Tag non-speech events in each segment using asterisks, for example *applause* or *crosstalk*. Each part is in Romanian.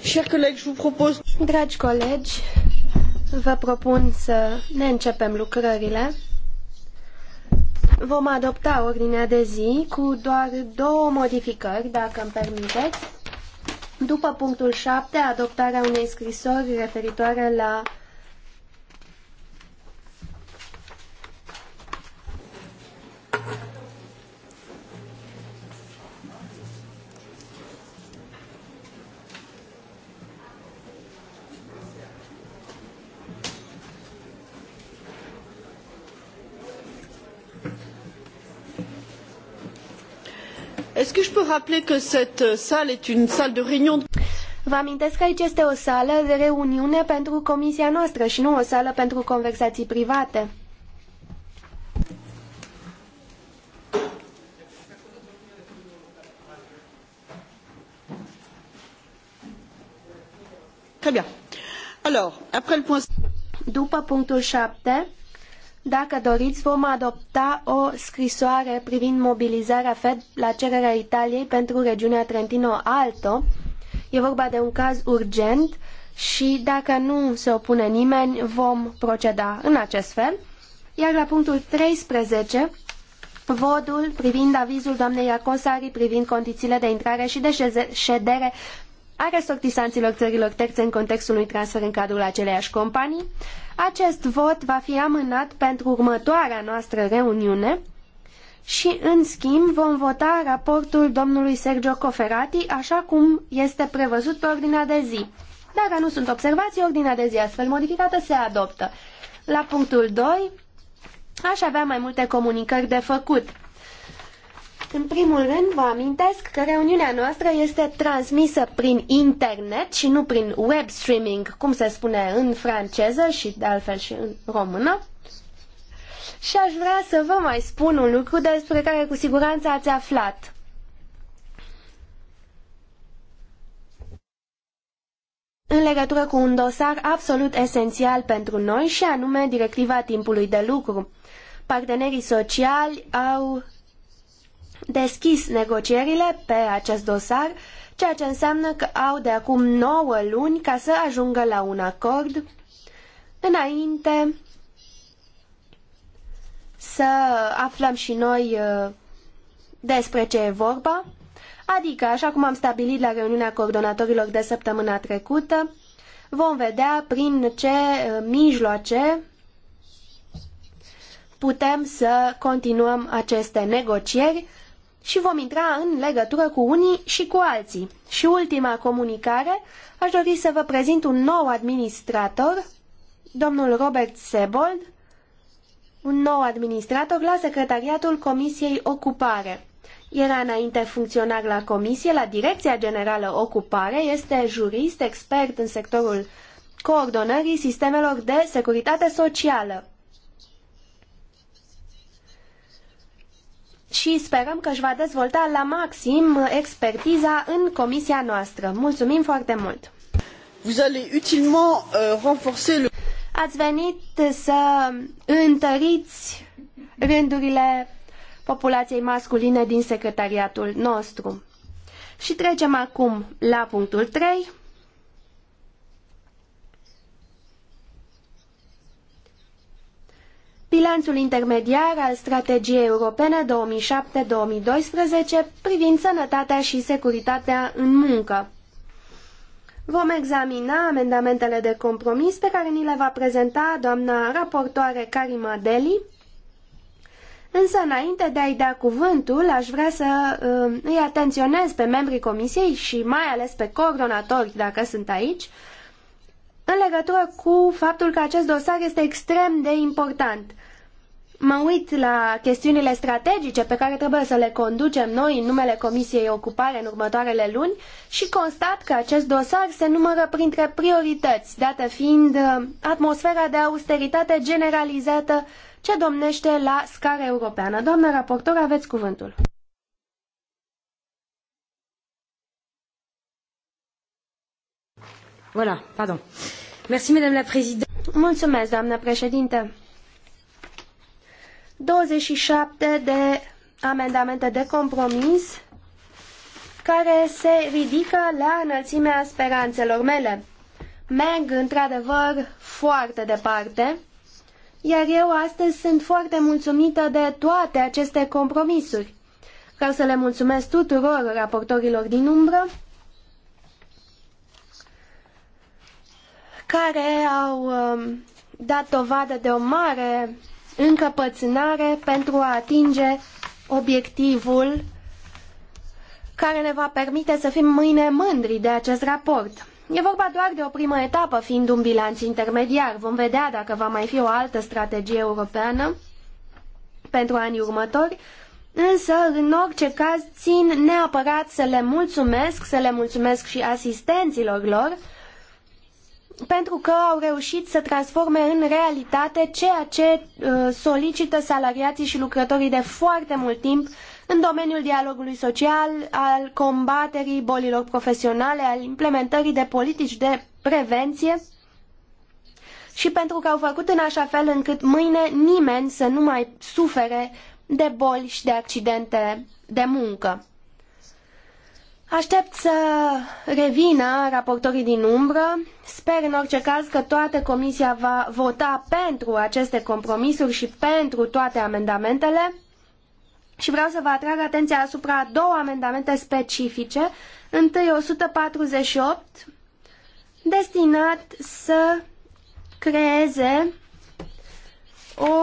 Dragi colegi, vă propun să ne începem lucrările. Vom adopta ordinea de zi cu doar două modificări, dacă îmi permiteți. După punctul 7, adoptarea unei scrisori referitoare la rappeler que cette salle est une salle de réunion. Vă amintesc că aici este o sală de reuniune pentru comisia noastră și nu o sală pentru conversații private. Très bien. Alors, après le point... După punctul 7, dacă doriți, vom adopta o scrisoare privind mobilizarea Fed la cererea Italiei pentru regiunea Trentino-Alto. E vorba de un caz urgent și dacă nu se opune nimeni, vom proceda în acest fel. Iar la punctul 13, votul privind avizul doamnei Aconsari privind condițiile de intrare și de ședere a resortisanților țărilor terțe în contextul unui transfer în cadrul aceleiași companii. Acest vot va fi amânat pentru următoarea noastră reuniune și, în schimb, vom vota raportul domnului Sergio Coferati așa cum este prevăzut pe ordinea de zi. Dacă nu sunt observații, ordinea de zi astfel modificată se adoptă. La punctul 2 aș avea mai multe comunicări de făcut. În primul rând, vă amintesc că reuniunea noastră este transmisă prin internet și nu prin web streaming, cum se spune în franceză și de altfel și în română. Și aș vrea să vă mai spun un lucru despre care cu siguranță ați aflat. în legătură cu un dosar absolut esențial pentru noi și anume directiva timpului de lucru. Partenerii sociali au deschis negocierile pe acest dosar, ceea ce înseamnă că au de acum 9 luni ca să ajungă la un acord înainte să aflăm și noi uh, despre ce e vorba, adică, așa cum am stabilit la reuniunea coordonatorilor de săptămâna trecută, vom vedea prin ce uh, mijloace putem să continuăm aceste negocieri și vom intra în legătură cu unii și cu alții. Și ultima comunicare, aș dori să vă prezint un nou administrator, domnul Robert Sebold, un nou administrator la Secretariatul Comisiei Ocupare. Era înainte funcționar la Comisie, la Direcția Generală Ocupare, este jurist, expert în sectorul coordonării sistemelor de securitate socială. și sperăm că își va dezvolta la maxim expertiza în comisia noastră. Mulțumim foarte mult! Vous allez utilement euh, renforcer le... Ați venit să întăriți rândurile populației masculine din secretariatul nostru. Și trecem acum la punctul 3. bilanțul intermediar al strategiei europene 2007-2012 privind sănătatea și securitatea în muncă. Vom examina amendamentele de compromis pe care ni le va prezenta doamna raportoare Karima Deli. Însă, înainte de a-i da cuvântul, aș vrea să uh, îi atenționez pe membrii comisiei și mai ales pe coordonatori, dacă sunt aici, în legătură cu faptul că acest dosar este extrem de important. Mă uit la chestiunile strategice pe care trebuie să le conducem noi în numele Comisiei Ocupare în următoarele luni și constat că acest dosar se numără printre priorități, dată fiind uh, atmosfera de austeritate generalizată ce domnește la scară europeană. Doamnă raportor, aveți cuvântul. Voilà, pardon. Mulțumesc, doamnă președinte. 27 de amendamente de compromis care se ridică la înălțimea speranțelor mele. Merg într-adevăr foarte departe, iar eu astăzi sunt foarte mulțumită de toate aceste compromisuri. Vreau să le mulțumesc tuturor raportorilor din umbră care au um, dat dovadă de o mare încăpățânare pentru a atinge obiectivul care ne va permite să fim mâine mândri de acest raport. E vorba doar de o primă etapă, fiind un bilanț intermediar. Vom vedea dacă va mai fi o altă strategie europeană pentru anii următori, însă, în orice caz, țin neapărat să le mulțumesc, să le mulțumesc și asistenților lor, pentru că au reușit să transforme în realitate ceea ce uh, solicită salariații și lucrătorii de foarte mult timp în domeniul dialogului social, al combaterii bolilor profesionale, al implementării de politici de prevenție și pentru că au făcut în așa fel încât mâine nimeni să nu mai sufere de boli și de accidente de muncă. Aștept să revină raportorii din umbră. Sper în orice caz că toată comisia va vota pentru aceste compromisuri și pentru toate amendamentele. Și vreau să vă atrag atenția asupra două amendamente specifice. Întâi 148, destinat să creeze o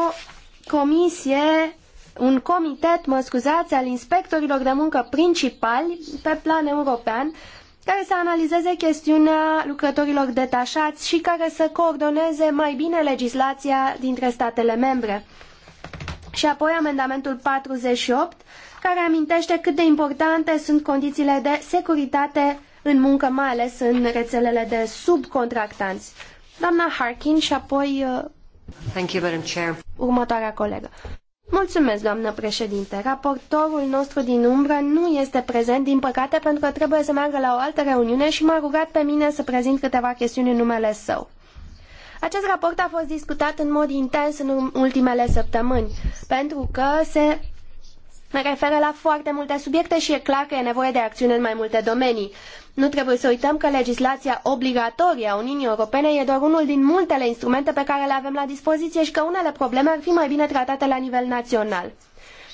comisie un comitet, mă scuzați, al inspectorilor de muncă principali pe plan european care să analizeze chestiunea lucrătorilor detașați și care să coordoneze mai bine legislația dintre statele membre. Și apoi amendamentul 48, care amintește cât de importante sunt condițiile de securitate în muncă, mai ales în rețelele de subcontractanți. Doamna Harkin și apoi uh, Thank you, Madam Chair. următoarea colegă. Mulțumesc, doamnă președinte. Raportorul nostru din umbră nu este prezent, din păcate, pentru că trebuie să meargă la o altă reuniune și m-a rugat pe mine să prezint câteva chestiuni în numele său. Acest raport a fost discutat în mod intens în ultimele săptămâni, pentru că se referă la foarte multe subiecte și e clar că e nevoie de acțiune în mai multe domenii. Nu trebuie să uităm că legislația obligatorie a Uniunii Europene e doar unul din multele instrumente pe care le avem la dispoziție și că unele probleme ar fi mai bine tratate la nivel național.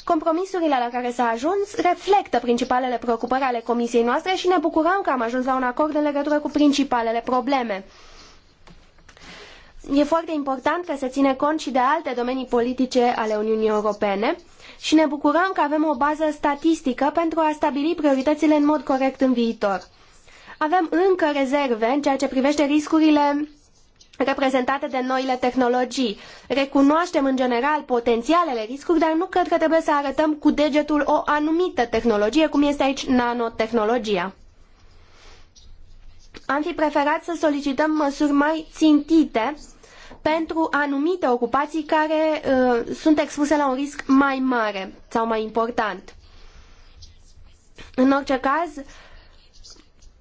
Compromisurile la care s-a ajuns reflectă principalele preocupări ale comisiei noastre și ne bucurăm că am ajuns la un acord în legătură cu principalele probleme. E foarte important că se ține cont și de alte domenii politice ale Uniunii Europene și ne bucurăm că avem o bază statistică pentru a stabili prioritățile în mod corect în viitor. Avem încă rezerve în ceea ce privește riscurile reprezentate de noile tehnologii. Recunoaștem în general potențialele riscuri, dar nu cred că trebuie să arătăm cu degetul o anumită tehnologie, cum este aici nanotehnologia. Am fi preferat să solicităm măsuri mai țintite pentru anumite ocupații care uh, sunt expuse la un risc mai mare sau mai important. În orice caz,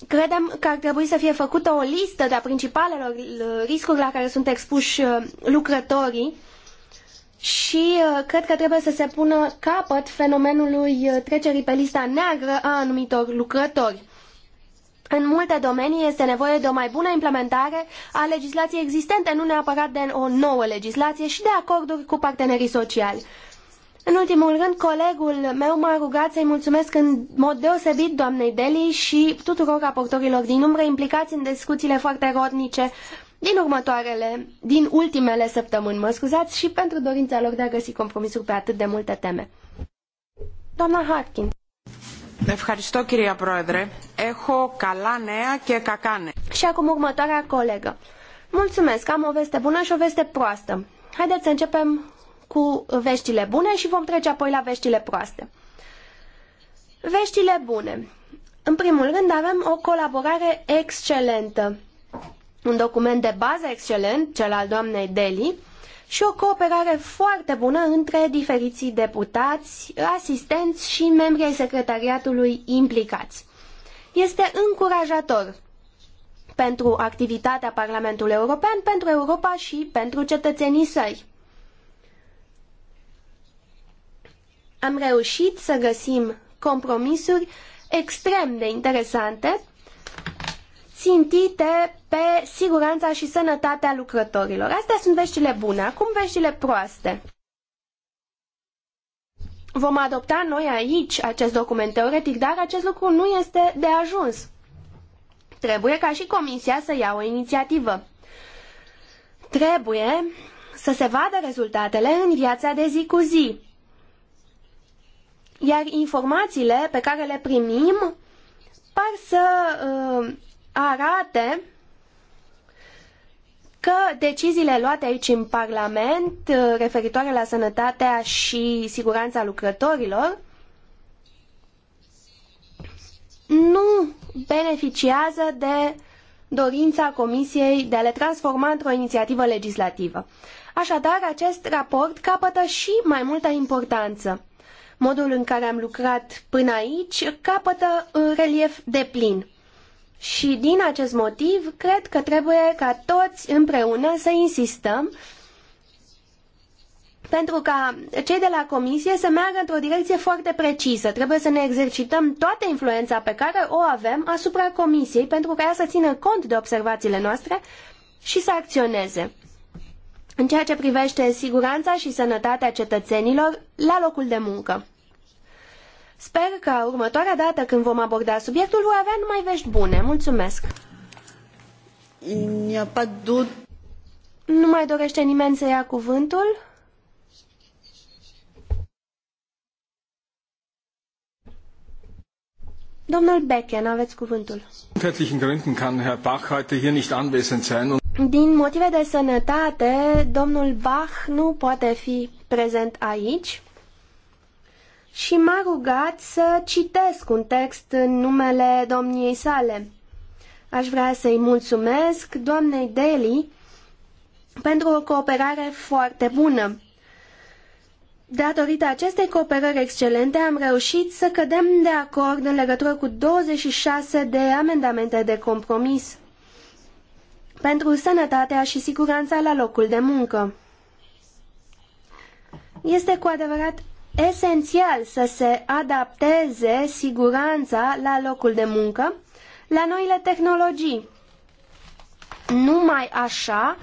Credem că ar trebui să fie făcută o listă de a principalelor uh, riscuri la care sunt expuși uh, lucrătorii și uh, cred că trebuie să se pună capăt fenomenului trecerii pe lista neagră a anumitor lucrători. În multe domenii este nevoie de o mai bună implementare a legislației existente, nu neapărat de o nouă legislație și de acorduri cu partenerii sociali. În ultimul rând, colegul meu m-a rugat să-i mulțumesc în mod deosebit doamnei Deli și tuturor raportorilor din umbră implicați în discuțiile foarte rodnice din următoarele, din ultimele săptămâni, mă scuzați, și pentru dorința lor de a găsi compromisuri pe atât de multe teme. Doamna Harkin. Ευχαριστώ κυρία Πρόεδρε. Έχω καλά νέα και κακά νέα. Și acum următoarea colegă. Mulțumesc, am o veste bună și o veste proastă. Haideți să începem cu veștile bune și vom trece apoi la veștile proaste. Veștile bune. În primul rând avem o colaborare excelentă. Un document de bază excelent, cel al doamnei Deli, și o cooperare foarte bună între diferiții deputați, asistenți și membri ai secretariatului implicați. Este încurajator pentru activitatea Parlamentului European, pentru Europa și pentru cetățenii săi. am reușit să găsim compromisuri extrem de interesante, țintite pe siguranța și sănătatea lucrătorilor. Astea sunt veștile bune. Acum veștile proaste. Vom adopta noi aici acest document teoretic, dar acest lucru nu este de ajuns. Trebuie ca și Comisia să ia o inițiativă. Trebuie să se vadă rezultatele în viața de zi cu zi iar informațiile pe care le primim par să uh, arate că deciziile luate aici în Parlament uh, referitoare la sănătatea și siguranța lucrătorilor nu beneficiază de dorința Comisiei de a le transforma într-o inițiativă legislativă. Așadar, acest raport capătă și mai multă importanță modul în care am lucrat până aici capătă uh, relief deplin. Și din acest motiv, cred că trebuie ca toți împreună să insistăm pentru ca cei de la comisie să meargă într-o direcție foarte precisă. Trebuie să ne exercităm toată influența pe care o avem asupra comisiei pentru ca ea să țină cont de observațiile noastre și să acționeze. În ceea ce privește siguranța și sănătatea cetățenilor la locul de muncă. Sper că următoarea dată când vom aborda subiectul voi avea numai vești bune. Mulțumesc! Nu mai dorește nimeni să ia cuvântul? Domnul Becken, aveți cuvântul. Din motive de sănătate, domnul Bach nu poate fi prezent aici și m-a rugat să citesc un text în numele domniei sale. Aș vrea să-i mulțumesc doamnei Deli pentru o cooperare foarte bună. Datorită acestei cooperări excelente am reușit să cădem de acord în legătură cu 26 de amendamente de compromis pentru sănătatea și siguranța la locul de muncă. Este cu adevărat esențial să se adapteze siguranța la locul de muncă, la noile tehnologii. Numai așa,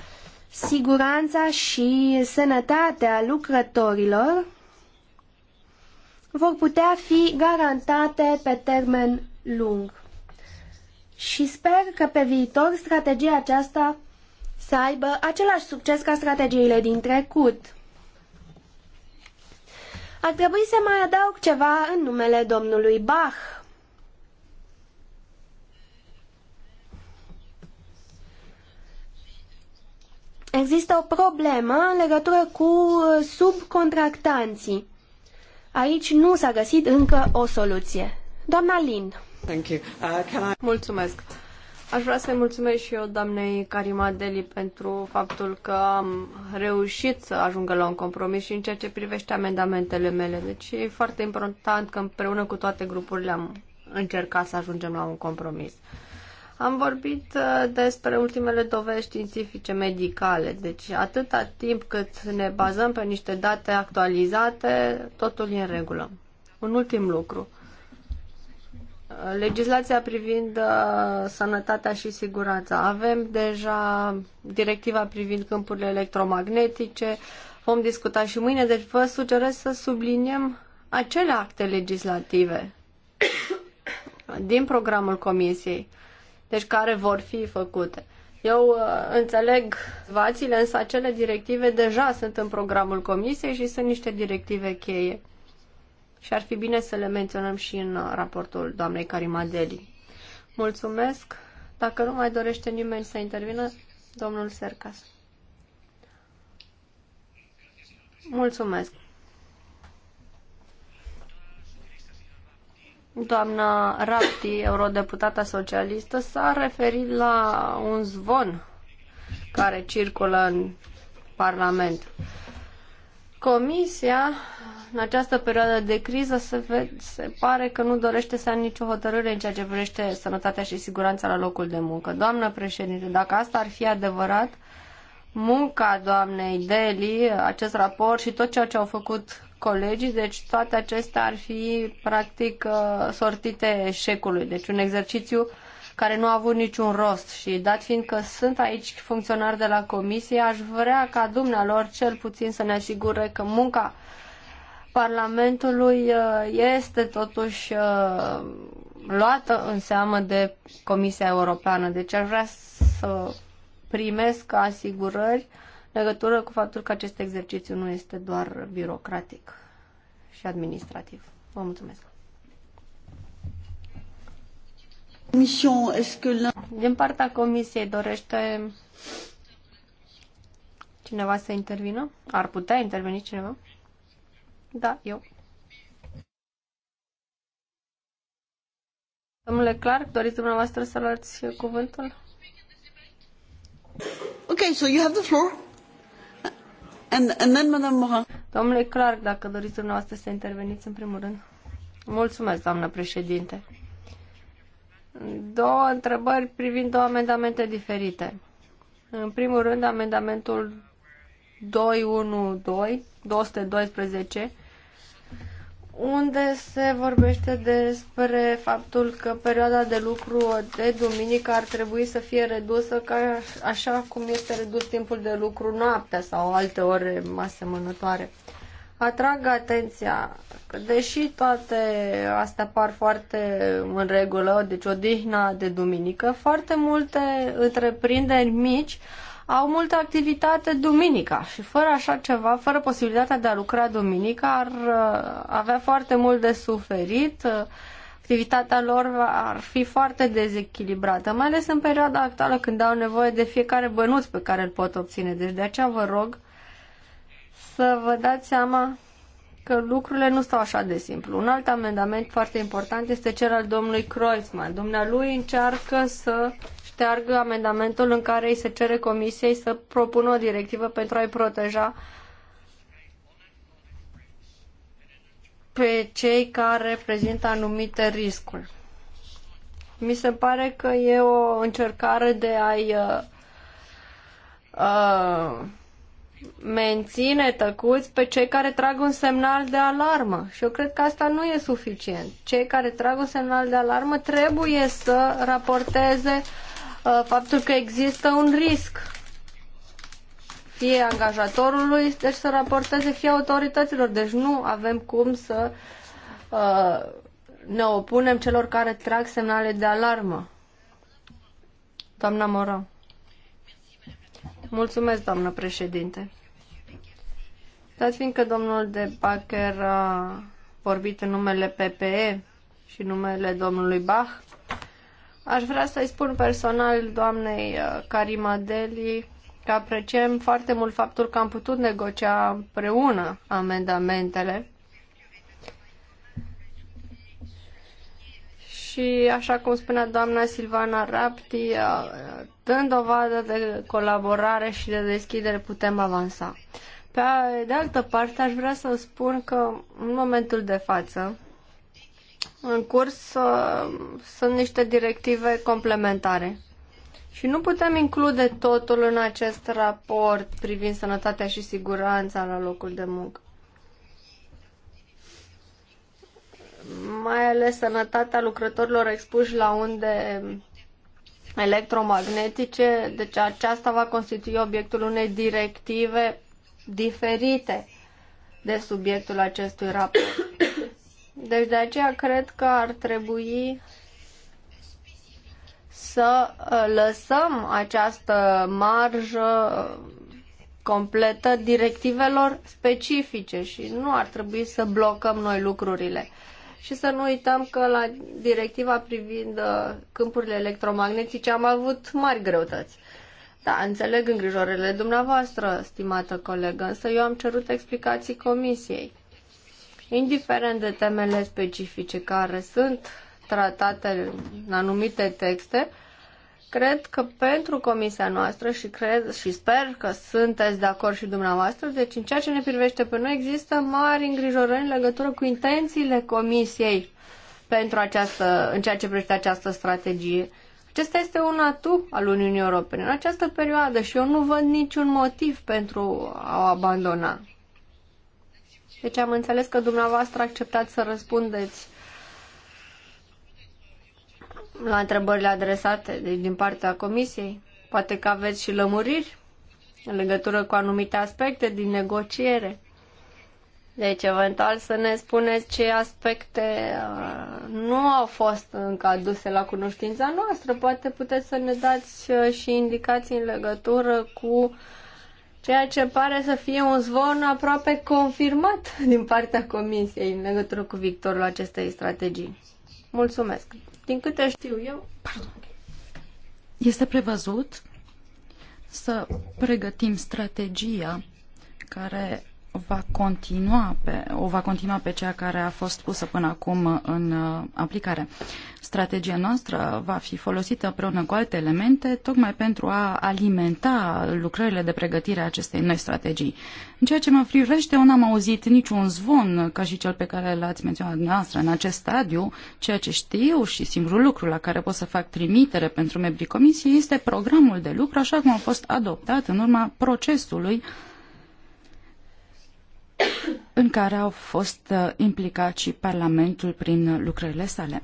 siguranța și sănătatea lucrătorilor vor putea fi garantate pe termen lung. Și sper că pe viitor strategia aceasta să aibă același succes ca strategiile din trecut. Ar trebui să mai adaug ceva în numele domnului Bach. Există o problemă în legătură cu uh, subcontractanții. Aici nu s-a găsit încă o soluție. Doamna Lin. Uh, Mulțumesc. Aș vrea să-i mulțumesc și eu doamnei Deli pentru faptul că am reușit să ajungă la un compromis și în ceea ce privește amendamentele mele. Deci e foarte important că împreună cu toate grupurile am încercat să ajungem la un compromis. Am vorbit uh, despre ultimele dovezi științifice medicale, deci atâta timp cât ne bazăm pe niște date actualizate, totul e în regulă. Un ultim lucru legislația privind uh, sănătatea și siguranța. Avem deja directiva privind câmpurile electromagnetice, vom discuta și mâine, deci vă sugerez să subliniem acele acte legislative din programul comisiei, deci care vor fi făcute. Eu uh, înțeleg vațile, însă acele directive deja sunt în programul comisiei și sunt niște directive cheie și ar fi bine să le menționăm și în uh, raportul doamnei Carimadeli. Mulțumesc. Dacă nu mai dorește nimeni să intervină, domnul Sercas. Mulțumesc. Doamna Rapti, eurodeputata socialistă, s-a referit la un zvon care circulă în Parlament. Comisia, în această perioadă de criză, se, se pare că nu dorește să ia nicio hotărâre în ceea ce privește sănătatea și siguranța la locul de muncă. Doamnă președinte, dacă asta ar fi adevărat, munca doamnei Deli, acest raport și tot ceea ce au făcut colegii, deci toate acestea ar fi practic uh, sortite eșecului. Deci un exercițiu uh, care nu a avut niciun rost și dat fiind că sunt aici funcționari de la comisie, aș vrea ca dumnealor cel puțin să ne asigure că munca Parlamentului uh, este totuși uh, luată în seamă de Comisia Europeană. Deci aș vrea să primesc asigurări legătură cu faptul că acest exercițiu nu este doar birocratic și administrativ. Vă mulțumesc! Din partea comisiei dorește cineva să intervină? Ar putea interveni cineva? Da, eu. Domnule Clark, doriți dumneavoastră să luați cuvântul? Ok, so you have the floor. And, and then Madame Morin. Domnule Clark, dacă doriți dumneavoastră să interveniți în primul rând. Mulțumesc, doamnă președinte două întrebări privind două amendamente diferite. În primul rând, amendamentul 212, 212 unde se vorbește despre faptul că perioada de lucru de duminică ar trebui să fie redusă ca așa cum este redus timpul de lucru noaptea sau alte ore asemănătoare atrag atenția că deși toate astea par foarte în regulă, deci o odihna de duminică, foarte multe întreprinderi mici au multă activitate duminica și fără așa ceva, fără posibilitatea de a lucra duminica, ar uh, avea foarte mult de suferit, uh, activitatea lor ar fi foarte dezechilibrată, mai ales în perioada actuală când au nevoie de fiecare bănuț pe care îl pot obține. Deci de aceea vă rog să vă dați seama că lucrurile nu stau așa de simplu. Un alt amendament foarte important este cel al domnului Kreuzmann. Dumnealui încearcă să șteargă amendamentul în care îi se cere comisiei să propună o directivă pentru a-i proteja pe cei care prezintă anumite riscuri. Mi se pare că e o încercare de a-i uh, uh, menține tăcuți pe cei care trag un semnal de alarmă. Și eu cred că asta nu e suficient. Cei care trag un semnal de alarmă trebuie să raporteze uh, faptul că există un risc fie angajatorului, deci să raporteze fie autorităților. Deci nu avem cum să uh, ne opunem celor care trag semnale de alarmă. Doamna Moran. Mulțumesc, doamnă președinte. Dat fiindcă domnul de Bacher a vorbit în numele PPE și numele domnului Bach, aș vrea să-i spun personal doamnei uh, Karima Deli că apreciem foarte mult faptul că am putut negocia împreună amendamentele și, așa cum spunea doamna Silvana Rapti, uh, dând dovadă de colaborare și de deschidere, putem avansa. Pe de altă parte, aș vrea să spun că în momentul de față, în curs, uh, sunt niște directive complementare. Și nu putem include totul în acest raport privind sănătatea și siguranța la locul de muncă. mai ales sănătatea lucrătorilor expuși la unde electromagnetice, deci aceasta va constitui obiectul unei directive diferite de subiectul acestui raport. Deci de aceea cred că ar trebui să uh, lăsăm această marjă completă directivelor specifice și nu ar trebui să blocăm noi lucrurile. Și să nu uităm că la directiva privind uh, câmpurile electromagnetice am avut mari greutăți. Da, înțeleg îngrijorările dumneavoastră, stimată colegă, însă eu am cerut explicații comisiei. Indiferent de temele specifice care sunt tratate în anumite texte, Cred că pentru comisia noastră și cred și sper că sunteți de acord și dumneavoastră, deci în ceea ce ne privește pe noi există mari îngrijorări în legătură cu intențiile comisiei pentru această, în ceea ce privește această strategie. Acesta este un atu al Uniunii Europene în această perioadă și eu nu văd niciun motiv pentru a o abandona. Deci am înțeles că dumneavoastră acceptați să răspundeți la întrebările adresate deci din partea Comisiei. Poate că aveți și lămuriri în legătură cu anumite aspecte din negociere. Deci, eventual să ne spuneți ce aspecte uh, nu au fost încă aduse la cunoștința noastră. Poate puteți să ne dați uh, și indicații în legătură cu ceea ce pare să fie un zvon aproape confirmat *laughs* din partea Comisiei în legătură cu victorul acestei strategii. Mulțumesc. Din câte știu eu... Pardon. Este prevăzut să pregătim strategia care va continua pe, o va continua pe cea care a fost pusă până acum în uh, aplicare. Strategia noastră va fi folosită împreună cu alte elemente, tocmai pentru a alimenta lucrările de pregătire a acestei noi strategii. În ceea ce mă privește, eu n-am auzit niciun zvon ca și cel pe care l-ați menționat noastră în acest stadiu. Ceea ce știu și singurul lucru la care pot să fac trimitere pentru membrii comisiei este programul de lucru, așa cum a fost adoptat în urma procesului uh, în care au fost uh, implicat și Parlamentul prin lucrările sale.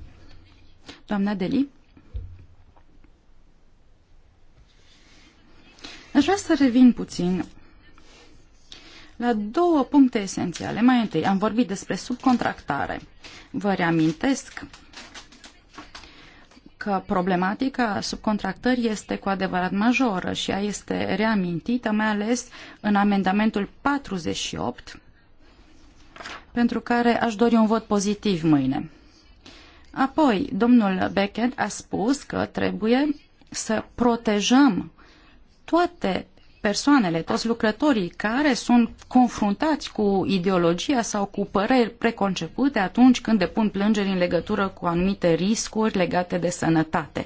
Doamna Deli? Aș vrea să revin puțin la două puncte esențiale. Mai întâi, am vorbit despre subcontractare. Vă reamintesc că problematica subcontractării este cu adevărat majoră și ea este reamintită mai ales în amendamentul 48 pentru care aș dori un vot pozitiv mâine. Apoi, domnul Beckett a spus că trebuie să protejăm toate persoanele, toți lucrătorii care sunt confruntați cu ideologia sau cu păreri preconcepute atunci când depun plângeri în legătură cu anumite riscuri legate de sănătate.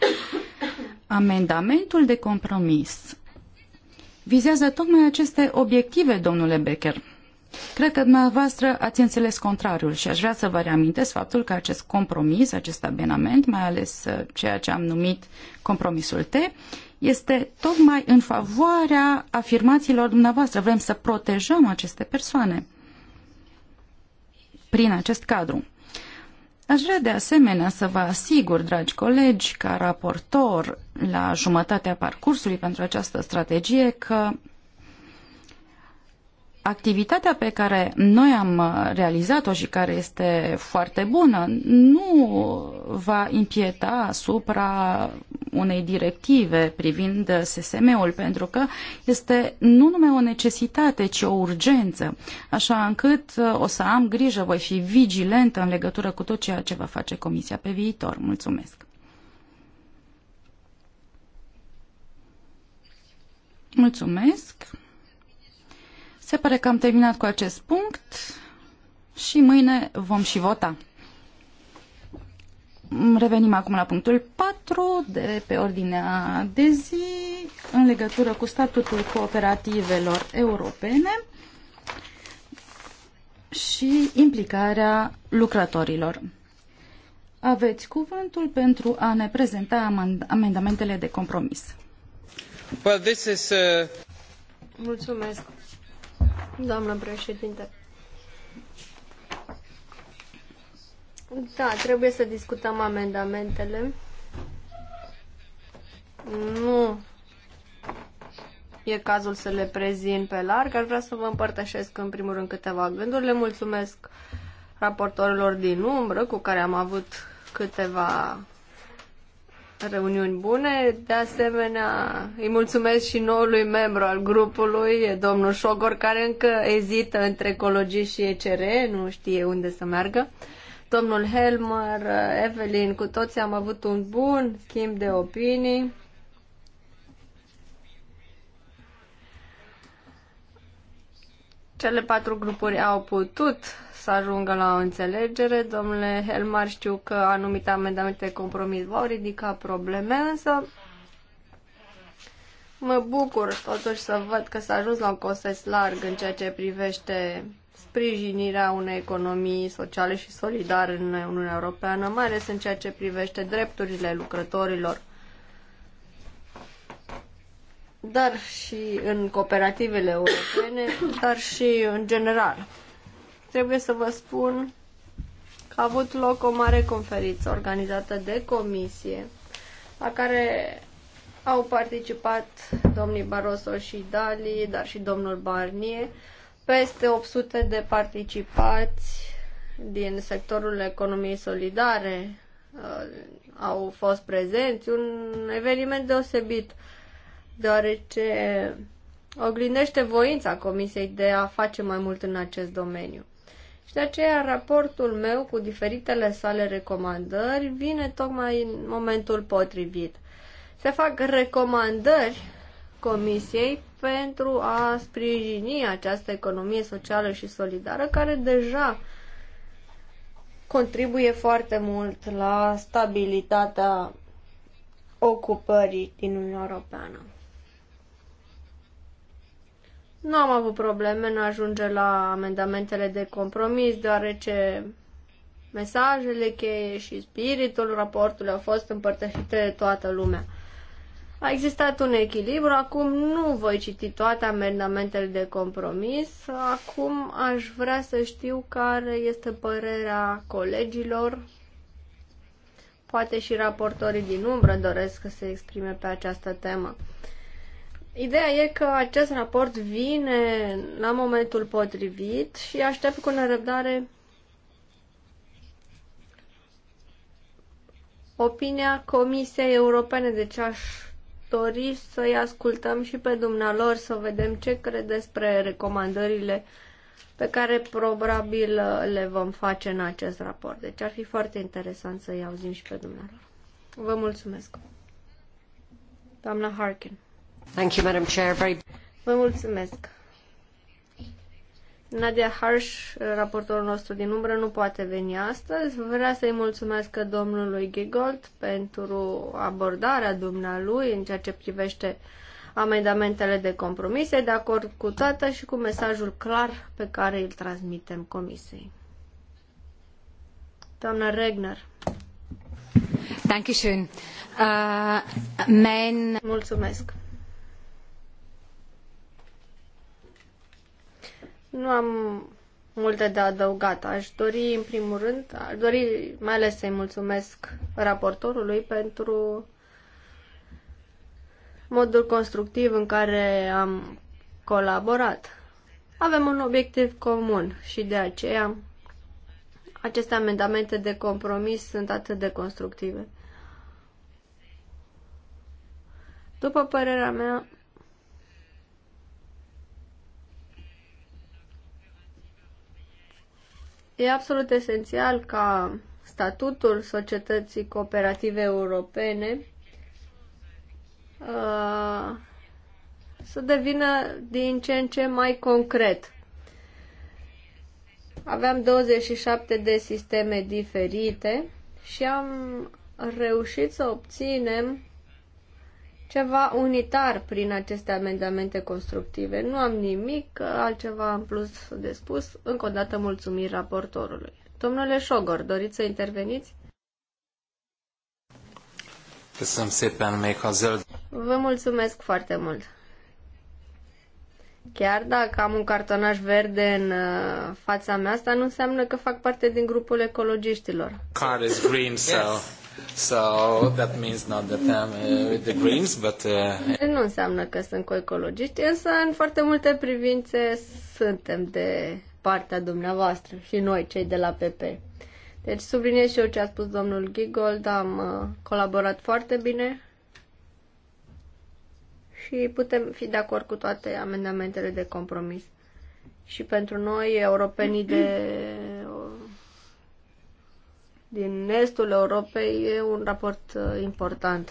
Amendamentul de compromis vizează tocmai aceste obiective, domnule Becker. Cred că dumneavoastră ați înțeles contrariul și aș vrea să vă reamintesc faptul că acest compromis, acest abenament, mai ales uh, ceea ce am numit compromisul T, este tocmai în favoarea afirmațiilor dumneavoastră. Vrem să protejăm aceste persoane prin acest cadru. Aș vrea de asemenea să vă asigur, dragi colegi, ca raportor la jumătatea parcursului pentru această strategie, că activitatea pe care noi am uh, realizat-o și care este foarte bună nu va impieta asupra unei directive privind SSM-ul, pentru că este nu numai o necesitate, ci o urgență, așa încât uh, o să am grijă, voi fi vigilentă în legătură cu tot ceea ce va face Comisia pe viitor. Mulțumesc! Mulțumesc! Se pare că am terminat cu acest punct și mâine vom și vota. Revenim acum la punctul 4 de pe ordinea de zi în legătură cu statutul cooperativelor europene și implicarea lucrătorilor. Aveți cuvântul pentru a ne prezenta amendamentele de compromis. Well, this is, uh... Mulțumesc. Doamna președinte. Da, trebuie să discutăm amendamentele. Nu e cazul să le prezint pe larg. ar vrea să vă împărtășesc în primul rând câteva gânduri. Le mulțumesc raportorilor din umbră cu care am avut câteva reuniuni bune. De asemenea, îi mulțumesc și noului membru al grupului, domnul Șogor, care încă ezită între ecologie și ECR, nu știe unde să meargă. Domnul Helmer, Evelyn, cu toții am avut un bun schimb de opinii. Cele patru grupuri au putut să ajungă la o înțelegere. Domnule Helmar, știu că anumite amendamente de compromis v-au ridicat probleme, însă mă bucur totuși să văd că s-a ajuns la un consens larg în ceea ce privește sprijinirea unei economii sociale și solidare în Uniunea Europeană, mai ales în ceea ce privește drepturile lucrătorilor dar și în cooperativele europene, dar și în general trebuie să vă spun că a avut loc o mare conferință organizată de comisie la care au participat domnii Barroso și Dali, dar și domnul Barnier, peste 800 de participați din sectorul economiei solidare uh, au fost prezenți, un eveniment deosebit, deoarece oglindește voința Comisiei de a face mai mult în acest domeniu. Și de aceea raportul meu cu diferitele sale recomandări vine tocmai în momentul potrivit. Se fac recomandări Comisiei pentru a sprijini această economie socială și solidară care deja contribuie foarte mult la stabilitatea ocupării din Uniunea Europeană. Nu am avut probleme în a ajunge la amendamentele de compromis, deoarece mesajele cheie și spiritul raportului au fost împărtășite de toată lumea. A existat un echilibru, acum nu voi citi toate amendamentele de compromis, acum aș vrea să știu care este părerea colegilor, poate și raportorii din umbră doresc să se exprime pe această temă. Ideea e că acest raport vine la momentul potrivit și aștept cu nerăbdare opinia Comisiei Europene, deci aș dori să-i ascultăm și pe dumnealor, să vedem ce cred despre recomandările pe care probabil le vom face în acest raport. Deci ar fi foarte interesant să-i auzim și pe dumnealor. Vă mulțumesc. Doamna Harkin. Thank you, Madam Chair. Very... Vă mulțumesc. Nadia Harsh, raportorul nostru din umbră, nu poate veni astăzi. Vrea să-i mulțumesc domnului Gigold pentru abordarea dumnealui în ceea ce privește amendamentele de compromis. de acord cu toată și cu mesajul clar pe care îl transmitem comisiei. Doamna Regner. Dankeschön. Uh, men... Mulțumesc. Nu am multe de adăugat. Aș dori, în primul rând, aș dori mai ales să-i mulțumesc raportorului pentru modul constructiv în care am colaborat. Avem un obiectiv comun și de aceea aceste amendamente de compromis sunt atât de constructive. După părerea mea, E absolut esențial ca statutul societății cooperative europene uh, să devină din ce în ce mai concret. Aveam 27 de sisteme diferite și am reușit să obținem ceva unitar prin aceste amendamente constructive. Nu am nimic altceva în plus de spus. Încă o dată mulțumim raportorului. Domnule Șogor, doriți să interveniți? Vă mulțumesc foarte mult. Chiar dacă am un cartonaș verde în uh, fața mea, asta nu înseamnă că fac parte din grupul ecologiștilor. Car is green, so... Yes. So that means not that I'm uh, with the Greens, but... Uh... Nu înseamnă că sunt cu ecologiști, însă în foarte multe privințe suntem de partea dumneavoastră și noi, cei de la PP. Deci subliniez și eu ce a spus domnul Gigold, am uh, colaborat foarte bine și putem fi de acord cu toate amendamentele de compromis. Și pentru noi, europenii de din estul Europei e un raport uh, important.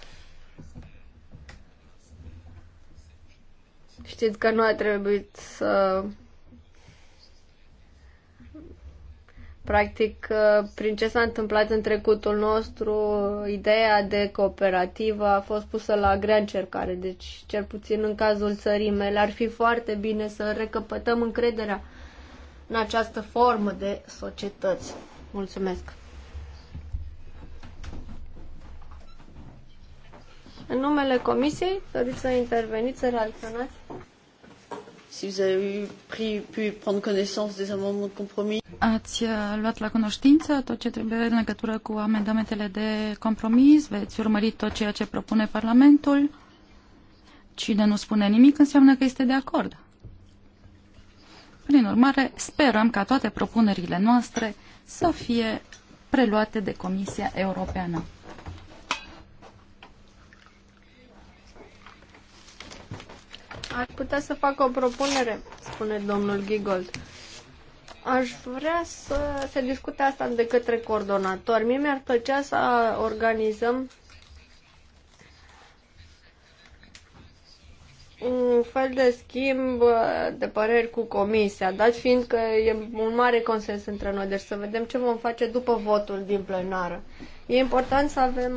Știți că nu a trebuit să Practic, uh, prin ce s-a întâmplat în trecutul nostru, ideea de cooperativă a fost pusă la grea încercare. Deci, cel puțin în cazul țării mele, ar fi foarte bine să recăpătăm încrederea în această formă de societăți. Mulțumesc! În numele Comisiei, doriți să interveniți, să reacționați? Si vous avez pris, pu prendre connaissance des amendements de compromis. Ați uh, luat la cunoștință tot ce trebuie în legătură cu amendamentele de compromis? Veți urmări tot ceea ce propune Parlamentul? Cine nu spune nimic înseamnă că este de acord. Prin urmare, sperăm ca toate propunerile noastre să fie preluate de Comisia Europeană. Aș putea să fac o propunere, spune domnul Gigold. Aș vrea să se discute asta de către coordonator, Mie mi-ar plăcea să organizăm un fel de schimb de păreri cu comisia, dat fiind că e un mare consens între noi, deci să vedem ce vom face după votul din plenară. E important să avem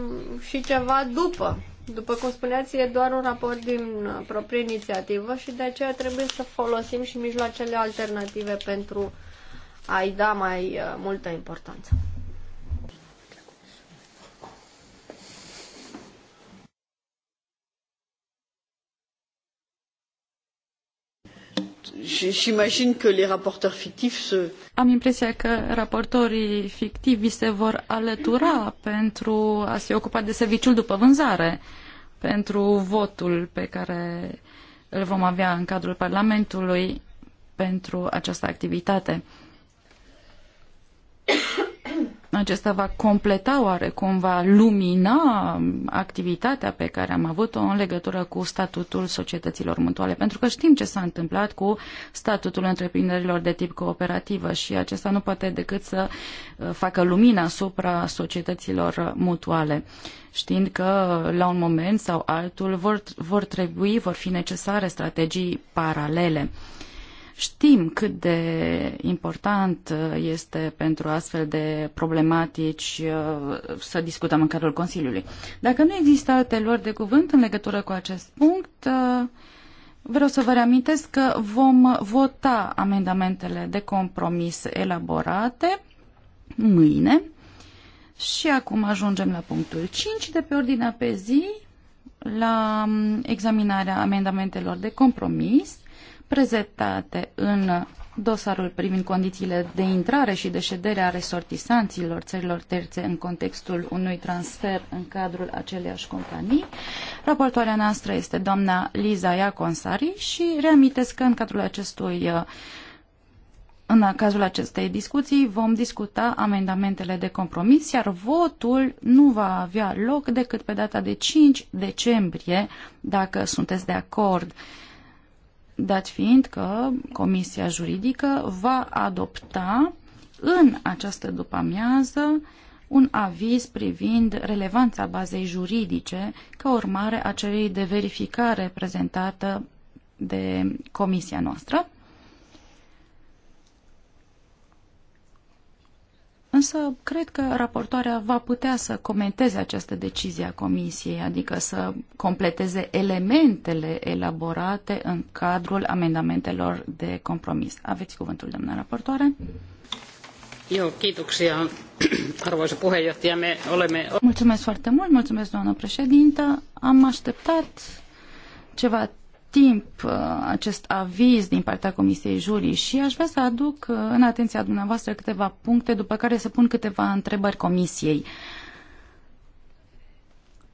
și ceva după după cum spuneați, e doar un raport din uh, proprie inițiativă și de aceea trebuie să folosim și mijloacele alternative pentru a-i da mai uh, multă importanță. J'imagine les rapporteurs fictifs se... Am impresia că raportorii fictivi se vor alătura pentru a se ocupa de serviciul după vânzare, pentru votul pe care îl vom avea în cadrul Parlamentului pentru această activitate. Acesta va completa oarecum, va lumina activitatea pe care am avut-o în legătură cu statutul societăților mutuale, pentru că știm ce s-a întâmplat cu statutul întreprinderilor de tip cooperativă și acesta nu poate decât să uh, facă lumina asupra societăților mutuale, știind că la un moment sau altul vor, vor trebui, vor fi necesare strategii paralele. Știm cât de important uh, este pentru astfel de problematici uh, să discutăm în cadrul Consiliului. Dacă nu există alte luări de cuvânt în legătură cu acest punct, uh, vreau să vă reamintesc că vom vota amendamentele de compromis elaborate mâine. Și acum ajungem la punctul 5 de pe ordinea pe zi, la um, examinarea amendamentelor de compromis prezentate în dosarul privind condițiile de intrare și de ședere a resortisanților țărilor terțe în contextul unui transfer în cadrul aceleiași companii. Raportoarea noastră este doamna Liza Iaconsari și reamintesc că în cadrul acestui uh, în cazul acestei discuții vom discuta amendamentele de compromis, iar votul nu va avea loc decât pe data de 5 decembrie, dacă sunteți de acord. Dat fiind că Comisia Juridică va adopta în această după-amiază un aviz privind relevanța bazei juridice ca urmare a celei de verificare prezentată de comisia noastră. Însă cred că raportoarea va putea să comenteze această decizie a Comisiei, adică să completeze elementele elaborate în cadrul amendamentelor de compromis. Aveți cuvântul, doamna raportoare. Eu, kiitoksia, *clears throat* arvoisa puheenjohtaja, me olemme... Mulțumesc foarte mult, mulțumesc, doamnă președintă. Am așteptat ceva timp uh, acest aviz din partea Comisiei Jurii și aș vrea să aduc uh, în atenția dumneavoastră câteva puncte, după care să pun câteva întrebări Comisiei.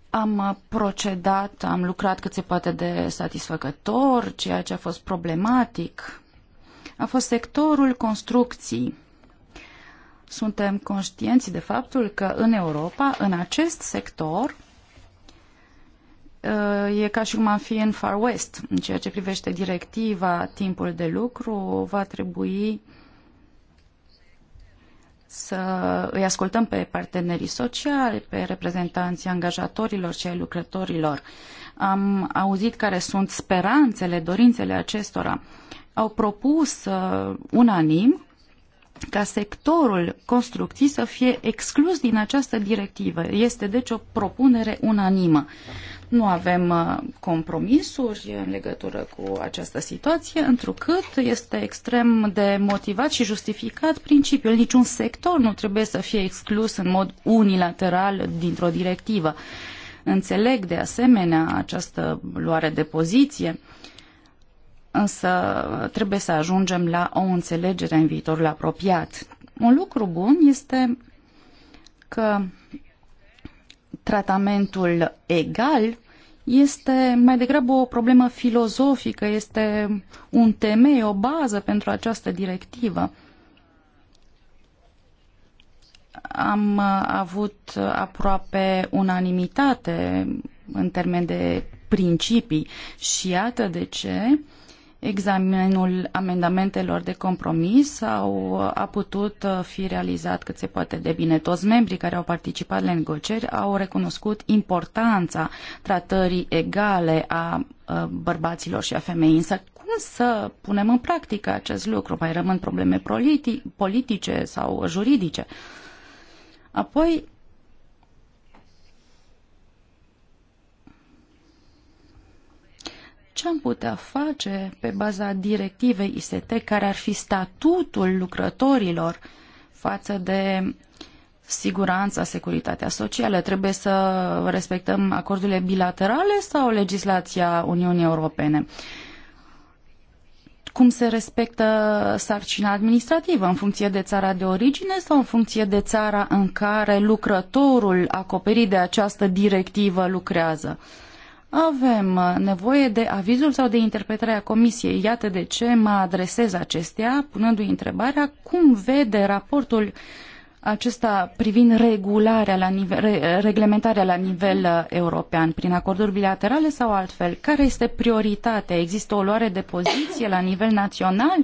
Am uh, procedat, am lucrat cât se poate de satisfăcător, ceea ce a fost problematic a fost sectorul construcții. Suntem conștienți de faptul că în Europa, în acest sector, e ca și cum am fi în Far West. În ceea ce privește directiva, timpul de lucru, va trebui să îi ascultăm pe partenerii sociali, pe reprezentanții angajatorilor și ai lucrătorilor. Am auzit care sunt speranțele, dorințele acestora. Au propus uh, unanim ca sectorul construcții să fie exclus din această directivă. Este deci o propunere unanimă. Uh, nu avem uh, compromisuri în legătură cu această situație, întrucât este extrem de motivat și justificat principiul. Niciun sector nu trebuie să fie exclus în mod unilateral dintr-o directivă. Înțeleg de asemenea această luare de poziție, însă trebuie să ajungem la o înțelegere în viitorul apropiat. Un lucru bun este că tratamentul egal este mai degrabă o problemă filozofică, este un temei, o bază pentru această directivă. Am avut aproape unanimitate în termen de principii și iată de ce uh, examenul amendamentelor de compromis a putut uh, fi realizat cât se poate de bine. Toți membrii care au participat la negocieri au recunoscut importanța tratării egale a, uh, bărbaților și a femei, însă cum să punem în practică acest lucru? Mai rămân probleme politi politice sau juridice. Apoi, ce am putea face pe baza directivei IST, care ar fi statutul lucrătorilor față de siguranța, securitatea socială? Trebuie să respectăm acordurile bilaterale sau legislația Uniunii Europene? Cum se respectă sarcina administrativă? În funcție de țara de origine sau în funcție de țara în care lucrătorul acoperit de această directivă lucrează? Uh, avem uh, nevoie de avizul sau de interpretarea comisiei. Iată de ce mă adresez acestea, punându-i întrebarea cum vede raportul acesta privind regularea la nivel, re, reglementarea la nivel uh, european prin acorduri bilaterale sau altfel? Care este prioritatea? Există o luare de poziție la nivel național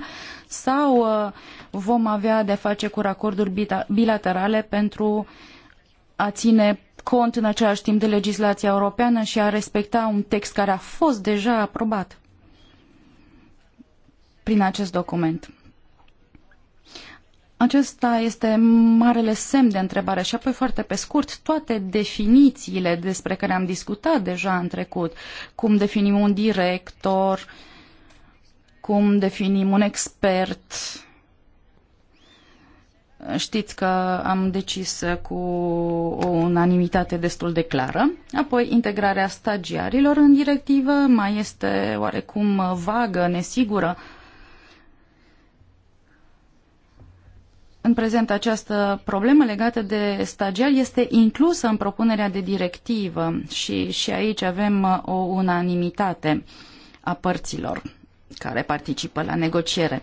sau uh, vom avea de face cu acorduri bilaterale pentru a ține cont în același timp de legislația europeană și a respecta un text care a fost deja aprobat prin acest document. Acesta este marele semn de întrebare și apoi foarte pe scurt toate definițiile despre care am discutat deja în trecut, cum definim un director, cum definim un expert, Știți că am decis cu o unanimitate destul de clară. Apoi, integrarea stagiarilor în directivă mai este oarecum vagă, nesigură. În prezent, această problemă legată de stagiari este inclusă în propunerea de directivă și, și aici avem o unanimitate a părților care participă la negociere.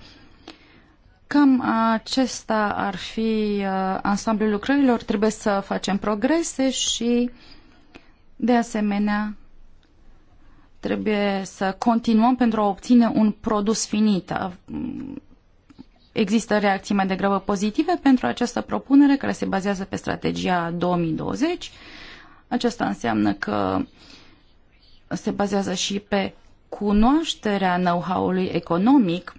Cam acesta ar fi uh, ansamblul lucrărilor. Trebuie să facem progrese și, de asemenea, trebuie să continuăm pentru a obține un produs finit. Uh, există reacții mai degrabă pozitive pentru această propunere care se bazează pe strategia 2020. Aceasta înseamnă că se bazează și pe cunoașterea know-how-ului economic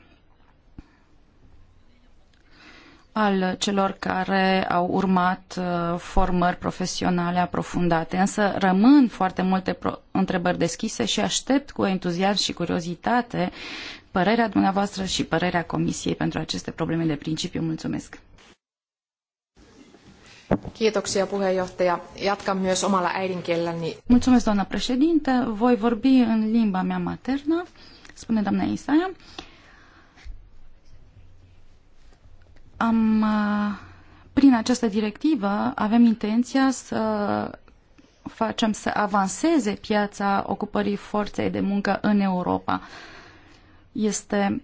al celor care au urmat uh, formări profesionale aprofundate. Însă rămân foarte multe întrebări deschise și aștept cu entuziasm și curiozitate părerea dumneavoastră și părerea Comisiei pentru aceste probleme de principiu. Mulțumesc! Kiitoksia puheenjohtaja. Jatkan myös omalla äidinkielelläni. Mulțumesc, doamna președinte. Voi vorbi în limba mea maternă, spune doamna Isaia. am, uh, prin această directivă avem intenția să facem să avanseze piața ocupării forței de muncă în Europa. Este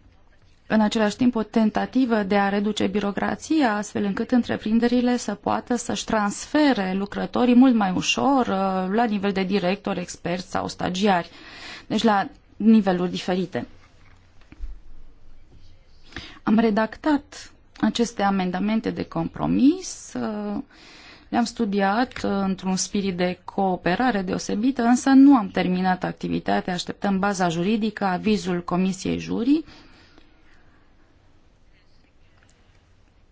în același timp o tentativă de a reduce birocrația, astfel încât întreprinderile să poată să-și transfere lucrătorii mult mai ușor uh, la nivel de director, expert sau stagiari, deci la niveluri diferite. Am redactat aceste amendamente de compromis uh, le-am studiat uh, într-un spirit de cooperare deosebită, însă nu am terminat activitatea, așteptăm baza juridică, avizul Comisiei Jurii.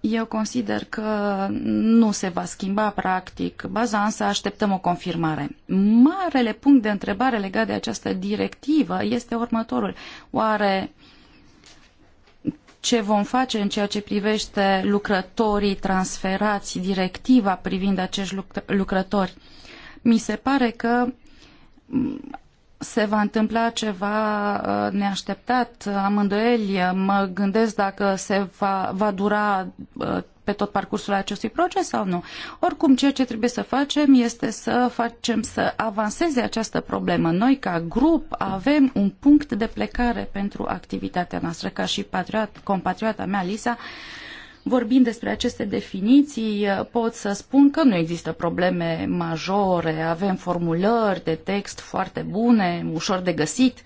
Eu consider că nu se va schimba practic baza, însă așteptăm o confirmare. Marele punct de întrebare legat de această directivă este următorul. Oare uh, ce vom face în ceea ce privește lucrătorii transferați, directiva privind acești lucrători. Mi se pare că mm, se va întâmpla ceva uh, neașteptat, amândoieli, mă gândesc dacă se va, va dura uh, pe tot parcursul acestui proces sau nu. Oricum, ceea ce trebuie să facem este să facem să avanseze această problemă. Noi, ca grup, avem un punct de plecare pentru activitatea noastră, ca și patriot, compatriota mea, Lisa, Vorbind despre aceste definiții, pot să spun că nu există probleme majore, avem formulări de text foarte bune, ușor de găsit,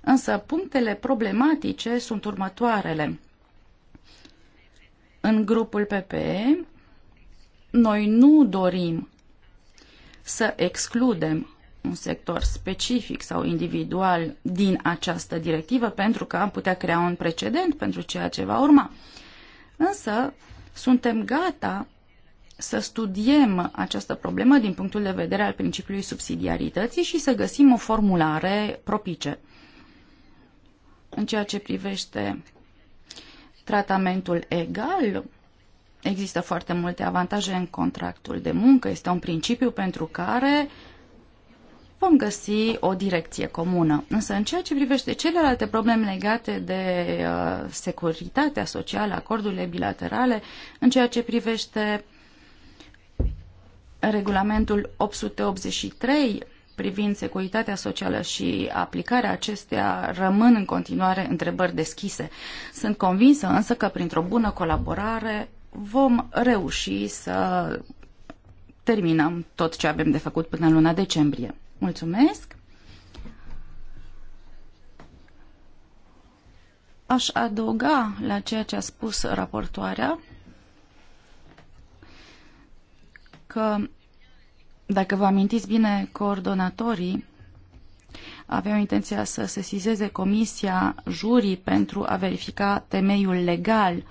însă punctele problematice sunt următoarele. În grupul PPE, noi nu dorim să excludem un sector specific sau individual din această directivă pentru că am putea crea un precedent pentru ceea ce va urma. Însă, suntem gata să studiem această problemă din punctul de vedere al principiului subsidiarității și să găsim o formulare propice. În ceea ce privește tratamentul egal. Există foarte multe avantaje în contractul de muncă. Este un principiu pentru care vom găsi o direcție comună. Însă, în ceea ce privește celelalte probleme legate de uh, securitatea socială, acordurile bilaterale, în ceea ce privește regulamentul 883, privind securitatea socială și aplicarea acesteia rămân în continuare întrebări deschise. Sunt convinsă însă că printr-o bună colaborare vom reuși să terminăm tot ce avem de făcut până în luna decembrie. Mulțumesc! Aș adăuga la ceea ce a spus raportoarea că dacă vă amintiți bine, coordonatorii aveau intenția să sesizeze comisia jurii pentru a verifica temeiul legal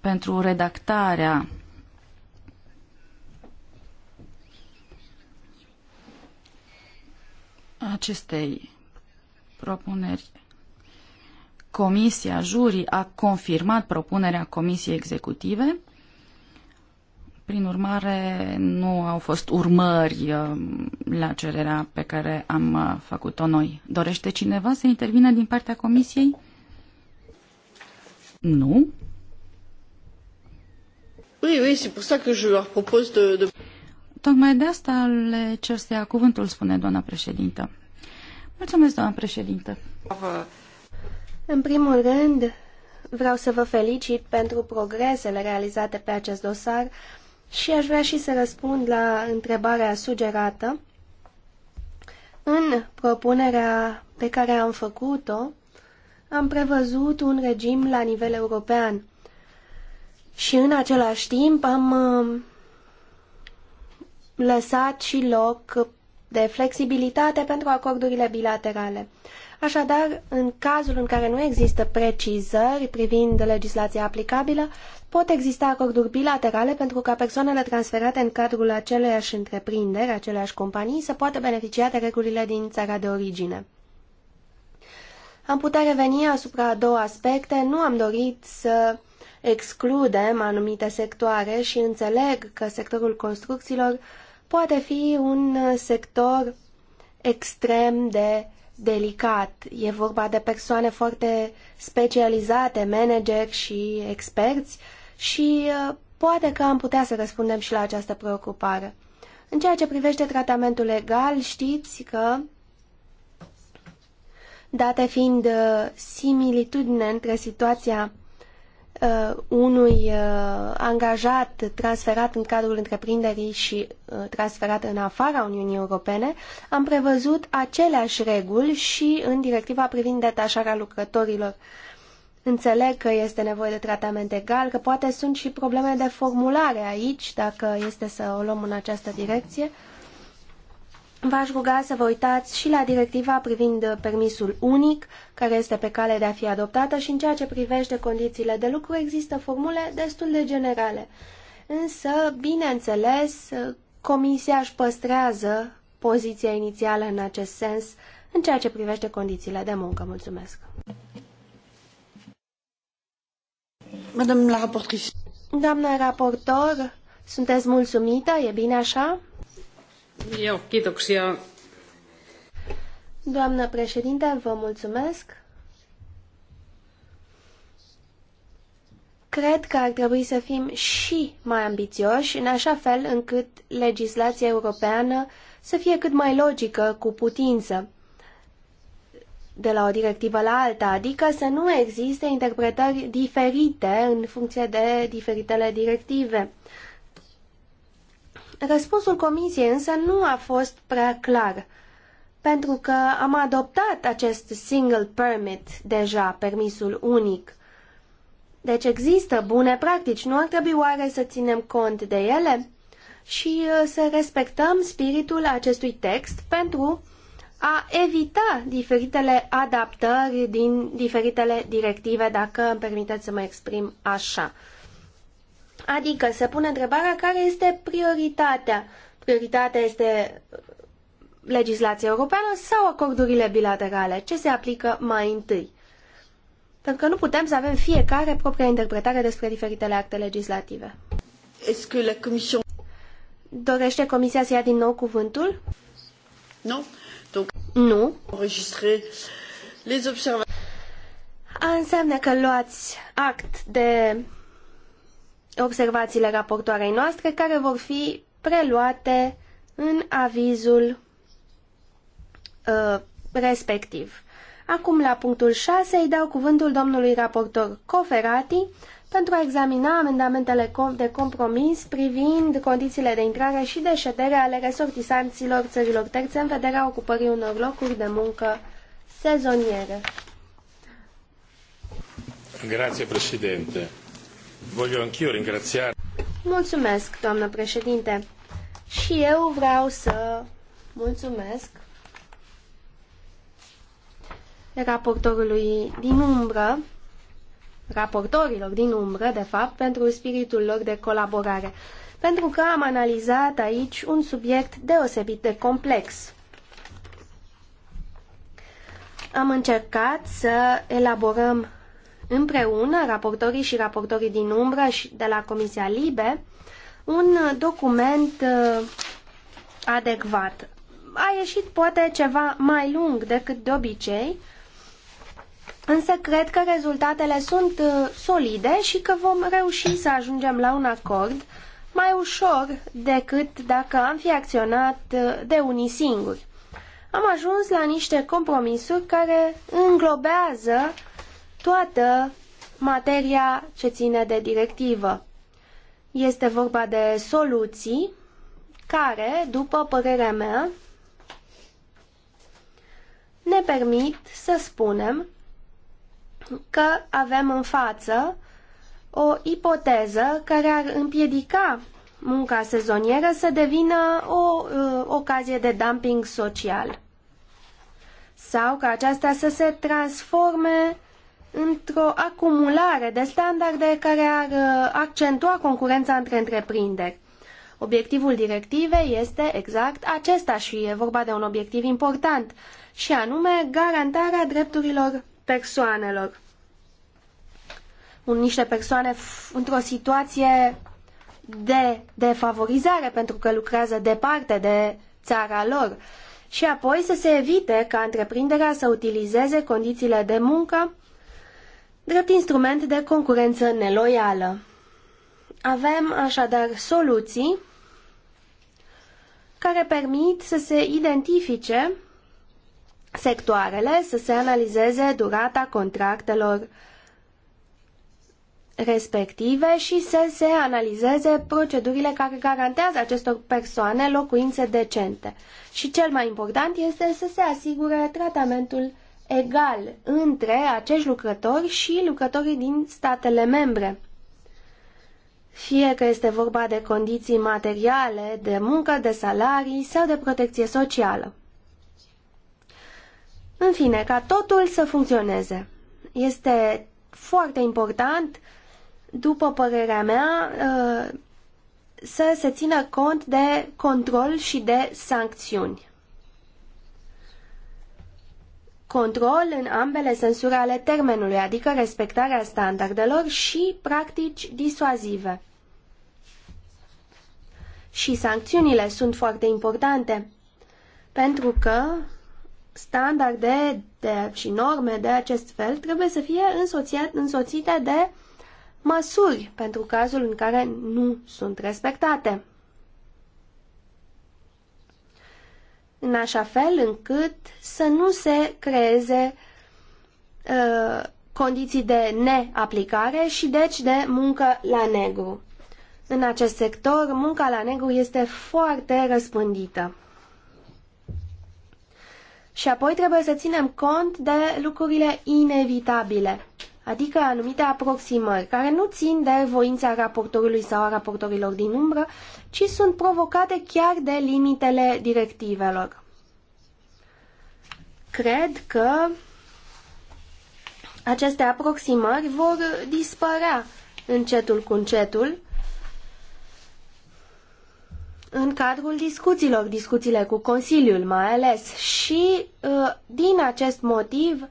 pentru redactarea acestei propuneri. Comisia jurii a confirmat propunerea Comisiei Executive prin urmare, nu au fost urmări uh, la cererea pe care am uh, făcut-o noi. Dorește cineva să intervină din partea comisiei? Nu. Oui, oui, c'est pour ça que je leur propose de, de... Tocmai de asta le cer să ia cuvântul, spune doamna președintă. Mulțumesc, doamna președintă. În primul rând, vreau să vă felicit pentru progresele realizate pe acest dosar și aș vrea și să răspund la întrebarea sugerată. În propunerea pe care am făcut-o, am prevăzut un regim la nivel european și în același timp am uh, lăsat și loc de flexibilitate pentru acordurile bilaterale. Așadar, în cazul în care nu există precizări privind legislația aplicabilă, pot exista acorduri bilaterale pentru ca persoanele transferate în cadrul aceleiași întreprinderi, aceleiași companii, să poată beneficia de regulile din țara de origine. Am putea reveni asupra două aspecte. Nu am dorit să excludem anumite sectoare și înțeleg că sectorul construcțiilor poate fi un sector extrem de delicat. E vorba de persoane foarte specializate, manageri și experți și uh, poate că am putea să răspundem și la această preocupare. În ceea ce privește tratamentul legal, știți că, date fiind uh, similitudine între situația uh, unui uh, angajat transferat în cadrul întreprinderii și uh, transferat în afara Uniunii Europene, am prevăzut aceleași reguli și în directiva privind detașarea lucrătorilor. Înțeleg că este nevoie de tratament egal, că poate sunt și probleme de formulare aici, dacă este să o luăm în această direcție. Uh, V-aș ruga să vă uitați și la directiva privind permisul unic, care este pe cale de a fi adoptată și în ceea ce privește condițiile de lucru există formule destul de generale. Însă, bineînțeles, Comisia își păstrează poziția inițială în acest sens în ceea ce privește condițiile de muncă. Mulțumesc! Doamna raportor, sunteți mulțumită? E bine așa? Doamnă președinte, vă mulțumesc. Cred că ar trebui să fim și mai ambițioși, în așa fel încât legislația europeană să fie cât mai logică cu putință de la o directivă la alta, adică să nu existe interpretări diferite în funcție de diferitele directive. Răspunsul comisiei însă nu a fost prea clar, pentru că am adoptat acest single permit deja, permisul unic. Deci există bune practici, nu ar trebui oare să ținem cont de ele și uh, să respectăm spiritul acestui text pentru a evita diferitele adaptări din diferitele directive, dacă îmi permiteți să mă exprim așa. Adică se pune întrebarea care este prioritatea. Prioritatea este legislația europeană sau acordurile bilaterale? Ce se aplică mai întâi? Pentru că nu putem să avem fiecare propria interpretare despre diferitele acte legislative. Comision... Dorește Comisia să ia din nou cuvântul? Nu. Donc... Nu. Enregistré les Înseamnă că luați act de observațiile raportoarei noastre, care vor fi preluate în avizul uh, respectiv. Acum, la punctul 6, îi dau cuvântul domnului raportor Coferati pentru a examina amendamentele de compromis privind condițiile de intrare și de ședere ale resortisanților țărilor terțe în vederea ocupării unor locuri de muncă sezoniere. Grazie, președinte. Voglio anch'io ringraziare. Mulțumesc, doamnă președinte. Și eu vreau să mulțumesc raportorului din umbră, raportorilor din umbră, de fapt, pentru spiritul lor de colaborare, pentru că am analizat aici un subiect deosebit de complex. Am încercat să elaborăm împreună, raportorii și raportorii din umbră și de la Comisia Libe, un document uh, adecvat. A ieșit poate ceva mai lung decât de obicei, însă cred că rezultatele sunt uh, solide și că vom reuși să ajungem la un acord mai ușor decât dacă am fi acționat uh, de unii singuri. Am ajuns la niște compromisuri care înglobează toată materia ce ține de directivă. Este vorba de soluții care, după părerea mea, ne permit să spunem că avem în față o ipoteză care ar împiedica munca sezonieră să devină o uh, ocazie de dumping social sau ca aceasta să se transforme într-o acumulare de standarde care ar uh, accentua concurența între întreprinderi. Obiectivul directivei este exact acesta și e vorba de un obiectiv important, și anume garantarea drepturilor persoanelor. Un, niște persoane într-o situație de defavorizare pentru că lucrează departe de țara lor și apoi să se evite ca întreprinderea să utilizeze condițiile de muncă drept instrument de concurență neloială. Avem așadar soluții care permit să se identifice sectoarele, să se analizeze durata contractelor respective și să se analizeze procedurile care garantează acestor persoane locuințe decente. Și cel mai important este să se asigure tratamentul egal între acești lucrători și lucrătorii din statele membre. Fie că este vorba de condiții materiale, de muncă, de salarii sau de protecție socială. În fine, ca totul să funcționeze. Este foarte important, după părerea mea, uh, să se țină cont de control și de sancțiuni control în ambele sensuri ale termenului, adică respectarea standardelor și practici disuazive. Și sancțiunile sunt foarte importante, pentru că standarde de, și norme de acest fel trebuie să fie însoțiat, însoțite de măsuri pentru cazul în care nu sunt respectate. în așa fel încât să nu se creeze uh, condiții de neaplicare și deci de muncă la negru. În acest sector, munca la negru este foarte răspândită. Și apoi trebuie să ținem cont de lucrurile inevitabile adică anumite aproximări care nu țin de voința raportorului sau a raportorilor din umbră, ci sunt provocate chiar de limitele directivelor. Cred că aceste aproximări vor dispărea încetul cu încetul în cadrul discuțiilor, discuțiile cu Consiliul mai ales și uh, din acest motiv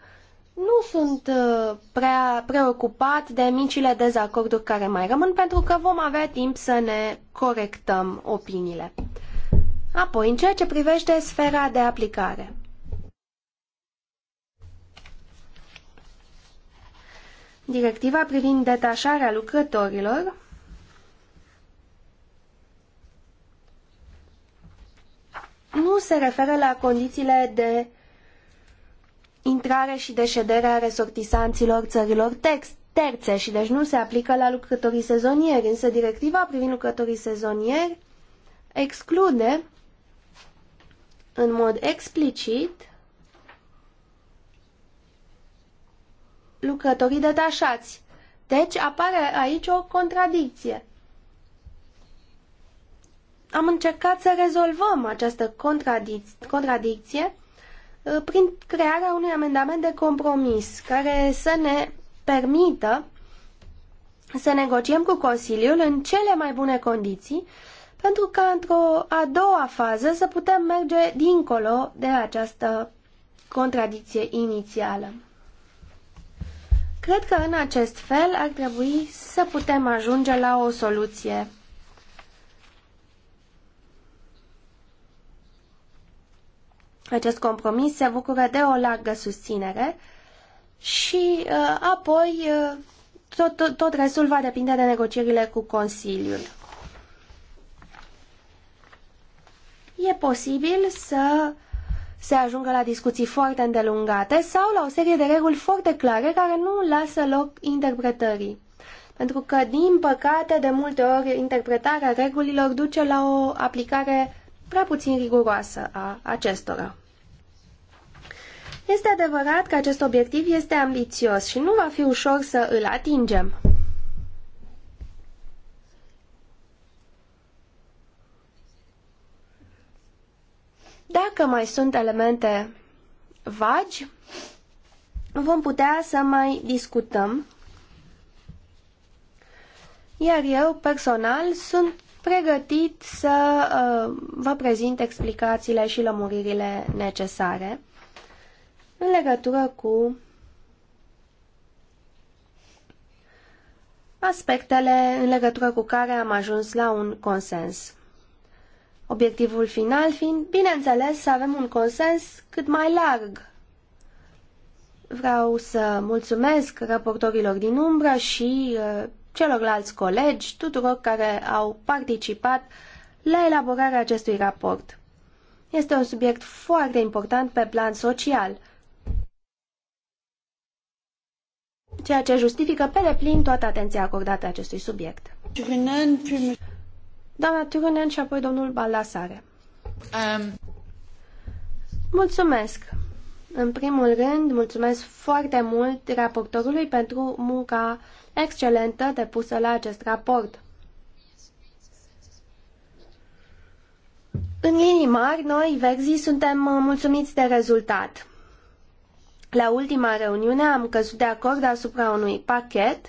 nu sunt uh, prea preocupat de micile dezacorduri care mai rămân, pentru că vom avea timp să ne corectăm opiniile. Apoi, în ceea ce privește sfera de aplicare. Directiva privind detașarea lucrătorilor nu se referă la condițiile de intrare și deședere a resortisanților țărilor text, terțe și deci nu se aplică la lucrătorii sezonieri, însă directiva privind lucrătorii sezonieri exclude în mod explicit lucrătorii detașați. Deci apare aici o contradicție. Am încercat să rezolvăm această contradic contradicție Uh, prin crearea unui amendament de compromis care să ne permită să negociem cu Consiliul în cele mai bune condiții pentru ca într-o a doua fază să putem merge dincolo de această contradicție inițială. Cred că în acest fel ar trebui să putem ajunge la o soluție Acest compromis se bucură de o largă susținere și uh, apoi uh, tot, tot, tot restul va depinde de negocierile cu Consiliul. E posibil să se ajungă la discuții foarte îndelungate sau la o serie de reguli foarte clare care nu lasă loc interpretării. Pentru că, din păcate, de multe ori interpretarea regulilor duce la o aplicare prea puțin riguroasă a acestora. Este adevărat că acest obiectiv este ambițios și nu va fi ușor să îl atingem. Dacă mai sunt elemente vagi, vom putea să mai discutăm iar eu, personal, sunt pregătit să uh, vă prezint explicațiile și lămuririle necesare în legătură cu aspectele în legătură cu care am ajuns la un consens. Obiectivul final fiind, bineînțeles, să avem un consens cât mai larg. Vreau să mulțumesc raportorilor din umbră și uh, celorlalți colegi, tuturor care au participat la elaborarea acestui raport. Este un subiect foarte important pe plan social, ceea ce justifică pe deplin toată atenția acordată acestui subiect. Doamna Turunen și apoi domnul Ballasare. Um. Mulțumesc! În primul rând, mulțumesc foarte mult raportorului pentru munca excelentă depusă la acest raport. În linii mari, noi, Verzi, suntem uh, mulțumiți de rezultat. La ultima reuniune am căzut de acord asupra unui pachet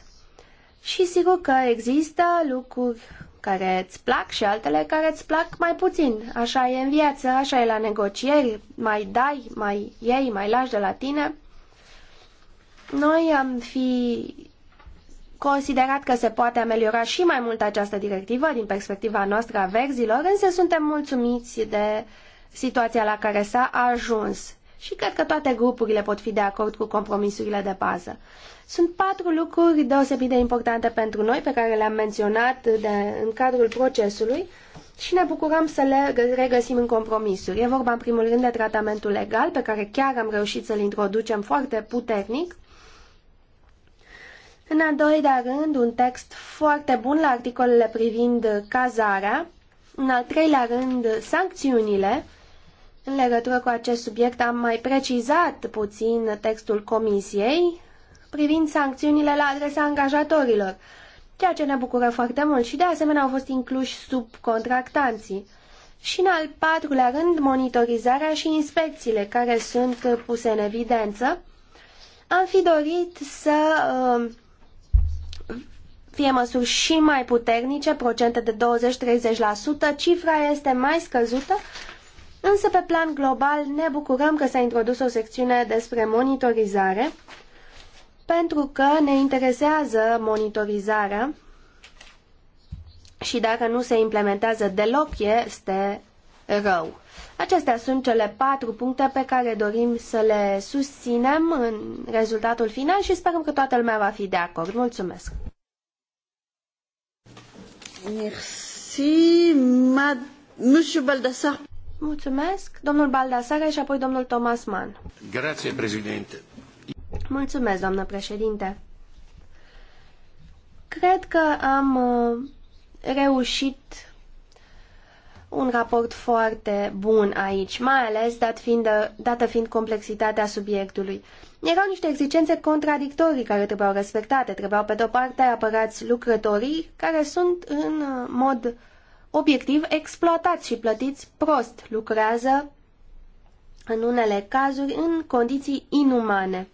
și sigur că există lucruri care îți plac și altele care îți plac mai puțin. Așa e în viață, așa e la negocieri, mai dai, mai iei, mai lași de la tine. Noi am fi considerat că se poate ameliora și mai mult această directivă din perspectiva noastră a verzilor, însă suntem mulțumiți de situația la care s-a ajuns și cred că toate grupurile pot fi de acord cu compromisurile de bază. Sunt patru lucruri deosebit de importante pentru noi, pe care le-am menționat de, în cadrul procesului și ne bucurăm să le regăsim în compromisuri. E vorba în primul rând de tratamentul legal, pe care chiar am reușit să-l introducem foarte puternic. În al doilea rând, un text foarte bun la articolele privind cazarea. În al treilea rând, sancțiunile. În legătură cu acest subiect am mai precizat puțin textul comisiei privind sancțiunile la adresa angajatorilor, ceea ce ne bucură foarte mult și de asemenea au fost incluși subcontractanții. Și în al patrulea rând, monitorizarea și inspecțiile care sunt puse în evidență. Am fi dorit să um, fie măsuri și mai puternice, procente de 20-30%, cifra este mai scăzută, însă pe plan global ne bucurăm că s-a introdus o secțiune despre monitorizare pentru că ne interesează monitorizarea și dacă nu se implementează deloc este rău. Acestea sunt cele patru puncte pe care dorim să le susținem în rezultatul final și sperăm că toată lumea va fi de acord. Mulțumesc! Merci, ma... Monsieur Baldassar. Mulțumesc, domnul Baldassare și apoi domnul Thomas Mann. Grazie, președinte. Mulțumesc, doamnă președinte. Cred că am uh, reușit un raport foarte bun aici, mai ales dat fiind, uh, dată fiind complexitatea subiectului. Erau niște exigențe contradictorii care trebuiau respectate. Trebuiau, pe de-o parte, apărați lucrătorii care sunt, în uh, mod obiectiv, exploatați și plătiți prost. Lucrează, în unele cazuri, în condiții inumane.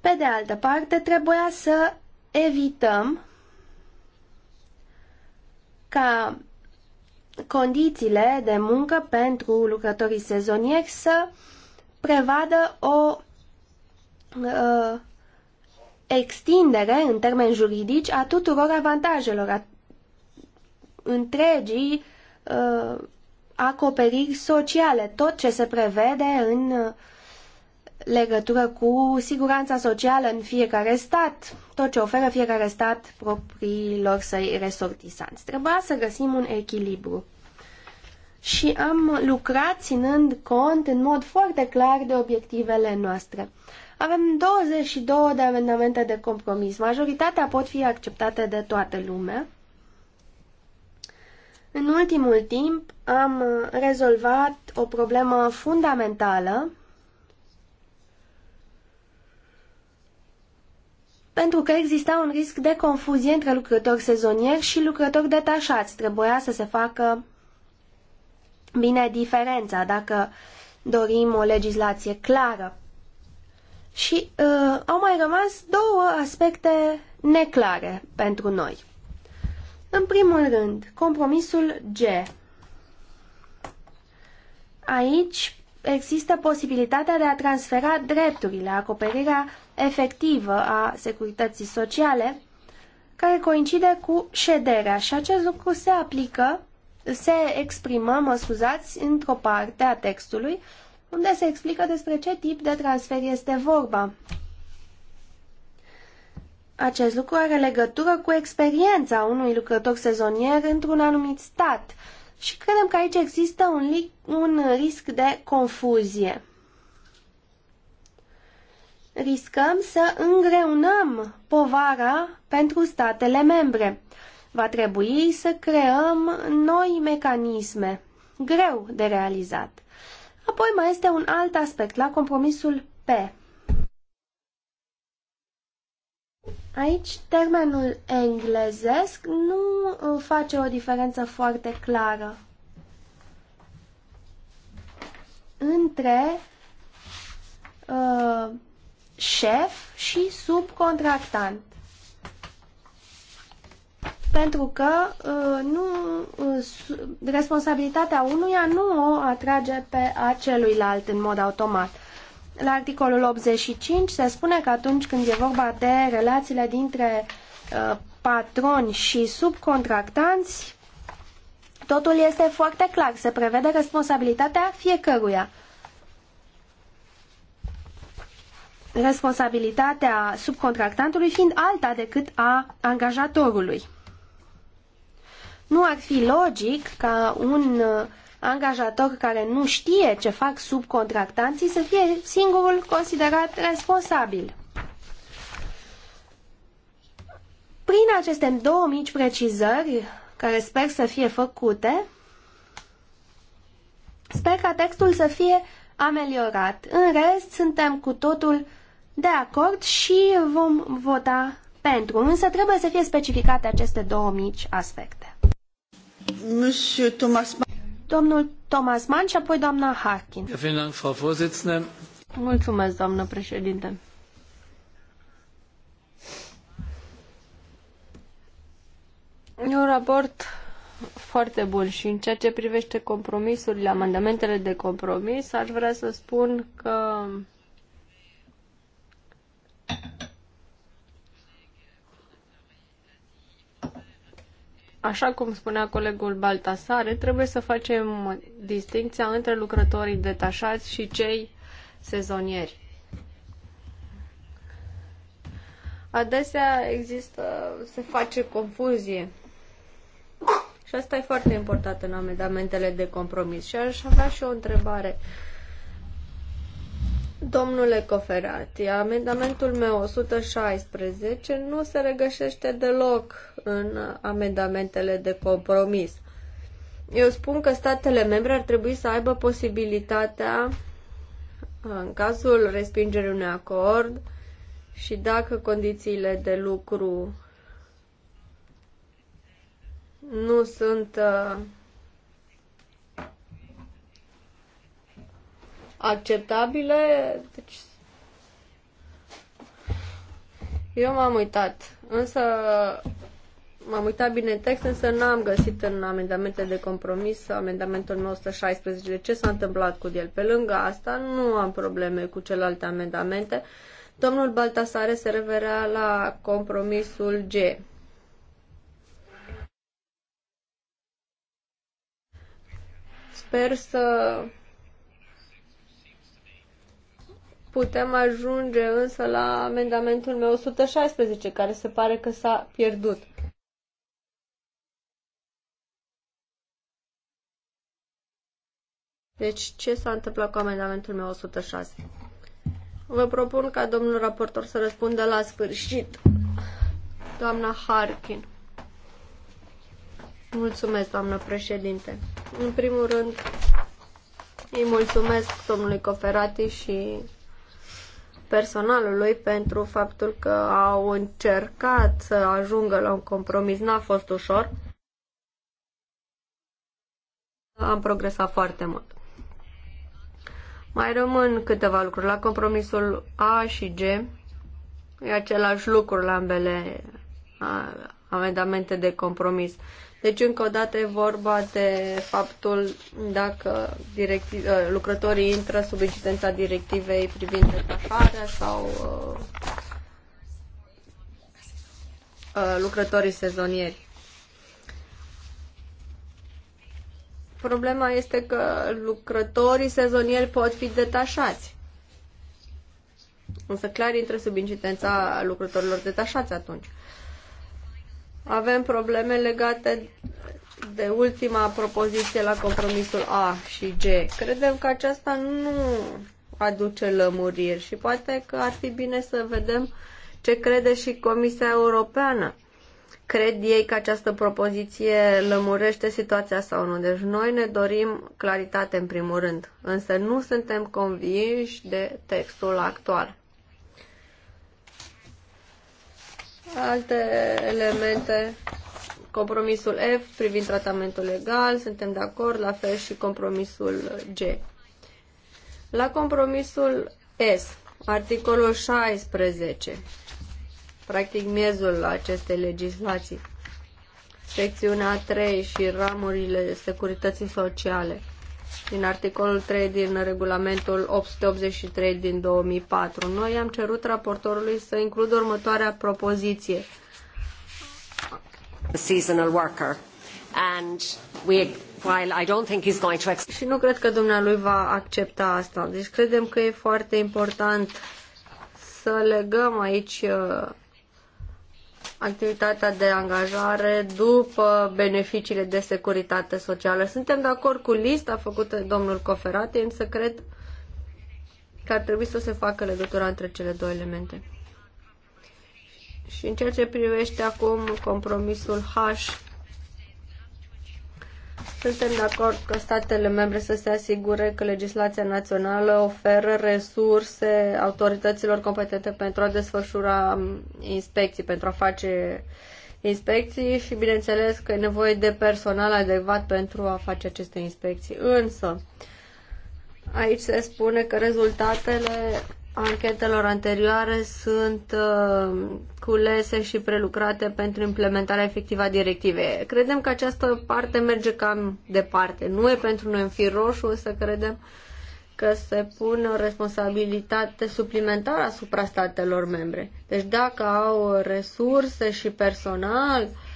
Pe de altă parte, trebuia să evităm ca condițiile de muncă pentru lucrătorii sezonieri să prevadă o uh, extindere în termeni juridici a tuturor avantajelor, a întregii uh, acoperiri sociale, tot ce se prevede în uh, legătură cu siguranța socială în fiecare stat, tot ce oferă fiecare stat propriilor săi resortisanți. Trebuia să găsim un echilibru. Și am lucrat ținând cont în mod foarte clar de obiectivele noastre. Avem 22 de amendamente de compromis. Majoritatea pot fi acceptate de toată lumea. În ultimul timp am rezolvat o problemă fundamentală pentru că exista un risc de confuzie între lucrători sezonieri și lucrători detașați. Trebuia să se facă bine diferența dacă dorim o legislație clară. Și uh, au mai rămas două aspecte neclare pentru noi. În primul rând, compromisul G. Aici există posibilitatea de a transfera drepturile, acoperirea efectivă a securității sociale, care coincide cu șederea și acest lucru se aplică, se exprimă, mă scuzați, într-o parte a textului, unde se explică despre ce tip de transfer este vorba. Acest lucru are legătură cu experiența unui lucrător sezonier într-un anumit stat, și credem că aici există un, un risc de confuzie. Riscăm să îngreunăm povara pentru statele membre. Va trebui să creăm noi mecanisme, greu de realizat. Apoi mai este un alt aspect la compromisul P. Aici termenul englezesc nu uh, face o diferență foarte clară între uh, șef și subcontractant. Pentru că uh, nu, uh, responsabilitatea unuia nu o atrage pe a celuilalt în mod automat la articolul 85 se spune că atunci când e vorba de relațiile dintre uh, patroni și subcontractanți, totul este foarte clar. Se prevede responsabilitatea fiecăruia. Responsabilitatea subcontractantului fiind alta decât a angajatorului. Nu ar fi logic ca un uh, angajator care nu știe ce fac subcontractanții să fie singurul considerat responsabil. Prin aceste două mici precizări, care sper să fie făcute, sper ca textul să fie ameliorat. În rest, suntem cu totul de acord și vom vota pentru, însă trebuie să fie specificate aceste două mici aspecte. Monsieur Thomas domnul Thomas Mann și apoi doamna Harkin. Mulțumesc, doamnă președinte. E un raport foarte bun și în ceea ce privește compromisurile, amendamentele de compromis, aș vrea să spun că Așa cum spunea colegul Baltasare, trebuie să facem distinția între lucrătorii detașați și cei sezonieri. Adesea există, se face confuzie. Și asta e foarte important în amendamentele de compromis. Și aș avea și o întrebare. Uh, Domnule Coferati, amendamentul meu 116 nu se regăsește deloc în amendamentele de compromis. Eu spun că statele membre ar trebui să aibă posibilitatea, în cazul respingerii unui acord și dacă condițiile de lucru nu sunt uh, acceptabile. Deci, eu m-am uitat, însă m-am uitat bine text, însă n-am găsit în amendamente de compromis amendamentul 916. De ce s-a întâmplat cu el? Pe lângă asta, nu am probleme cu celelalte amendamente. Domnul Baltasare se referea la compromisul G. Sper să Putem ajunge însă la amendamentul meu 116, care se pare că s-a pierdut. Deci, ce s-a întâmplat cu amendamentul meu 106? Vă propun ca domnul raportor să răspundă la sfârșit. Doamna Harkin. Mulțumesc, doamnă președinte. În primul rând, îi mulțumesc domnului Coferati și personalului pentru faptul că au încercat să ajungă la un compromis. N-a fost ușor. Am progresat foarte mult. Mai rămân câteva lucruri. La compromisul A și G e același lucru la ambele amendamente de compromis. Deci, încă o dată, e vorba de faptul dacă directi- ă, lucrătorii intră sub incidența directivei privind detașarea sau uh, lucrătorii sezonieri. Problema este că lucrătorii sezonieri pot fi detașați. Însă clar intră sub incidența lucrătorilor detașați atunci. Uh, avem probleme legate de ultima propoziție la compromisul A și G. Credem că aceasta nu aduce lămuriri și poate că ar fi bine să vedem ce crede și Comisia Europeană. Cred ei că această propoziție lămurește situația sau nu. Deci noi ne dorim claritate în primul rând, însă nu suntem convinși de textul actual. Alte elemente, compromisul F privind tratamentul legal, suntem de acord, la fel și compromisul G. La compromisul S, articolul 16, practic miezul acestei legislații, secțiunea 3 și ramurile securității sociale din articolul 3 din regulamentul 883 din 2004. Noi am cerut raportorului să includă următoarea propoziție. seasonal worker and we while I don't think he's going to Și nu cred că dumnealui va accepta asta. Deci credem că e foarte important să legăm aici uh, activitatea de angajare după beneficiile de securitate socială. Suntem de acord cu lista făcută de domnul Coferati, însă cred că ar trebui să se facă legătura între cele două elemente. Și în ceea ce privește acum compromisul H, suntem de acord că statele membre să se asigure că legislația națională oferă resurse autorităților competente pentru a desfășura um, inspecții, pentru a face inspecții și, bineînțeles, că e nevoie de personal adecvat pentru a face aceste inspecții. Însă, aici se spune că rezultatele anchetelor anterioare sunt uh, culese și prelucrate pentru implementarea efectivă a directivei. Credem că această parte merge cam departe. Nu e pentru noi în fir roșu, să credem că se pune o responsabilitate suplimentară asupra statelor membre. Deci dacă au resurse și personal uh,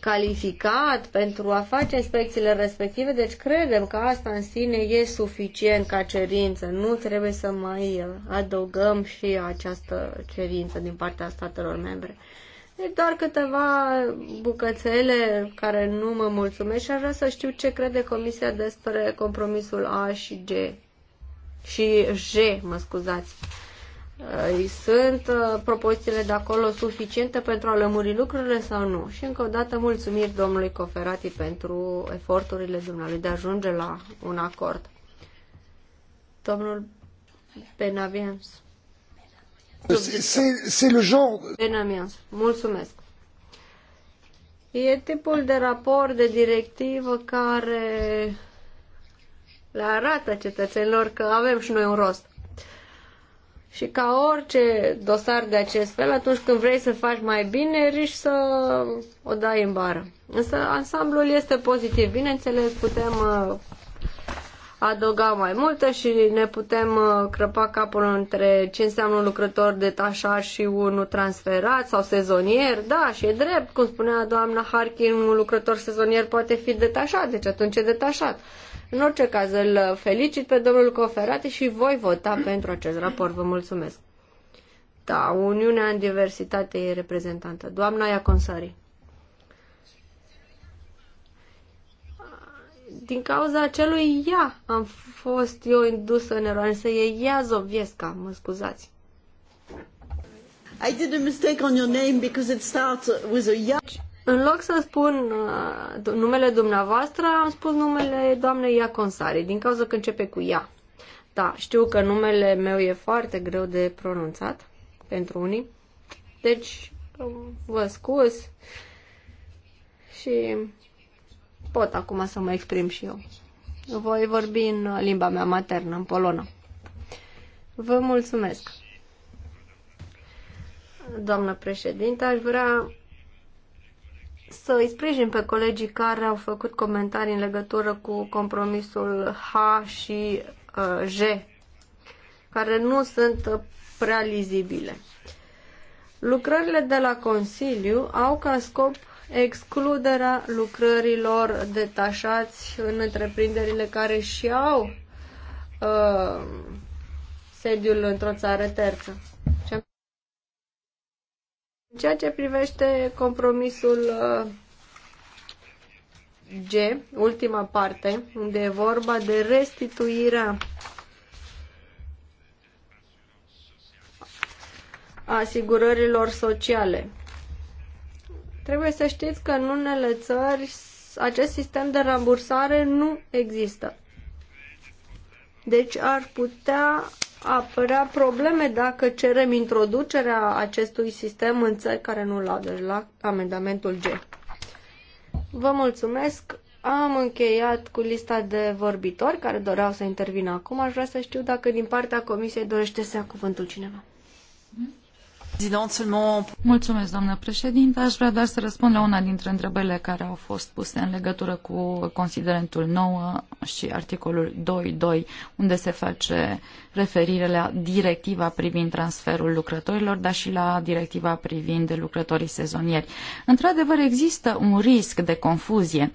calificat pentru a face inspecțiile respective, deci credem că asta în sine e suficient ca cerință. Nu trebuie să mai adăugăm și această cerință din partea statelor membre. E deci doar câteva bucățele care nu mă mulțumesc și aș vrea să știu ce crede Comisia despre compromisul A și G. Și G, mă scuzați. Sunt uh, propozițiile de acolo suficiente pentru a lămuri lucrurile sau nu? Și încă o dată mulțumiri domnului Coferati pentru eforturile dumneavoastră de a ajunge la un acord. Domnul Benaviens. C'est le genre... Benaviens, mulțumesc. E tipul de raport, de directivă care le arată cetățenilor că avem și noi un rost. Și ca orice dosar de acest fel, atunci când vrei să faci mai bine, riști să o dai în bară. Însă ansamblul este pozitiv. Bineînțeles, putem uh, adăuga mai multă și ne putem uh, crăpa capul între ce înseamnă un lucrător detașat și unul transferat sau sezonier. Da, și e drept, cum spunea doamna Harkin, un lucrător sezonier poate fi detașat, deci atunci e detașat. În orice caz, îl felicit pe domnul Coferate și voi vota pentru acest raport. Vă mulțumesc. Da, Uniunea în diversitate e reprezentantă. Doamna Iaconsari. Din cauza acelui ea am fost eu indusă în eroare, să e ea Zoviesca, mă scuzați. I did a mistake on your name because it starts with a ya. Deci, în loc să spun uh, numele dumneavoastră, am spus numele doamnei Iaconsari, din cauza că începe cu ea. Da, știu că numele meu e foarte greu de pronunțat pentru unii, deci um, vă scuz și pot acum să mă exprim și eu. Voi vorbi în limba mea maternă, în polonă. Vă mulțumesc! Doamnă președinte, aș vrea să îi sprijin pe colegii care au făcut comentarii în legătură cu compromisul H și uh, J, care nu sunt uh, prea lizibile. Lucrările de la Consiliu au ca scop excluderea lucrărilor detașați în întreprinderile care și au uh, sediul într-o țară terță. În ceea ce privește compromisul uh, G, ultima parte, unde e vorba de restituirea asigurărilor sociale. Trebuie să știți că în unele țări acest sistem de rambursare nu există. Deci ar putea apărea probleme dacă cerem introducerea acestui sistem în țări care nu l-au, deci la amendamentul G. Vă mulțumesc! Am încheiat cu lista de vorbitori care doreau să intervină acum. Aș vrea să știu dacă din partea comisiei dorește să ia cuvântul cineva. Mulțumesc, doamnă președinte. Aș vrea doar să răspund la una dintre întrebările care au fost puse în legătură cu considerentul 9 și articolul 2.2, unde se face referire la directiva privind transferul lucrătorilor, dar și la directiva privind lucrătorii sezonieri. Într-adevăr, există un risc de confuzie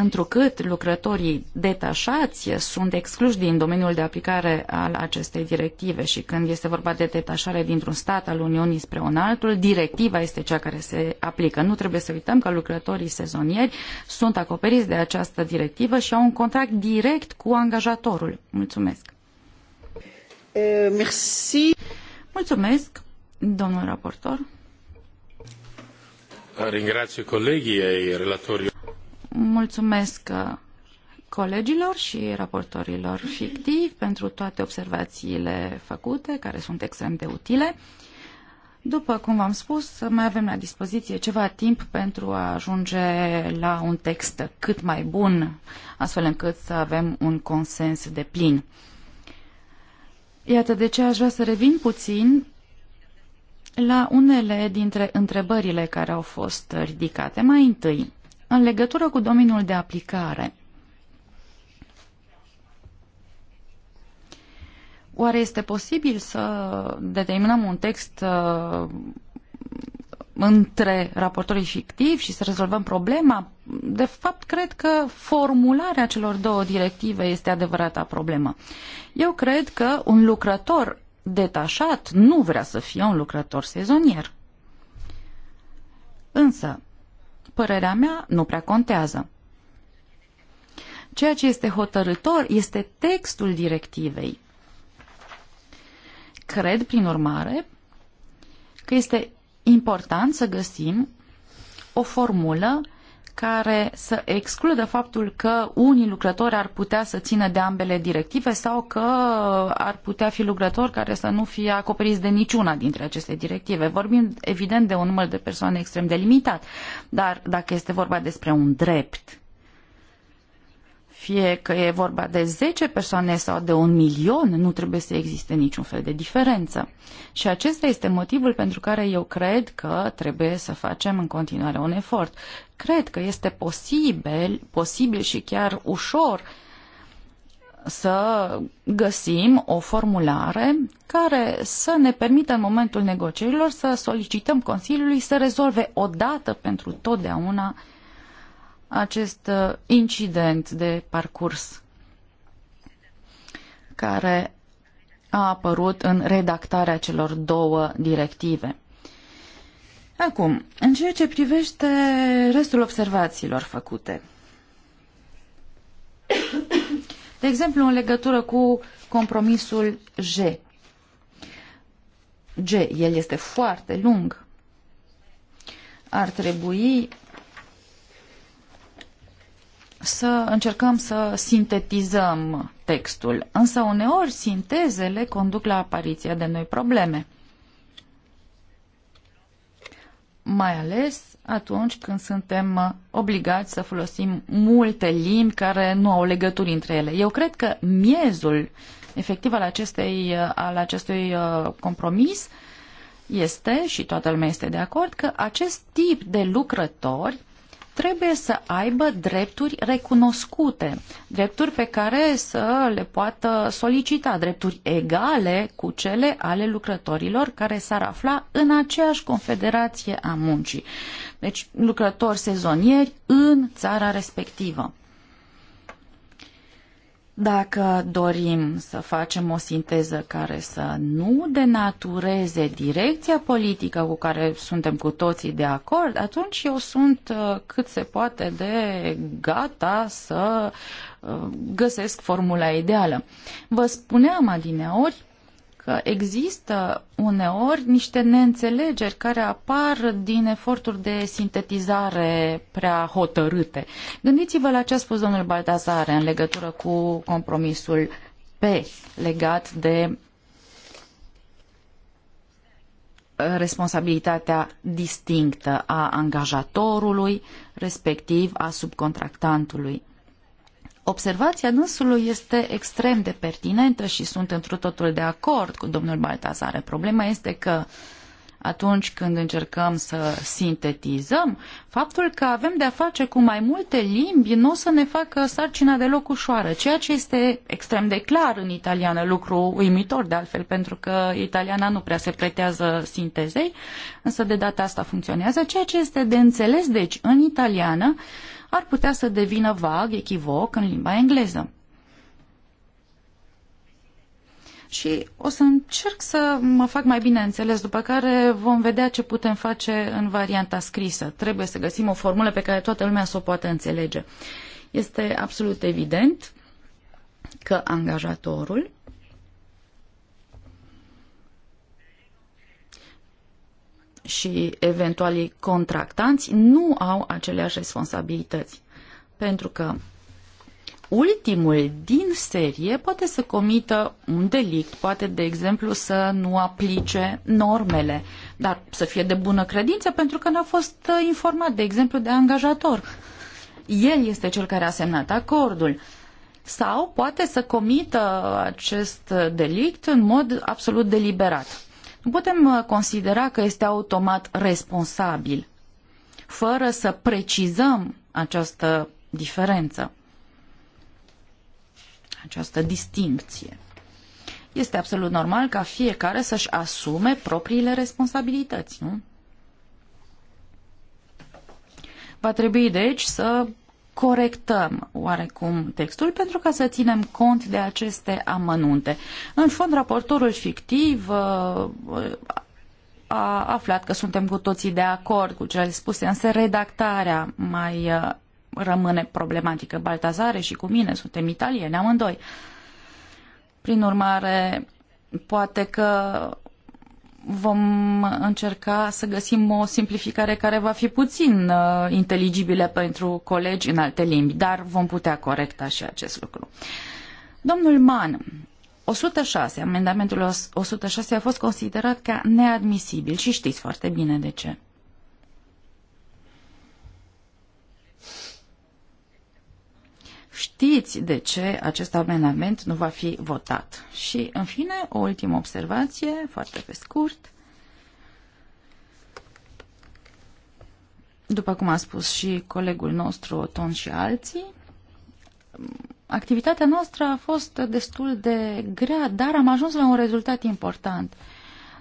întrucât lucrătorii detașați sunt excluși din domeniul de aplicare al acestei directive și când este vorba de detașare dintr-un stat al Uniunii spre un altul, directiva este cea care se aplică. Nu trebuie să uităm că lucrătorii sezonieri sunt acoperiți de această directivă și au un contract direct cu angajatorul. Mulțumesc! Eh, merci. Mulțumesc, domnul raportor. Ringrazio colegii relatorii. Mulțumesc uh, colegilor și raportorilor fictivi pentru toate observațiile făcute, care sunt extrem de utile. După cum v-am spus, mai avem la dispoziție ceva timp pentru a ajunge la un text cât mai bun, astfel încât să avem un consens de plin. Iată de ce aș vrea să revin puțin la unele dintre întrebările care au fost ridicate. Mai întâi, în legătură cu domeniul de aplicare, oare este posibil să determinăm un text uh, între raportorii fictivi și să rezolvăm problema? De fapt, cred că formularea celor două directive este adevărata problemă. Eu cred că un lucrător detașat nu vrea să fie un lucrător sezonier. Însă, părerea mea, nu prea contează. Ceea ce este hotărător este textul directivei. Cred, prin urmare, că este important să găsim o formulă care să excludă faptul că unii lucrători ar putea să țină de ambele directive sau că ar putea fi lucrători care să nu fie acoperiți de niciuna dintre aceste directive. Vorbim evident de un număr de persoane extrem de limitat, dar dacă este vorba despre un drept fie că e vorba de 10 persoane sau de un milion, nu trebuie să existe niciun fel de diferență. Și acesta este motivul pentru care eu cred că trebuie să facem în continuare un efort. Cred că este posibil, posibil și chiar ușor să găsim o formulare care să ne permită în momentul negocierilor să solicităm Consiliului să rezolve odată pentru totdeauna uh, acest uh, incident de parcurs care a apărut în redactarea celor două directive. Acum, în ceea ce privește restul observațiilor făcute. De exemplu, în legătură cu compromisul G. G, el este foarte lung. Ar trebui să încercăm să sintetizăm textul, însă uneori sintezele conduc la apariția de noi probleme. Mai ales atunci când suntem obligați să folosim multe limbi care nu au legături între ele. Eu cred că miezul efectiv al, acestei, al acestui uh, compromis este, și toată lumea este de acord, că acest tip de lucrători trebuie să aibă drepturi recunoscute, drepturi pe care să le poată solicita, drepturi egale cu cele ale lucrătorilor care s-ar afla în aceeași confederație a muncii. Deci lucrători sezonieri în țara respectivă. Dacă dorim să facem o sinteză care să nu denatureze direcția politică cu care suntem cu toții de acord, atunci eu sunt uh, cât se poate de gata să uh, găsesc formula ideală. Vă spuneam adineori există uneori niște neînțelegeri care apar din eforturi de sintetizare prea hotărâte. Gândiți-vă la ce a spus domnul Baltazare în legătură cu compromisul P legat de uh, responsabilitatea distinctă a angajatorului, respectiv a subcontractantului. Observația dânsului este extrem de pertinentă și sunt într totul de acord cu domnul Baltazare. Problema este că atunci când încercăm să sintetizăm, faptul că avem de-a face cu mai multe limbi nu o să ne facă sarcina deloc ușoară, ceea ce este extrem de clar în italiană, lucru uimitor de altfel, pentru că italiana nu prea se pretează sintezei, însă de data asta funcționează, ceea ce este de înțeles, deci, în italiană, uh, ar putea să devină vag, echivoc în limba engleză. Și o să încerc să mă fac mai bine înțeles, după care vom vedea ce putem face în varianta scrisă. Trebuie să găsim o formulă pe care toată lumea să o poată înțelege. Este absolut evident că angajatorul și eventualii contractanți nu au aceleași responsabilități. Pentru că ultimul din serie poate să comită un delict, poate, de exemplu, să nu aplice normele, dar să fie de bună credință pentru că n-a fost uh, informat, de exemplu, de angajator. El este cel care a semnat acordul. Sau poate să comită acest uh, delict în mod absolut deliberat. Nu putem uh, considera că este automat responsabil, fără să precizăm această diferență, această distincție. Este absolut normal ca fiecare să-și asume propriile responsabilități, nu? Va trebui, deci, să corectăm oarecum textul pentru ca să ținem cont de aceste amănunte. În fond, raportorul fictiv uh, a aflat că suntem cu toții de acord cu cele spuse, însă redactarea mai uh, rămâne problematică. Baltazare și cu mine suntem italieni amândoi. Prin urmare, poate că vom încerca să găsim o simplificare care va fi puțin uh, inteligibilă pentru colegi în alte limbi, dar vom putea corecta și acest lucru. Domnul Man, 106, amendamentul 106 a fost considerat ca neadmisibil și știți foarte bine de ce. știți de ce acest amendament nu va fi votat. Și, în fine, o ultimă observație, foarte pe scurt. După cum a spus și colegul nostru Ton și alții, activitatea noastră a fost destul de grea, dar am ajuns la un rezultat important.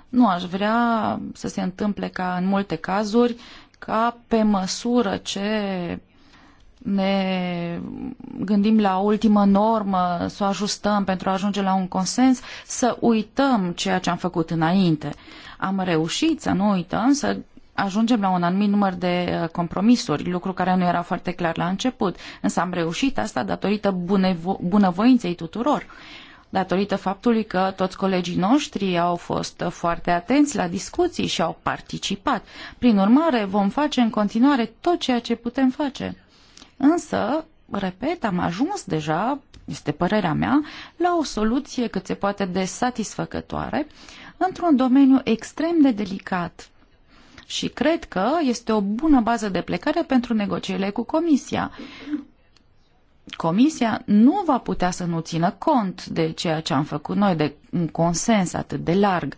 Nu aș vrea să se întâmple ca în multe cazuri ca pe măsură ce ne gândim la ultimă normă, să o ajustăm pentru a ajunge la un consens, să uităm ceea ce am făcut înainte. Am reușit să nu uităm, să ajungem la un anumit număr de uh, compromisuri, lucru care nu era foarte clar la început, însă am reușit asta datorită bunevo- bunăvoinței tuturor datorită faptului că toți colegii noștri au fost uh, foarte atenți la discuții și au participat. Prin urmare, vom face în continuare tot ceea ce putem face. Însă, repet, am ajuns deja, este părerea mea, la o soluție cât se poate de satisfăcătoare într-un domeniu extrem de delicat. Și cred că este o bună bază de plecare pentru negocierile cu Comisia. Comisia nu va putea să nu țină cont de ceea ce am făcut noi, de un consens atât de larg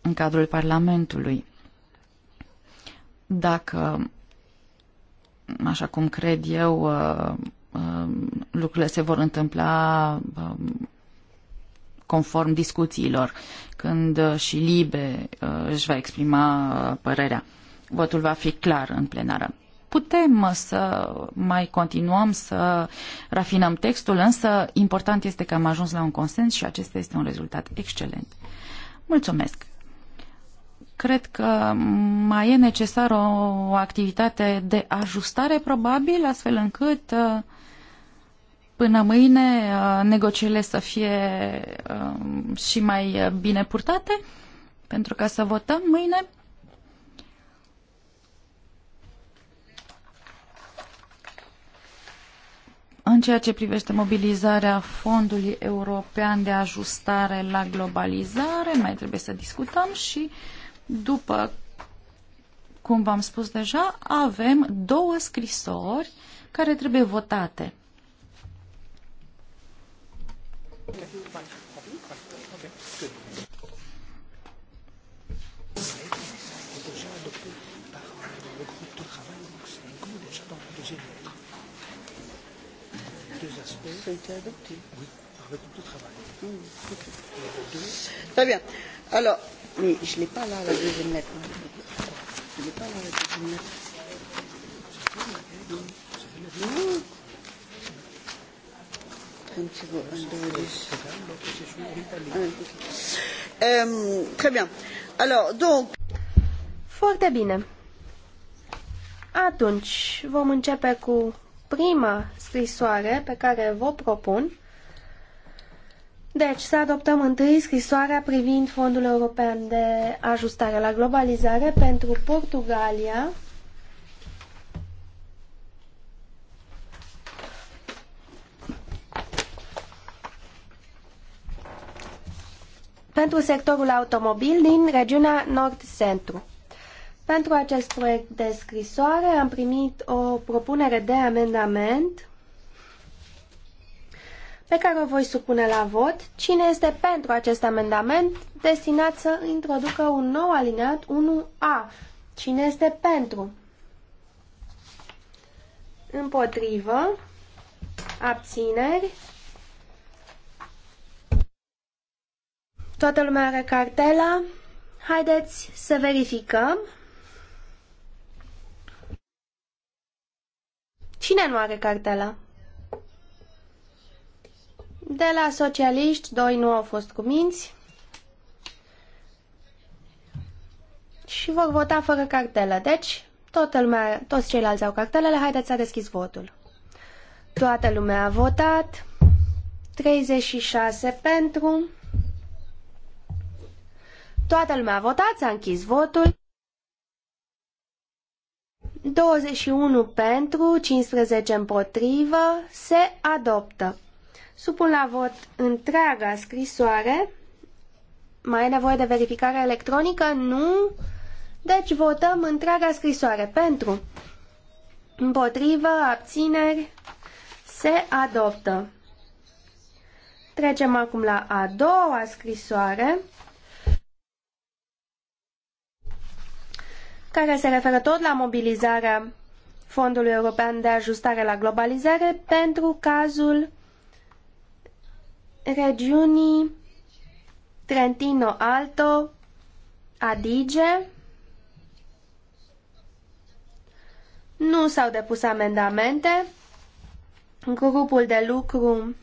în cadrul Parlamentului. Dacă așa cum cred eu, uh, uh, lucrurile se vor întâmpla uh, conform discuțiilor, când și Libe își va exprima părerea. Votul va fi clar în plenară. Putem să mai continuăm să rafinăm textul, însă important este că am ajuns la un consens și acesta este un rezultat excelent. Mulțumesc! Cred că mai e necesară o, o activitate de ajustare, probabil, astfel încât uh, până mâine uh, negocierile să fie uh, și mai bine purtate, pentru ca să votăm mâine. În ceea ce privește mobilizarea Fondului European de Ajustare la Globalizare, mai trebuie să discutăm și uh, după cum v-am spus deja, avem două scrisori care trebuie votate. Ça a été adopté. Oui, par le groupe de travail. Mmh, okay. Très bien. Alors, Mais je ne l'ai pas là, la deuxième lettre. Je l'ai pas là, la deuxième lettre. Foarte bine. Atunci vom începe cu prima scrisoare pe care vă propun deci, să adoptăm întâi scrisoarea privind Fondul European de Ajustare la Globalizare pentru Portugalia. pentru sectorul automobil din regiunea Nord-Centru. Pentru acest proiect de scrisoare am primit o propunere de amendament pe care o voi supune la vot. Cine este pentru acest amendament destinat să introducă un nou alineat 1A? Cine este pentru? Împotrivă. Abțineri. Toată lumea are cartela. Haideți să verificăm. Cine nu are cartela? De la socialiști, doi nu au fost cuminți și vor vota fără cartelă. Deci, toată lumea, toți ceilalți au cartelele, haideți să deschis votul. Toată lumea a votat, 36 pentru, toată lumea a votat, s-a închis votul, 21 pentru, 15 împotrivă, se adoptă. Supun la vot întreaga scrisoare. Mai e nevoie de verificare electronică? Nu. Deci votăm întreaga scrisoare. Pentru. Împotrivă, abțineri, se adoptă. Trecem acum la a doua scrisoare, care se referă tot la mobilizarea Fondului European de Ajustare la Globalizare pentru cazul Regiuni Trentino Alto, Adige. Nu s-au depus amendamente. Grupul de lucru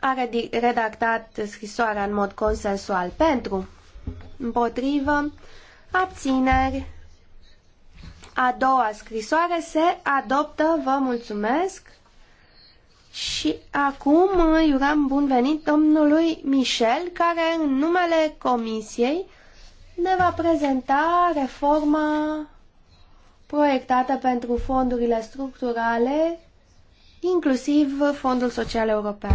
a redactat scrisoarea în mod consensual pentru, împotrivă, abțineri. A doua scrisoare se adoptă, vă mulțumesc. Și acum îi uh, uram bun venit domnului Michel, care în numele Comisiei ne va prezenta reforma proiectată pentru fondurile structurale, inclusiv Fondul Social European.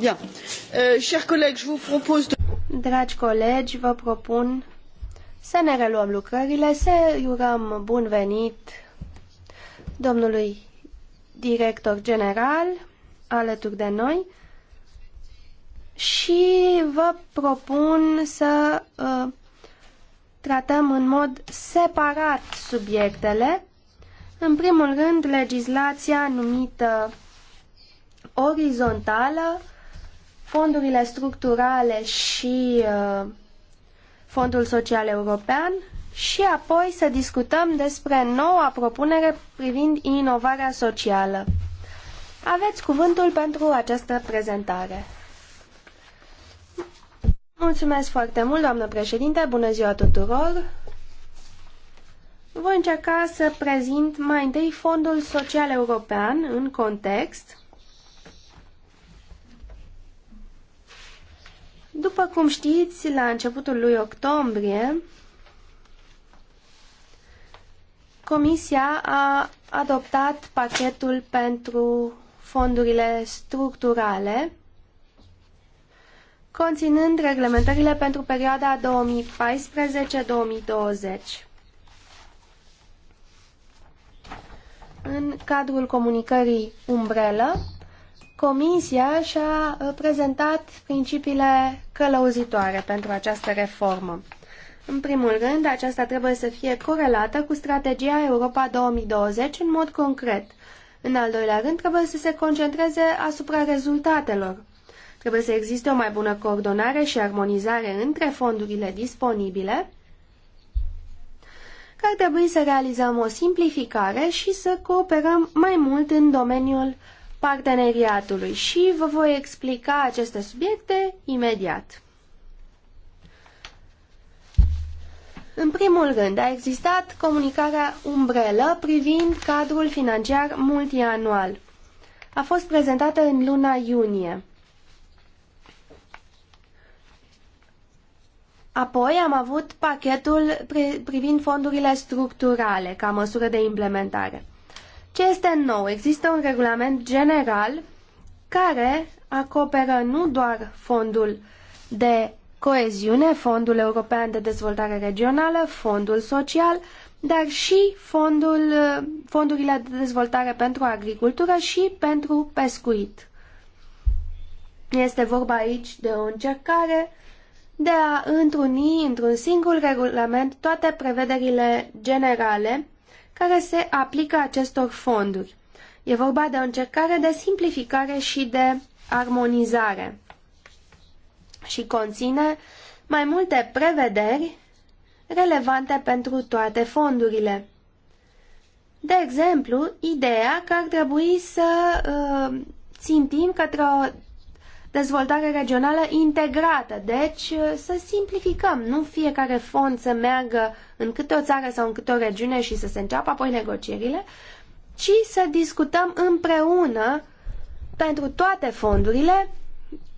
Euh, Dragi colegi, vă propun să ne reluăm lucrările, să urăm bun venit domnului director general alături de noi și vă propun să uh, tratăm în mod separat subiectele. În primul rând, legislația numită orizontală fondurile structurale și uh, Fondul Social European și apoi să discutăm despre noua propunere privind inovarea socială. Aveți cuvântul pentru această prezentare. Mulțumesc foarte mult, doamnă președinte, bună ziua tuturor! Voi încerca să prezint mai întâi Fondul Social European în context, După cum știți, la începutul lui octombrie, Comisia a adoptat pachetul pentru fondurile structurale, conținând reglementările pentru perioada 2014-2020. În cadrul comunicării Umbrelă, Comisia și-a uh, prezentat principiile călăuzitoare pentru această reformă. În primul rând, aceasta trebuie să fie corelată cu strategia Europa 2020 în mod concret. În al doilea rând, trebuie să se concentreze asupra rezultatelor. Trebuie să existe o mai bună coordonare și armonizare între fondurile disponibile, că ar trebui să realizăm o simplificare și să cooperăm mai mult în domeniul parteneriatului și vă voi explica aceste subiecte imediat. În primul rând, a existat comunicarea umbrelă privind cadrul financiar multianual. A fost prezentată în luna iunie. Apoi am avut pachetul privind fondurile structurale ca măsură de implementare. Ce este nou? Există un regulament general care acoperă nu doar fondul de coeziune, fondul european de dezvoltare regională, fondul social, dar și fondul, fondurile de dezvoltare pentru agricultură și pentru pescuit. Este vorba aici de o încercare de a întruni într-un singur regulament toate prevederile generale care se aplică acestor fonduri. E vorba de o încercare de simplificare și de armonizare și conține mai multe prevederi relevante pentru toate fondurile. De exemplu, ideea că ar trebui să uh, țintim către o dezvoltare regională integrată, deci uh, să simplificăm, nu fiecare fond să meargă în câte o țară sau în câte o regiune și să se înceapă apoi negocierile, ci să discutăm împreună pentru toate fondurile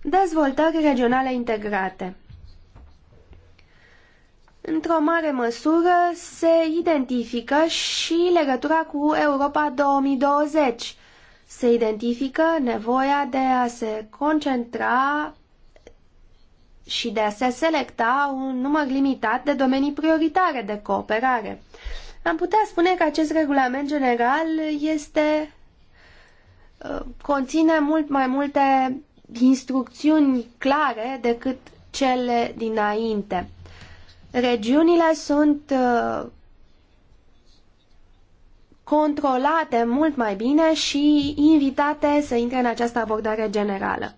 dezvoltări regionale integrate. Într-o mare măsură se identifică și legătura cu Europa 2020, se identifică nevoia de a se concentra și de a se selecta un număr limitat de domenii prioritare de cooperare. Am putea spune că acest regulament general este ă, conține mult mai multe instrucțiuni clare decât cele dinainte. Regiunile sunt ă, controlate mult mai bine și invitate să intre în această abordare generală.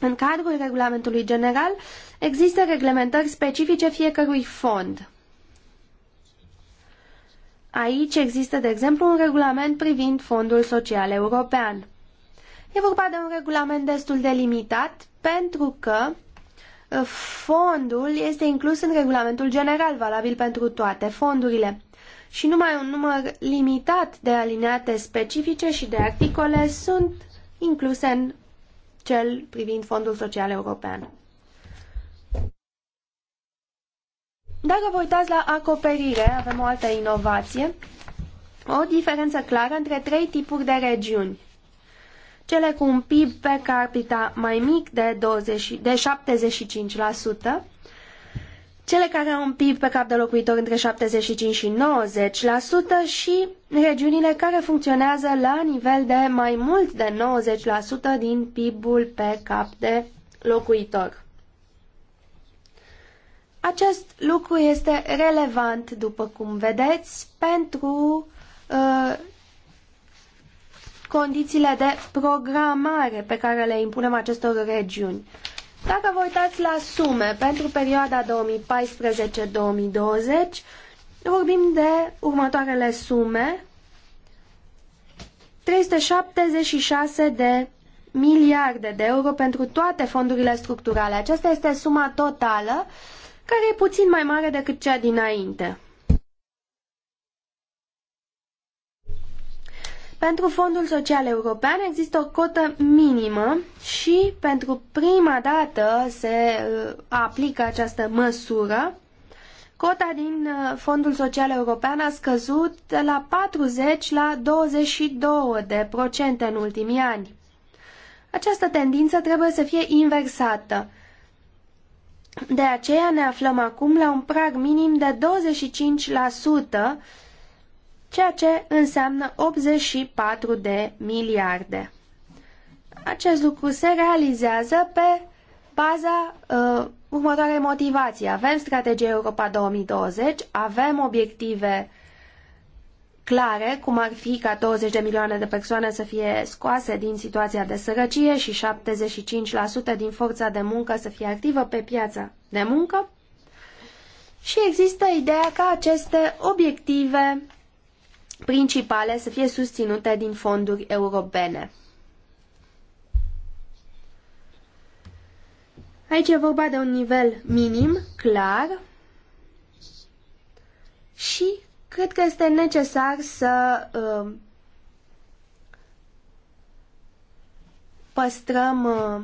În cadrul regulamentului general există reglementări specifice fiecărui fond. Aici există, de exemplu, un regulament privind Fondul Social European. E vorba de un regulament destul de limitat pentru că eh, fondul este inclus în regulamentul general valabil pentru toate fondurile și numai un număr limitat de alineate specifice și de articole sunt incluse în cel privind Fondul Social European. Dacă vă uitați la acoperire, avem o altă inovație, o diferență clară între trei tipuri de regiuni. Cele cu un PIB pe capita mai mic de, 20, de sută cele care au un PIB pe cap de locuitor între 75 și 90% și regiunile care funcționează la nivel de mai mult de 90% din PIB-ul pe cap de locuitor. Acest lucru este relevant, după cum vedeți, pentru uh, condițiile de programare pe care le impunem acestor regiuni. Uh, dacă vă uitați la sume pentru perioada 2014-2020, vorbim de următoarele sume. 376 de miliarde de euro pentru toate fondurile structurale. Aceasta este suma totală, care e puțin mai mare decât cea dinainte. Pentru Fondul Social European există o cotă minimă și pentru prima dată se uh, aplică această măsură. Cota din uh, Fondul Social European a scăzut de la 40 la 22 de procente în ultimii ani. Această tendință trebuie să fie inversată. De aceea ne aflăm acum la un prag minim de 25%, ceea ce înseamnă 84 de miliarde. Acest lucru se realizează pe baza uh, următoarei motivații. Avem strategia Europa 2020, avem obiective clare, cum ar fi ca 20 de milioane de persoane să fie scoase din situația de sărăcie și 75% din forța de muncă să fie activă pe piața de muncă. Și există ideea ca aceste obiective principale să fie susținute din fonduri europene. Aici e vorba de un nivel minim, clar, și cred că este necesar să uh, păstrăm uh,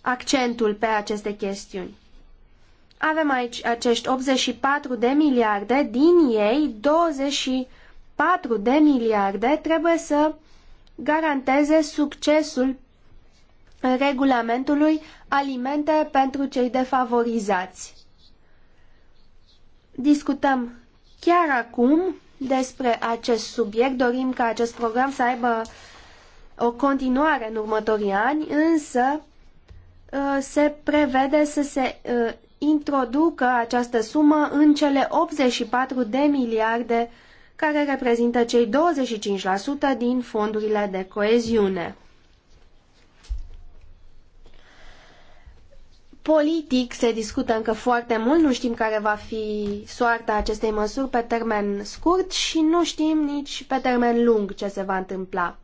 accentul pe aceste chestiuni. Avem aici acești 84 de miliarde, din ei 24 de miliarde trebuie să garanteze succesul regulamentului alimente pentru cei defavorizați. Discutăm chiar acum despre acest subiect. Dorim ca acest program să aibă o continuare în următorii ani, însă uh, se prevede să se uh, introducă această sumă în cele 84 de miliarde care reprezintă cei 25% din fondurile de coeziune. Politic se discută încă foarte mult, nu știm care va fi soarta acestei măsuri pe termen scurt și nu știm nici pe termen lung ce se va întâmpla.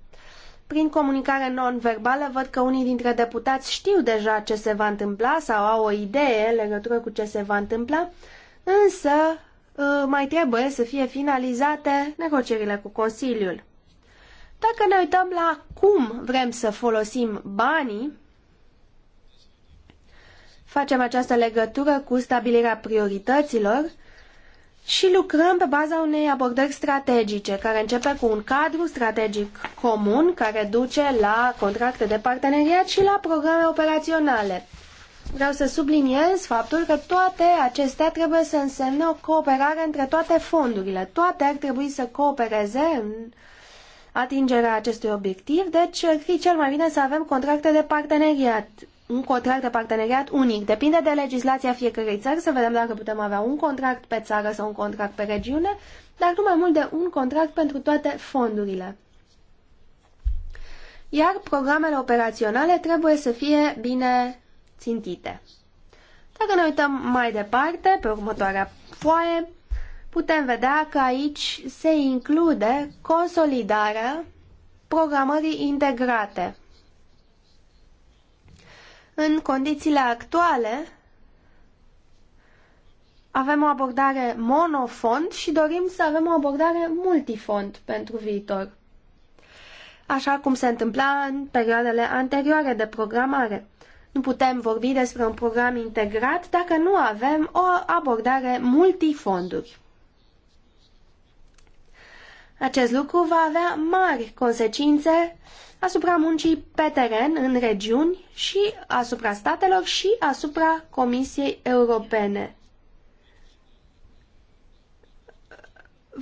Prin comunicare non-verbală văd că unii dintre deputați știu deja ce se va întâmpla sau au o idee în legătură cu ce se va întâmpla, însă uh, mai trebuie să fie finalizate negocierile cu Consiliul. Dacă ne uităm la cum vrem să folosim banii, facem această legătură cu stabilirea priorităților și lucrăm pe baza unei abordări strategice, care începe cu un cadru strategic comun, care duce la contracte de parteneriat și la programe operaționale. Vreau să subliniez faptul că toate acestea trebuie să însemne o cooperare între toate fondurile. Toate ar trebui să coopereze în atingerea acestui obiectiv, deci ar fi cel mai bine să avem contracte de parteneriat un contract de parteneriat unic. Depinde de legislația fiecărei țări să vedem dacă putem avea un contract pe țară sau un contract pe regiune, dar nu mai mult de un contract pentru toate fondurile. Iar programele operaționale trebuie să fie bine țintite. Dacă ne uităm mai departe, pe următoarea foaie, putem vedea că aici se include consolidarea programării integrate în condițiile actuale, avem o abordare monofond și dorim să avem o abordare multifond pentru viitor, așa cum se întâmpla în perioadele anterioare de programare. Nu putem vorbi despre un program integrat dacă nu avem o abordare multifonduri. Acest lucru va avea mari consecințe asupra muncii pe teren, în regiuni și asupra statelor și asupra Comisiei Europene.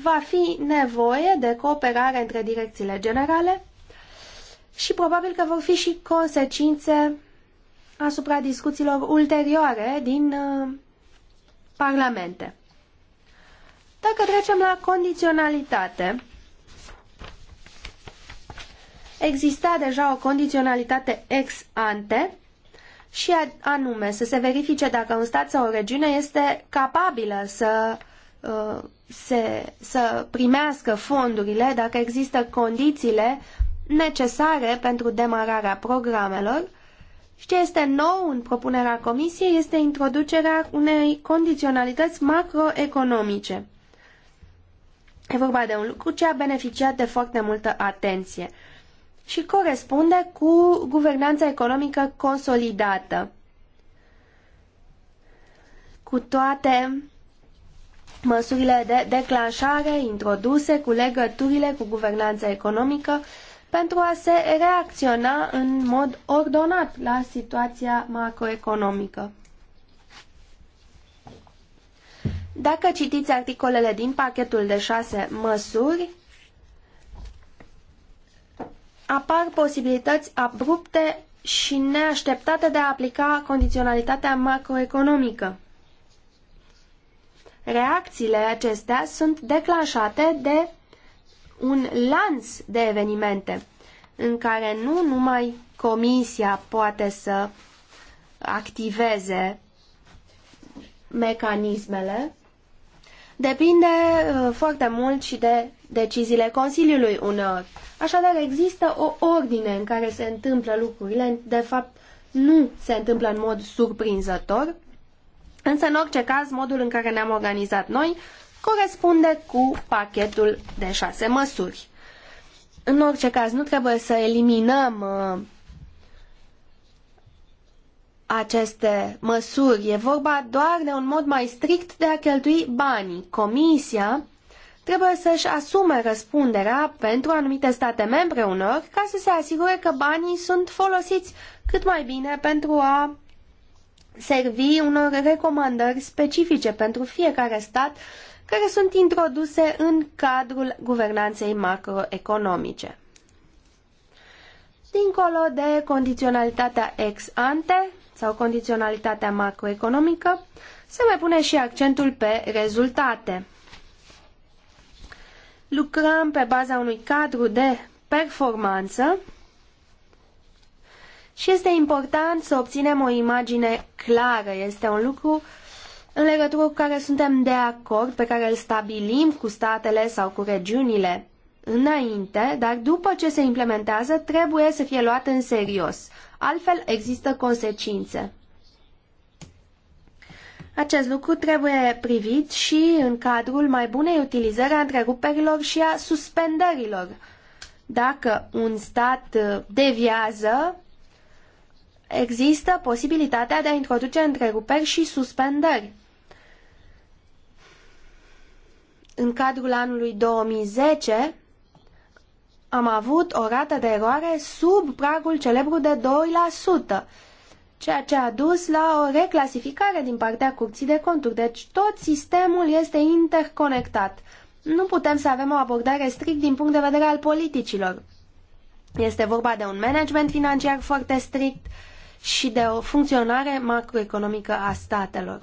Va fi nevoie de cooperare între direcțiile generale și probabil că vor fi și consecințe asupra discuțiilor ulterioare din uh, parlamente. Dacă trecem la condiționalitate, exista deja o condiționalitate ex ante și anume să se verifice dacă un stat sau o regiune este capabilă să, uh, se, să primească fondurile, dacă există condițiile necesare pentru demararea programelor. Și ce este nou în propunerea Comisiei este introducerea unei condiționalități macroeconomice. E vorba de un lucru ce a beneficiat de foarte multă atenție și corespunde cu guvernanța economică consolidată. Cu toate măsurile de declanșare introduse cu legăturile cu guvernanța economică pentru a se reacționa în mod ordonat la situația macroeconomică. Dacă citiți articolele din pachetul de șase măsuri, apar posibilități abrupte și neașteptate de a aplica condiționalitatea macroeconomică. Reacțiile acestea sunt declanșate de un lanț de evenimente în care nu numai Comisia poate să activeze mecanismele, depinde uh, foarte mult și de deciziile Consiliului uneori. Așadar, există o ordine în care se întâmplă lucrurile, de fapt nu se întâmplă în mod surprinzător, însă în orice caz, modul în care ne-am organizat noi corespunde cu pachetul de șase măsuri. În orice caz, nu trebuie să eliminăm uh, aceste măsuri. E vorba doar de un mod mai strict de a cheltui banii. Comisia trebuie să-și asume răspunderea pentru anumite state membre unor ca să se asigure că banii sunt folosiți cât mai bine pentru a servi unor recomandări specifice pentru fiecare stat care sunt introduse în cadrul guvernanței macroeconomice. Dincolo de condiționalitatea ex ante sau condiționalitatea macroeconomică, se mai pune și accentul pe rezultate – Lucrăm pe baza unui cadru de performanță și este important să obținem o imagine clară. Este un lucru în legătură cu care suntem de acord, pe care îl stabilim cu statele sau cu regiunile înainte, dar după ce se implementează trebuie să fie luat în serios. Altfel există consecințe. Acest lucru trebuie privit și în cadrul mai bunei utilizări a întreruperilor și a suspendărilor. Dacă un stat uh, deviază, există posibilitatea de a introduce întreruperi și suspendări. În cadrul anului 2010 am avut o rată de eroare sub pragul celebru de 2%, ceea ce a dus la o reclasificare din partea curții de conturi. Deci tot sistemul este interconectat. Nu putem să avem o abordare strict din punct de vedere al politicilor. Este vorba de un management financiar foarte strict și de o funcționare macroeconomică a statelor.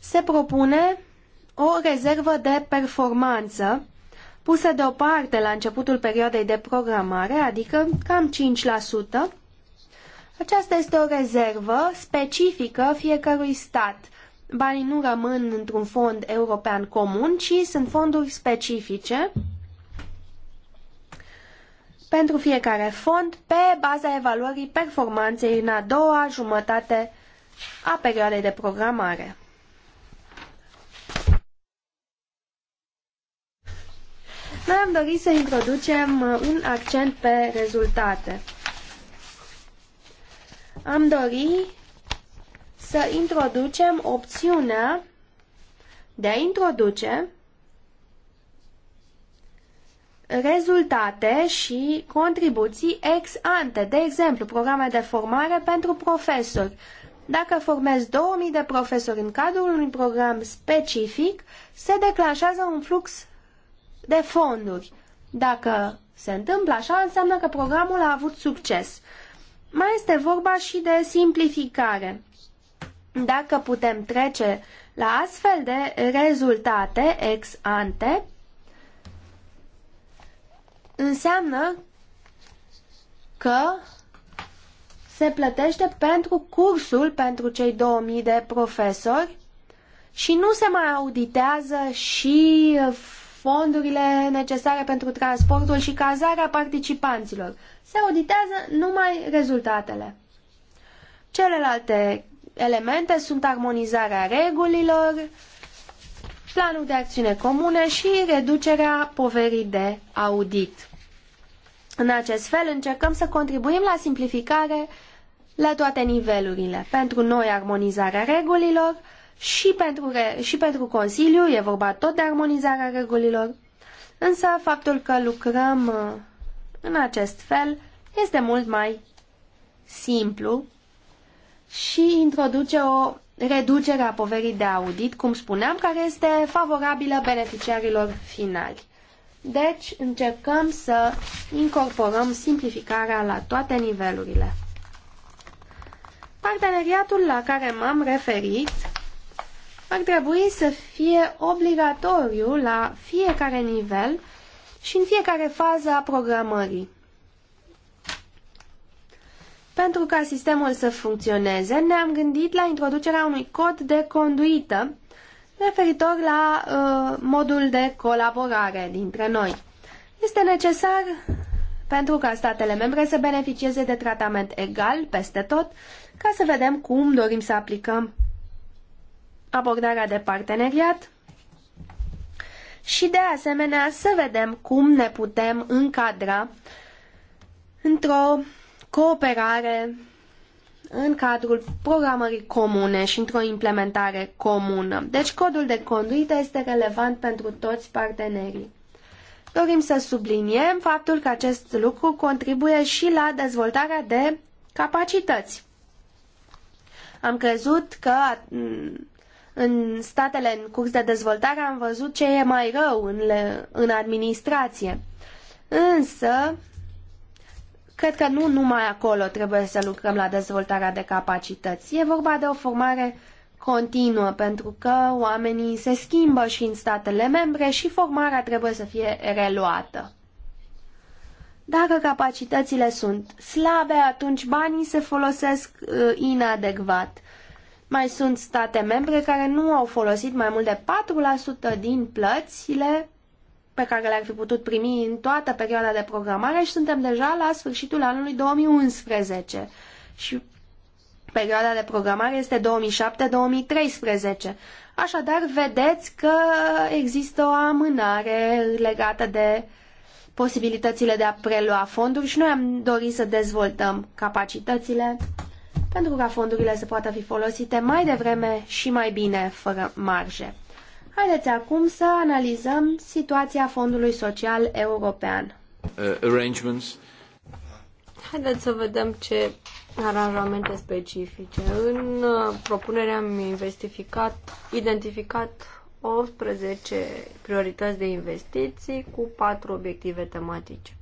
Se propune o rezervă de performanță pusă deoparte la începutul perioadei de programare, adică cam 5%, aceasta este o rezervă specifică fiecărui stat. Banii nu rămân într-un fond european comun, ci sunt fonduri specifice pentru fiecare fond pe baza evaluării performanței în a doua jumătate a perioadei de programare. Noi am dorit să introducem un accent pe rezultate. Am dori să introducem opțiunea de a introduce rezultate și contribuții ex ante, de exemplu, programe de formare pentru profesori. Dacă formez 2000 de profesori în cadrul unui program specific, se declanșează un flux de fonduri. Dacă se întâmplă așa, înseamnă că programul a avut succes. Mai este vorba și de simplificare. Dacă putem trece la astfel de rezultate ex ante, înseamnă că se plătește pentru cursul pentru cei 2000 de profesori și nu se mai auditează și fondurile necesare pentru transportul și cazarea participanților. Se auditează numai rezultatele. Celelalte elemente sunt armonizarea regulilor, planul de acțiune comune și reducerea poverii de audit. În acest fel încercăm să contribuim la simplificare la toate nivelurile. Pentru noi armonizarea regulilor, și pentru, și pentru Consiliu, e vorba tot de armonizarea regulilor, însă faptul că lucrăm uh, în acest fel este mult mai simplu și introduce o reducere a poverii de audit, cum spuneam, care este favorabilă beneficiarilor finali. Deci, încercăm să incorporăm simplificarea la toate nivelurile. Parteneriatul la care m-am referit ar trebui să fie obligatoriu la fiecare nivel și în fiecare fază a programării. Pentru ca sistemul să funcționeze, ne-am gândit la introducerea unui cod de conduită referitor la uh, modul de colaborare dintre noi. Este necesar pentru ca statele membre să beneficieze de tratament egal peste tot, ca să vedem cum dorim să aplicăm abordarea de parteneriat și de asemenea să vedem cum ne putem încadra într-o cooperare în cadrul programării comune și într-o implementare comună. Deci codul de conduită este relevant pentru toți partenerii. Dorim să subliniem faptul că acest lucru contribuie și la dezvoltarea de capacități. Am crezut că în statele în curs de dezvoltare am văzut ce e mai rău în, le, în administrație. Însă, cred că nu numai acolo trebuie să lucrăm la dezvoltarea de capacități. E vorba de o formare continuă, pentru că oamenii se schimbă și în statele membre și formarea trebuie să fie reluată. Dacă capacitățile sunt slabe, atunci banii se folosesc uh, inadecvat. Mai sunt state membre care nu au folosit mai mult de 4% din plățile pe care le-ar fi putut primi în toată perioada de programare și suntem deja la sfârșitul anului 2011. Și perioada de programare este 2007-2013. Așadar, vedeți că există o amânare legată de posibilitățile de a prelua fonduri și noi am dorit să dezvoltăm capacitățile pentru ca fondurile să poată fi folosite mai devreme și mai bine, fără marje. Haideți acum să analizăm situația Fondului Social European. Uh, arrangements. Haideți să vedem ce aranjamente specifice. În uh, propunerea am investificat, identificat 18 priorități de investiții cu patru obiective tematice.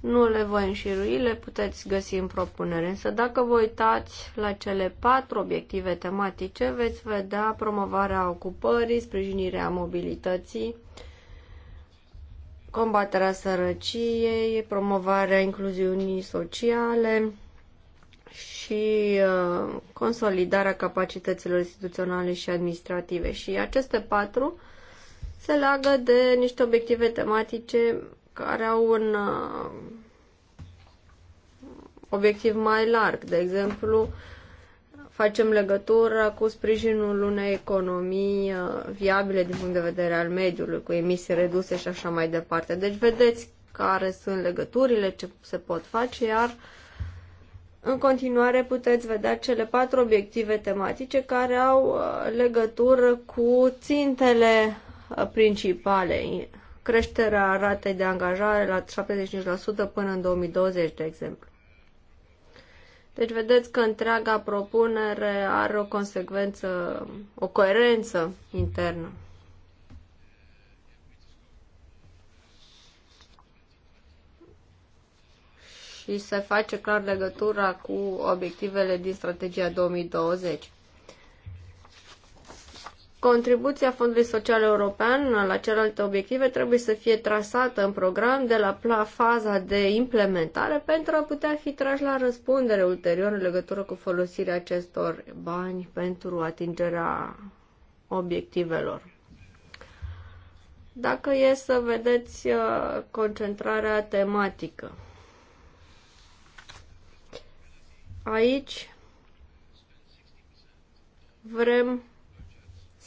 Nu le voi înșirui, le puteți găsi în propunere, însă dacă vă uitați la cele patru obiective tematice, veți vedea promovarea ocupării, sprijinirea mobilității, combaterea sărăciei, promovarea incluziunii sociale și uh, consolidarea capacităților instituționale și administrative. Și aceste patru se leagă de niște obiective tematice care au un uh, obiectiv mai larg. De exemplu, facem legătură cu sprijinul unei economii uh, viabile din punct de vedere al mediului, cu emisii reduse și așa mai departe. Deci vedeți care sunt legăturile, ce se pot face, iar în continuare puteți vedea cele patru obiective tematice care au uh, legătură cu țintele uh, principale creșterea ratei de angajare la 75% până în 2020, de exemplu. Deci vedeți că întreaga propunere are o consecvență, o coerență internă. Și se face clar legătura cu obiectivele din strategia 2020. Contribuția Fondului Social European la celelalte obiective trebuie să fie trasată în program de la faza de implementare pentru a putea fi trași la răspundere ulterior în legătură cu folosirea acestor bani pentru atingerea obiectivelor. Dacă e să vedeți uh, concentrarea tematică. Aici vrem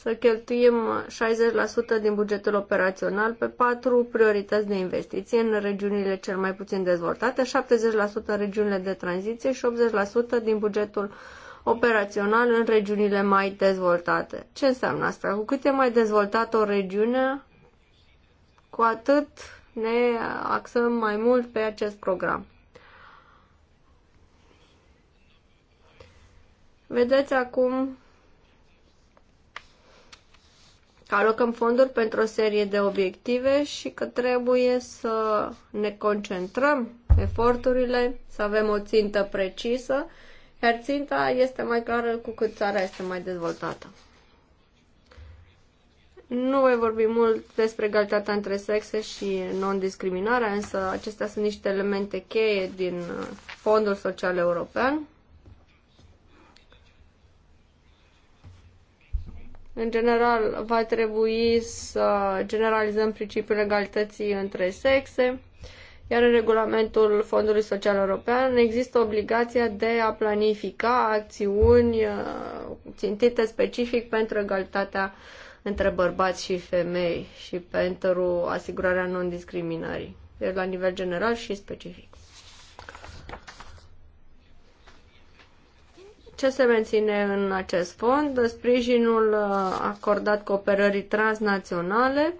să cheltuim 60% din bugetul operațional pe patru priorități de investiție în regiunile cel mai puțin dezvoltate, 70% în regiunile de tranziție și 80% din bugetul operațional în regiunile mai dezvoltate. Ce înseamnă asta? Cu cât e mai dezvoltată o regiune, cu atât ne axăm mai mult pe acest program. Vedeți acum că alocăm fonduri pentru o serie de obiective și că trebuie să ne concentrăm eforturile, să avem o țintă precisă, iar ținta este mai clară cu cât țara este mai dezvoltată. Nu voi vorbi mult despre egalitatea între sexe și non-discriminarea, însă acestea sunt niște elemente cheie din Fondul Social European. În general, va trebui să generalizăm principiul egalității între sexe, iar în regulamentul Fondului Social European există obligația de a planifica acțiuni uh, țintite specific pentru egalitatea între bărbați și femei și pentru asigurarea non-discriminării, la nivel general și specific. Ce se menține în acest fond? Sprijinul uh, acordat cooperării transnaționale.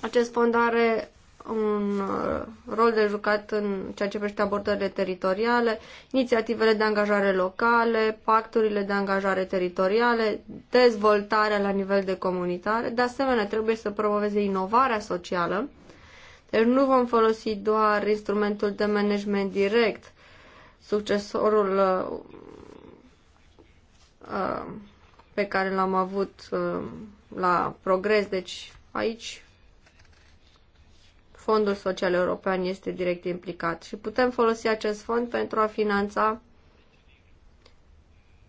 Acest fond are un uh, rol de jucat în ceea ce privește abordările teritoriale, inițiativele de angajare locale, pacturile de angajare teritoriale, dezvoltarea la nivel de comunitare. De asemenea, trebuie să promoveze inovarea socială. Deci nu vom folosi doar instrumentul de management direct, succesorul uh, Uh, pe care l-am avut uh, la progres. Deci aici Fondul Social European este direct implicat și putem folosi acest fond pentru a finanța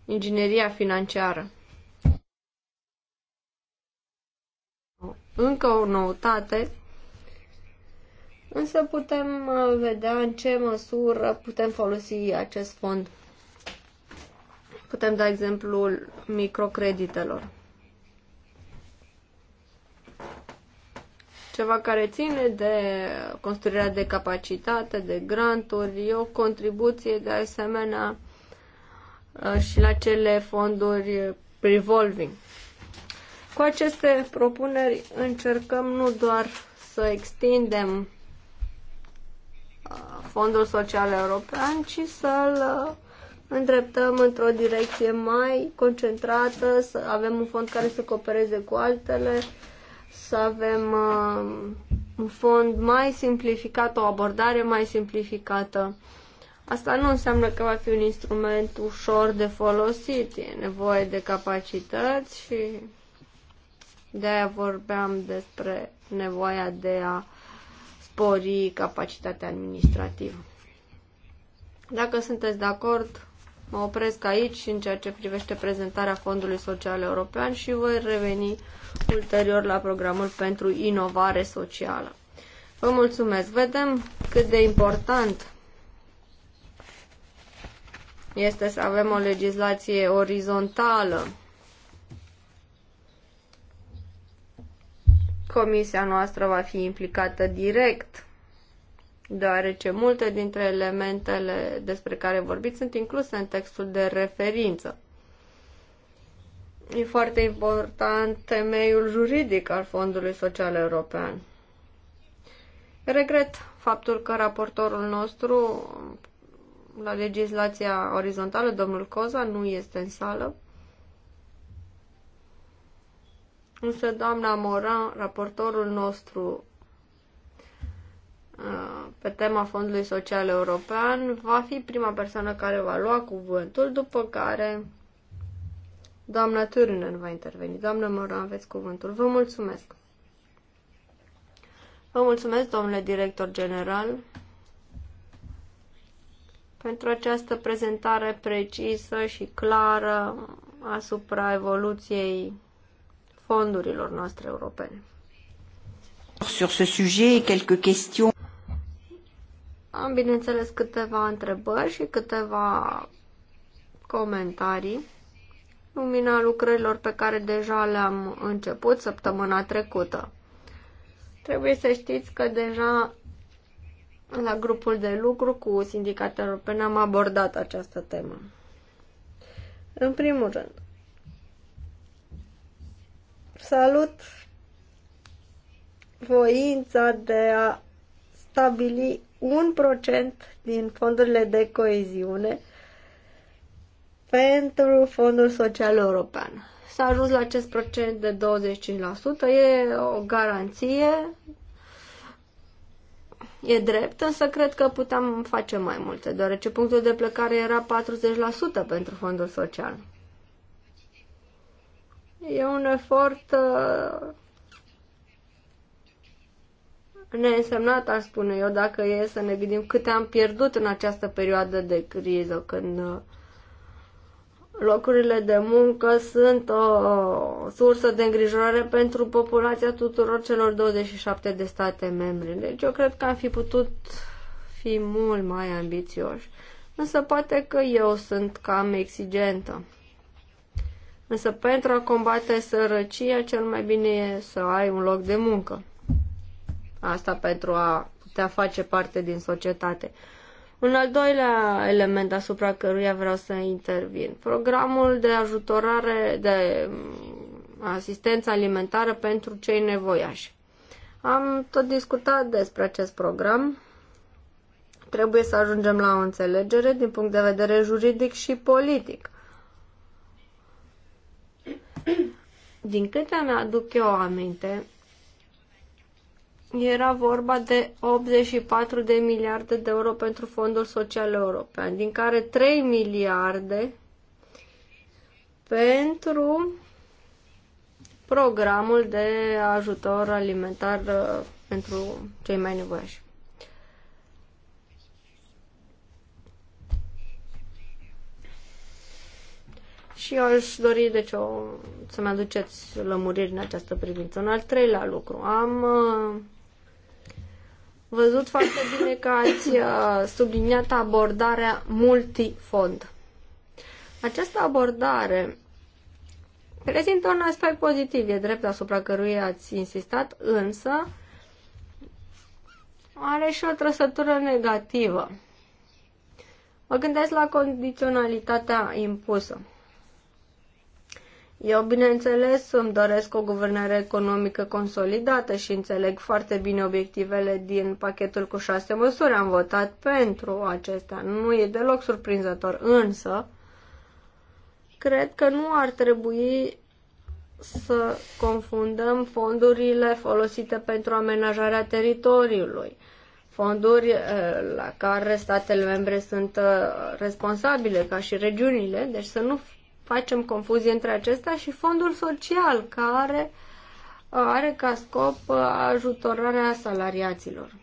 ingineria financiară. Încă o noutate, însă putem uh, vedea în ce măsură putem folosi acest fond Putem da exemplul microcreditelor. Ceva care ține de construirea de capacitate, de granturi, e o contribuție de asemenea uh, și la cele fonduri revolving. Cu aceste propuneri încercăm nu doar să extindem uh, Fondul Social European, ci să-l uh, îndreptăm într-o direcție mai concentrată, să avem un fond care să coopereze cu altele, să avem uh, un fond mai simplificat, o abordare mai simplificată. Asta nu înseamnă că va fi un instrument ușor de folosit, e nevoie de capacități și de-aia vorbeam despre nevoia de a spori capacitatea administrativă. Dacă sunteți de acord, Mă opresc aici în ceea ce privește prezentarea Fondului Social European și voi reveni ulterior la programul pentru inovare socială. Vă mulțumesc. Vedem cât de important este să avem o legislație orizontală. Comisia noastră va fi implicată direct deoarece multe dintre elementele despre care vorbiți sunt incluse în textul de referință. E foarte important temeiul juridic al Fondului Social European. Regret faptul că raportorul nostru la legislația orizontală, domnul Coza, nu este în sală. Însă doamna Moran, raportorul nostru pe tema Fondului Social European va fi prima persoană care va lua cuvântul, după care doamna Turnen va interveni. Doamna Moro, aveți cuvântul. Vă mulțumesc! Vă mulțumesc, domnule director general, pentru această prezentare precisă și clară asupra evoluției fondurilor noastre europene. Sur ce sujet, quelques questions. Am, bineînțeles, câteva întrebări și câteva comentarii lumina lucrărilor pe care deja le-am început săptămâna trecută. Trebuie să știți că deja la grupul de lucru cu sindicatele europene am abordat această temă. În primul rând, salut voința de a stabili 1% din fondurile de coeziune pentru Fondul Social European. S-a ajuns la acest procent de 25%, e o garanție, e drept, însă cred că puteam face mai multe, deoarece punctul de plecare era 40% pentru Fondul Social. E un efort uh, neînsemnat, aș spune eu, dacă e să ne gândim câte am pierdut în această perioadă de criză, când uh, locurile de muncă sunt o sursă de îngrijorare pentru populația tuturor celor 27 de state membre. Deci eu cred că am fi putut fi mult mai ambițioși. Însă poate că eu sunt cam exigentă. Însă pentru a combate sărăcia, cel mai bine e să ai un loc de muncă. Asta pentru a putea face parte din societate. Un al doilea element asupra căruia vreau să intervin. Programul de ajutorare, de mm, asistență alimentară pentru cei nevoiași. Am tot discutat despre acest program. Trebuie să ajungem la o înțelegere din punct de vedere juridic și politic. Din câte mi-aduc eu aminte, era vorba de 84 de miliarde de euro pentru fondul social european, din care 3 miliarde pentru programul de ajutor alimentar uh, pentru cei mai nevoiași. Și eu aș dori deci, o, să-mi aduceți lămuriri în această privință. Un al treilea lucru. Am uh, văzut foarte bine că ați uh, subliniat abordarea multifond. Această abordare prezintă un aspect pozitiv, e drept asupra căruia ați insistat, însă are și o trăsătură negativă. Mă gândesc la condiționalitatea impusă. Eu, bineînțeles, îmi doresc o guvernare economică consolidată și înțeleg foarte bine obiectivele din pachetul cu șase măsuri. Am votat pentru acestea. Nu e deloc surprinzător, însă cred că nu ar trebui să confundăm fondurile folosite pentru amenajarea teritoriului, fonduri eh, la care statele membre sunt eh, responsabile, ca și regiunile, deci să nu facem confuzie între acesta și fondul social, care uh, are ca scop uh, ajutorarea salariaților.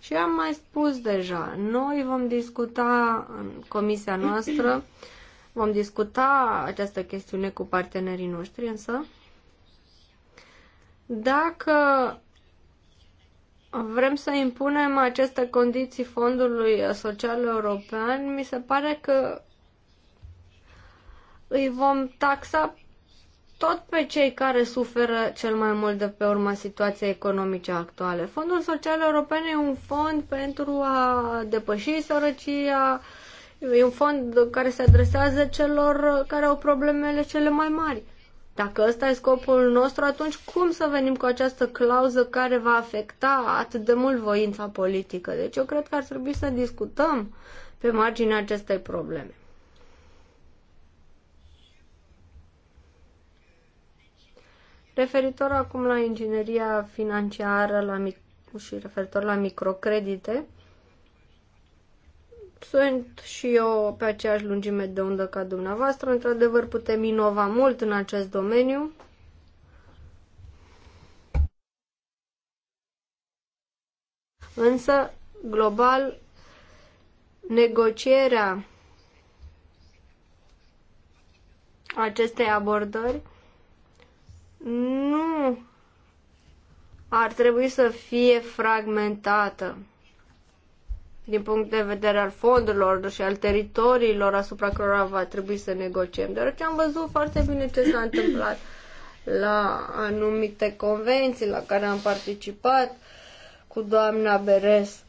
Și am mai spus deja, noi vom discuta în comisia noastră, vom discuta această chestiune cu partenerii noștri, însă dacă vrem să impunem aceste condiții Fondului Social European, mi se pare că îi vom taxa tot pe cei care suferă cel mai mult de pe urma situației economice actuale. Fondul Social European e un fond pentru a depăși sărăcia, e un fond care se adresează celor care au problemele cele mai mari. Dacă ăsta e scopul nostru, atunci cum să venim cu această clauză care va afecta atât de mult voința politică? Deci eu cred că ar trebui să discutăm pe marginea acestei probleme. Referitor acum la ingineria financiară la mic- și referitor la microcredite, sunt și eu pe aceeași lungime de undă ca dumneavoastră. Într-adevăr, putem inova mult în acest domeniu. Însă, global, negocierea acestei abordări nu ar trebui să fie fragmentată din punct de vedere al fondurilor și al teritoriilor asupra cărora va trebui să negociem, deoarece am văzut foarte bine ce s-a întâmplat la anumite convenții la care am participat cu doamna Beres.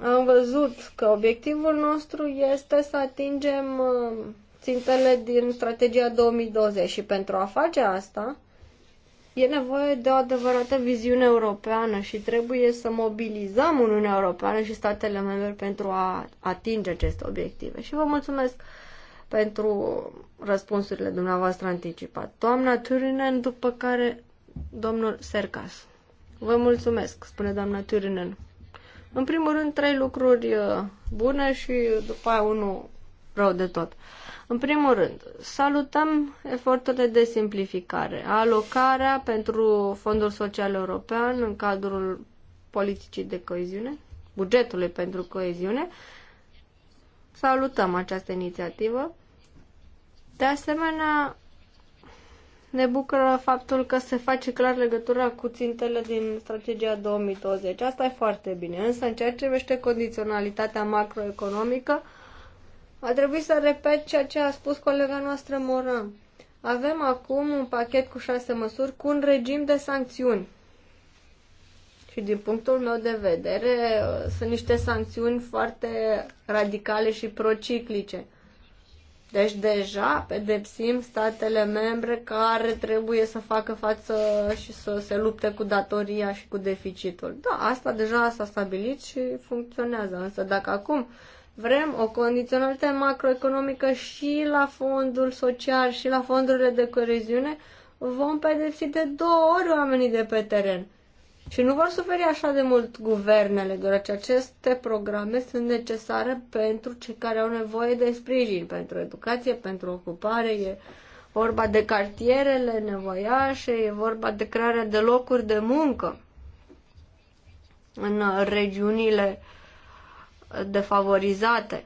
Am văzut că obiectivul nostru este să atingem uh, țintele din strategia 2020 și pentru a face asta E nevoie de o adevărată viziune europeană și trebuie să mobilizăm Uniunea Europeană și statele membre pentru a atinge aceste obiective. Și vă mulțumesc pentru răspunsurile dumneavoastră anticipat. Doamna Turinen, după care domnul Sercas. Vă mulțumesc, spune doamna Turinen. În primul rând, trei lucruri uh, bune și după aia unul rău de tot. Uh, în primul rând, salutăm eforturile de simplificare, alocarea pentru Fondul Social European în cadrul politicii de coeziune, bugetului pentru coeziune. Salutăm această inițiativă. De asemenea, ne bucură faptul că se face clar legătura cu țintele din strategia 2020. Asta e foarte bine, însă în ceea ce privește condiționalitatea macroeconomică, a trebuit să repet ceea ce a spus colega noastră Moran. Avem acum un pachet cu șase măsuri cu un regim de sancțiuni. Și din punctul meu de vedere, sunt niște sancțiuni foarte radicale și prociclice. Deci deja pedepsim statele membre care trebuie să facă față și să se lupte cu datoria și cu deficitul. Da, asta deja s-a stabilit și funcționează. Însă dacă acum Vrem o condiționalitate macroeconomică și la fondul social și la fondurile de coeziune, vom pedepsi de două ori oamenii de pe teren. Și nu vor suferi așa de mult guvernele, deoarece aceste programe sunt necesare pentru cei care au nevoie de sprijin, pentru educație, pentru ocupare, e vorba de cartierele nevoiașe, e vorba de crearea de locuri de muncă în regiunile uh, defavorizate.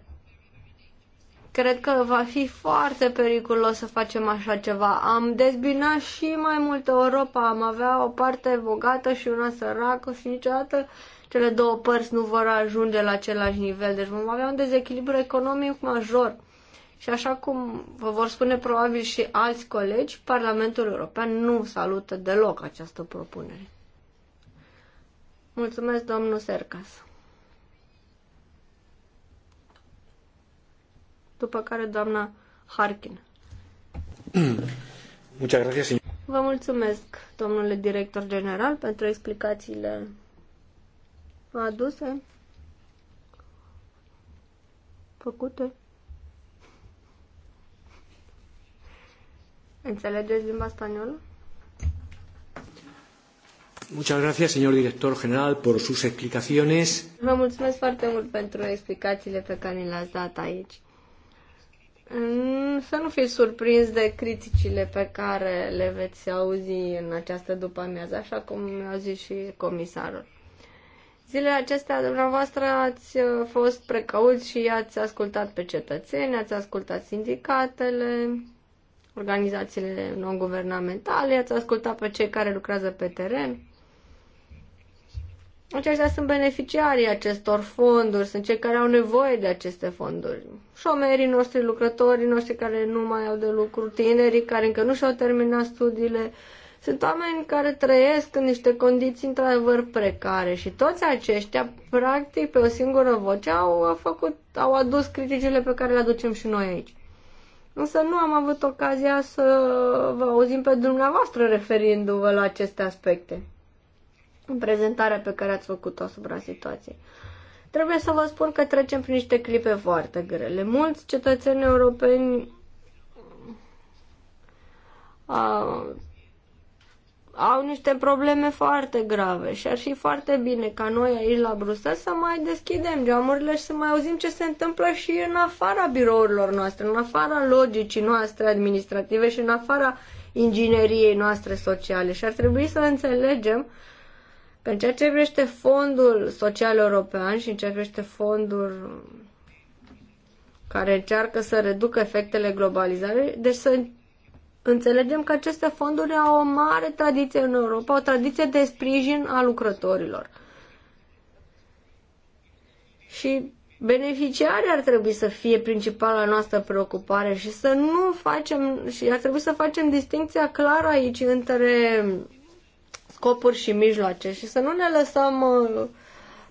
Cred că va fi foarte periculos să facem așa ceva. Am dezbinat și mai mult Europa, am avea o parte bogată și una săracă și niciodată cele două părți nu vor ajunge la același nivel. Deci vom avea un dezechilibru economic major. Și așa cum vă vor spune probabil și alți colegi, Parlamentul European nu salută deloc această propunere. Mulțumesc, domnul Sercas. după care doamna Harkin. *clears throat* Vă mulțumesc, domnule director general, pentru explicațiile aduse, făcute. Înțelegeți limba spaniolă? Muchas gracias, señor director general, por sus explicaciones. Vă mulțumesc foarte mult pentru explicațiile pe care le-ați dat aici. Mm, să nu fiți surprins de criticile pe care le veți auzi în această după-amiază, așa cum mi a zis și comisarul. Zilele acestea, dumneavoastră, ați uh, fost precauți și ați ascultat pe cetățeni, ați ascultat sindicatele, organizațiile non-guvernamentale, ați ascultat pe cei care lucrează pe teren aceștia sunt beneficiarii acestor fonduri, sunt cei care au nevoie de aceste fonduri. Șomerii noștri, lucrătorii noștri care nu mai au de lucru, tinerii care încă nu și-au terminat studiile, sunt oameni care trăiesc în niște condiții într-adevăr precare și toți aceștia, practic, pe o singură voce, au, făcut, au adus criticile pe care le aducem și noi aici. Însă nu am avut ocazia să vă auzim pe dumneavoastră referindu-vă la aceste aspecte în prezentarea pe care ați făcut-o asupra situației. Trebuie să vă spun că trecem prin niște clipe foarte grele. Mulți cetățeni europeni uh, au niște probleme foarte grave și ar fi foarte bine ca noi aici la Bruxelles să mai deschidem geamurile și să mai auzim ce se întâmplă și în afara birourilor noastre, în afara logicii noastre administrative și în afara ingineriei noastre sociale. Și ar trebui să înțelegem uh, pe ceea ce privește fondul social european și în ceea ce privește fondul care încearcă să reducă efectele globalizării, deci să înțelegem că aceste fonduri au o mare tradiție în Europa, o tradiție de sprijin a lucrătorilor. Și beneficiarii ar trebui să fie principala noastră preocupare și să nu facem, și ar trebui să facem distinția clară aici între scopuri și mijloace și să nu ne lăsăm uh,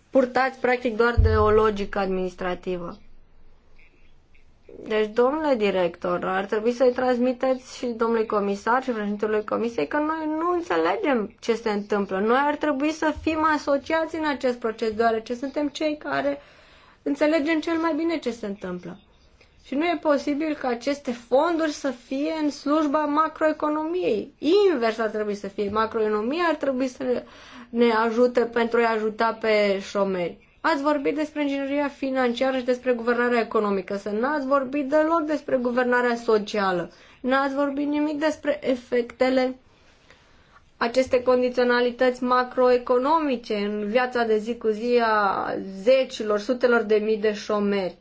purtați practic doar de o logică administrativă. Deci, domnule director, ar trebui să-i transmiteți și domnului comisar și președintelui comisiei că noi nu înțelegem ce se întâmplă. Noi ar trebui să fim asociați în acest proces, deoarece suntem cei care înțelegem cel mai bine ce se întâmplă. Și nu e posibil ca aceste fonduri să fie în slujba macroeconomiei. Invers ar trebui să fie. Macroeconomia ar trebui să ne ajute pentru a-i ajuta pe șomeri. Ați vorbit despre ingineria financiară și despre guvernarea economică, să n-ați vorbit deloc despre guvernarea socială. N-ați vorbit nimic despre efectele aceste condiționalități macroeconomice în viața de zi cu zi a zecilor, sutelor de mii de șomeri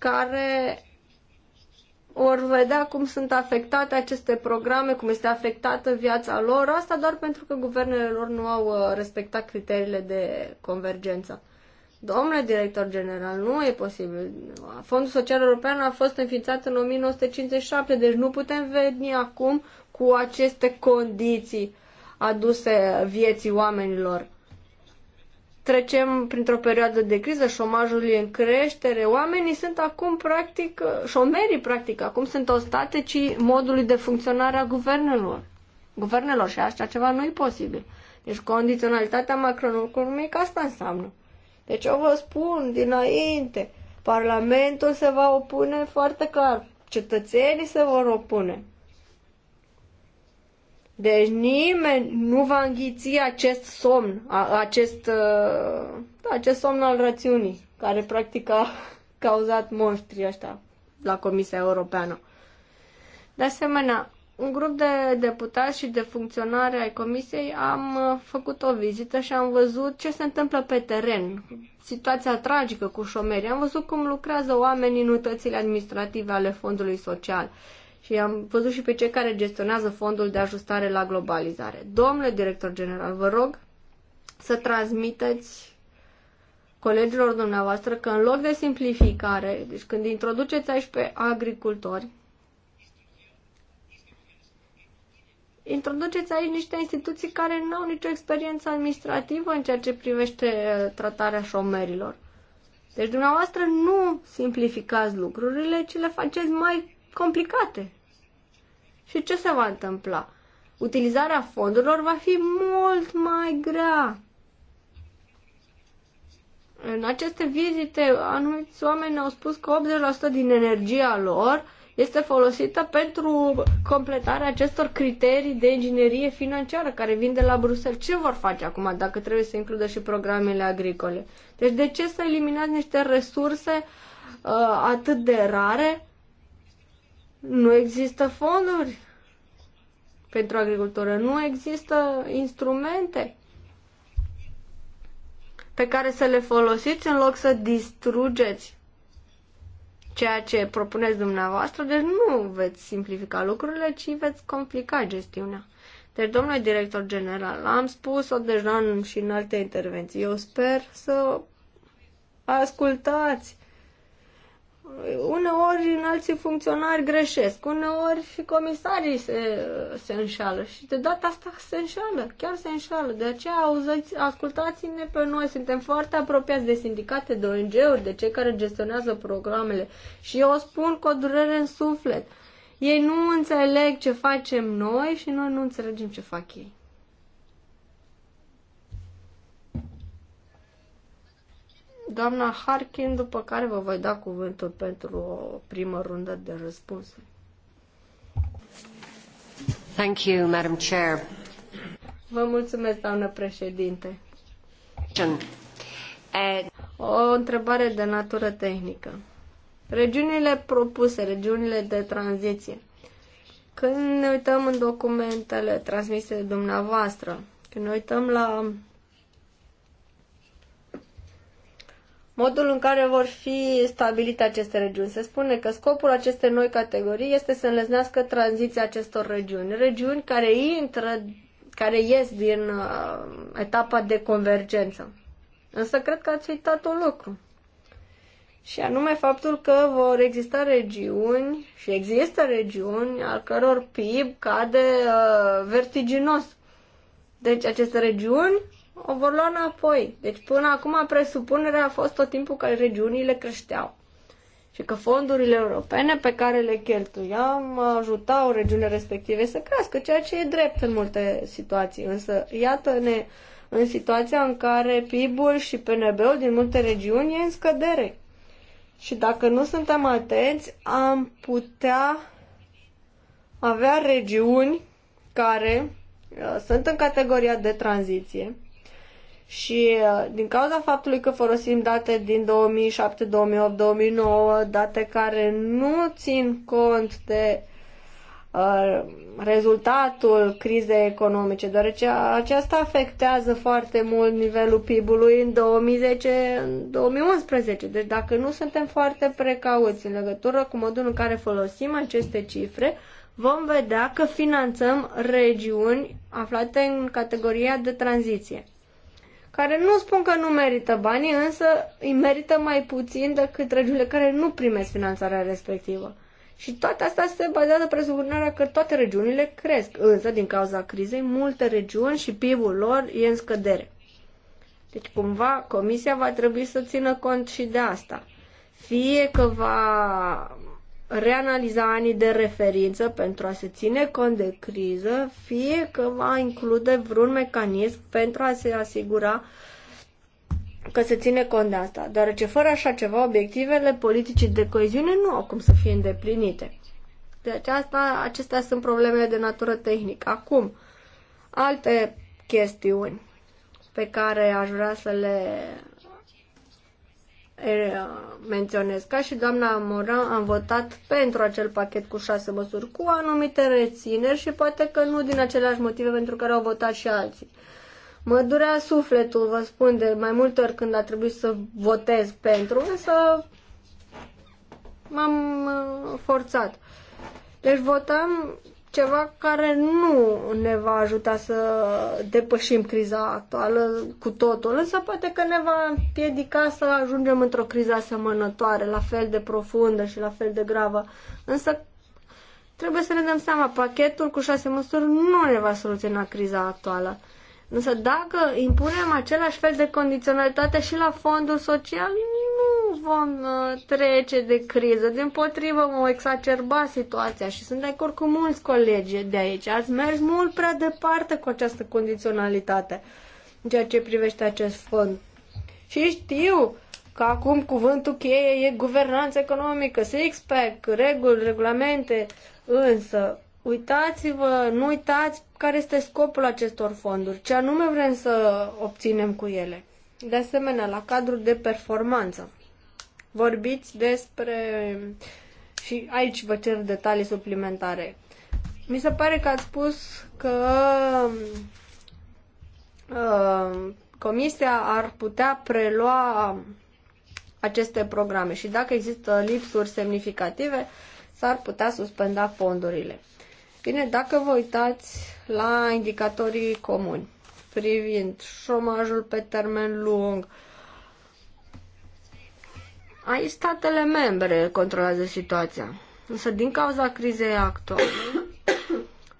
care vor vedea cum sunt afectate aceste programe, cum este afectată viața lor, asta doar pentru că guvernele lor nu au uh, respectat criteriile de convergență. Domnule director general, nu e posibil. Fondul Social European a fost înființat în 1957, deci nu putem veni acum cu aceste condiții aduse vieții oamenilor trecem printr-o perioadă de criză, șomajul e în creștere, oamenii sunt acum practic, șomerii practic, acum sunt ostatecii modului de funcționare a guvernelor. Guvernelor și așa ceva nu e posibil. Deci condiționalitatea macroeconomică asta înseamnă. Deci eu vă spun dinainte, Parlamentul se va opune foarte clar, cetățenii se vor opune. Deci nimeni nu va înghiți acest somn, acest, uh, da, acest somn al rațiunii, care practic a *laughs* cauzat monștrii ăștia la Comisia Europeană. De asemenea, un grup de deputați și de funcționare ai comisiei am uh, făcut o vizită și am văzut ce se întâmplă pe teren, situația tragică cu șomerii. Am văzut cum lucrează oamenii în unitățile administrative ale fondului social și am văzut și pe cei care gestionează fondul de ajustare la globalizare. Domnule director general, vă rog să transmiteți colegilor dumneavoastră că în loc de simplificare, deci când introduceți aici pe agricultori, introduceți aici niște instituții care nu au nicio experiență administrativă în ceea ce privește uh, tratarea șomerilor. Deci dumneavoastră nu simplificați lucrurile, ci le faceți mai complicate. Și ce se va întâmpla? Utilizarea fondurilor va fi mult mai grea. În aceste vizite, anumiți oameni au spus că 80% din energia lor este folosită pentru completarea acestor criterii de inginerie financiară care vin de la Bruxelles. Ce vor face acum dacă trebuie să includă și programele agricole? Deci de ce să eliminați niște resurse uh, atât de rare nu există fonduri pentru agricultură, nu există instrumente pe care să le folosiți în loc să distrugeți ceea ce propuneți dumneavoastră, deci nu veți simplifica lucrurile, ci veți complica gestiunea. Deci, domnule director general, am spus-o deja în, și în alte intervenții. Eu sper să ascultați uneori înalții funcționari greșesc, uneori și comisarii se, se înșală și de data asta se înșală, chiar se înșală. De aceea auziți, ascultați-ne pe noi, suntem foarte apropiați de sindicate, de ONG-uri, de cei care gestionează programele și eu o spun cu o durere în suflet. Ei nu înțeleg ce facem noi și noi nu înțelegem ce fac ei. doamna Harkin, după care vă voi da cuvântul pentru o primă rundă de răspunsuri. Thank you, Madam Chair. Vă mulțumesc, doamnă președinte. O întrebare de natură tehnică. Regiunile propuse, regiunile de tranziție. Când ne uităm în documentele transmise de dumneavoastră, când ne uităm la modul în care vor fi stabilite aceste regiuni. Se spune că scopul acestei noi categorii este să înlesnească tranziția acestor regiuni. Regiuni care intră, care ies din uh, etapa de convergență. Însă cred că ați uitat un lucru. Și anume faptul că vor exista regiuni și există regiuni al căror PIB cade uh, vertiginos. Deci aceste regiuni o vor lua înapoi. Deci până acum presupunerea a fost tot timpul că regiunile creșteau și că fondurile europene pe care le cheltuiam ajutau regiunile respective să crească, ceea ce e drept în multe situații. Însă, iată-ne în situația în care PIB-ul și PNB-ul din multe regiuni e în scădere. Și dacă nu suntem atenți, am putea avea regiuni care uh, sunt în categoria de tranziție, și uh, din cauza faptului că folosim date din 2007, 2008, 2009, date care nu țin cont de uh, rezultatul crizei economice, deoarece aceasta afectează foarte mult nivelul PIB-ului în 2010, în 2011. Deci dacă nu suntem foarte precauți în legătură cu modul în care folosim aceste cifre, vom vedea că finanțăm regiuni aflate în categoria de tranziție care nu spun că nu merită banii, însă îi merită mai puțin decât regiunile care nu primesc finanțarea respectivă. Și toate astea se bazează presupunerea că toate regiunile cresc, însă din cauza crizei multe regiuni și PIB-ul lor e în scădere. Deci cumva comisia va trebui să țină cont și de asta. Fie că va reanaliza anii de referință pentru a se ține cont de criză, fie că va include vreun mecanism pentru a se asigura că se ține cont de asta, deoarece fără așa ceva obiectivele politicii de coeziune nu au cum să fie îndeplinite. De deci aceasta, acestea sunt problemele de natură tehnică. Acum, alte chestiuni pe care aș vrea să le menționez. Ca și doamna Moran, am votat pentru acel pachet cu șase măsuri, cu anumite rețineri și poate că nu din aceleași motive pentru care au votat și alții. Mă durea sufletul, vă spun, de mai multe ori când a trebuit să votez pentru, însă m-am uh, forțat. Deci votam ceva care nu ne va ajuta să depășim criza actuală cu totul, însă poate că ne va împiedica să ajungem într-o criză asemănătoare, la fel de profundă și la fel de gravă. Însă trebuie să ne dăm seama, pachetul cu șase măsuri nu ne va soluționa criza actuală. Însă dacă impunem același fel de condiționalitate și la fondul social, nu vom uh, trece de criză. Din potrivă, vom exacerba situația și sunt de acord cu mulți colegi de aici. Ați mers mult prea departe cu această condiționalitate în ceea ce privește acest fond. Și știu că acum cuvântul cheie e guvernanță economică, six-pack, reguli, regulamente, însă uitați-vă, nu uitați care este scopul acestor fonduri, ce anume vrem să obținem cu ele. De asemenea, la cadrul de performanță, vorbiți despre, și aici vă cer detalii suplimentare, mi se pare că ați spus că uh, Comisia ar putea prelua aceste programe și dacă există lipsuri semnificative, s-ar putea suspenda fondurile. Bine, dacă vă uitați la indicatorii comuni privind șomajul pe termen lung, aici statele membre controlează situația. Însă din cauza crizei actuale,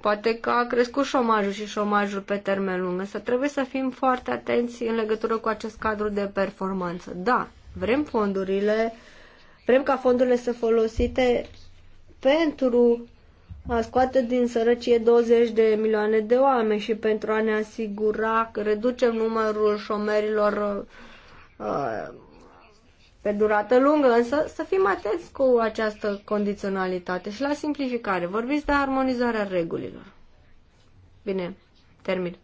poate că a crescut șomajul și șomajul pe termen lung, însă trebuie să fim foarte atenți în legătură cu acest cadru de performanță. Da, vrem fondurile, vrem ca fondurile să folosite pentru a scoate din sărăcie 20 de milioane de oameni și pentru a ne asigura că reducem numărul șomerilor uh, pe durată lungă, însă să fim atenți cu această condiționalitate și la simplificare. Vorbiți de armonizarea regulilor. Bine, termin.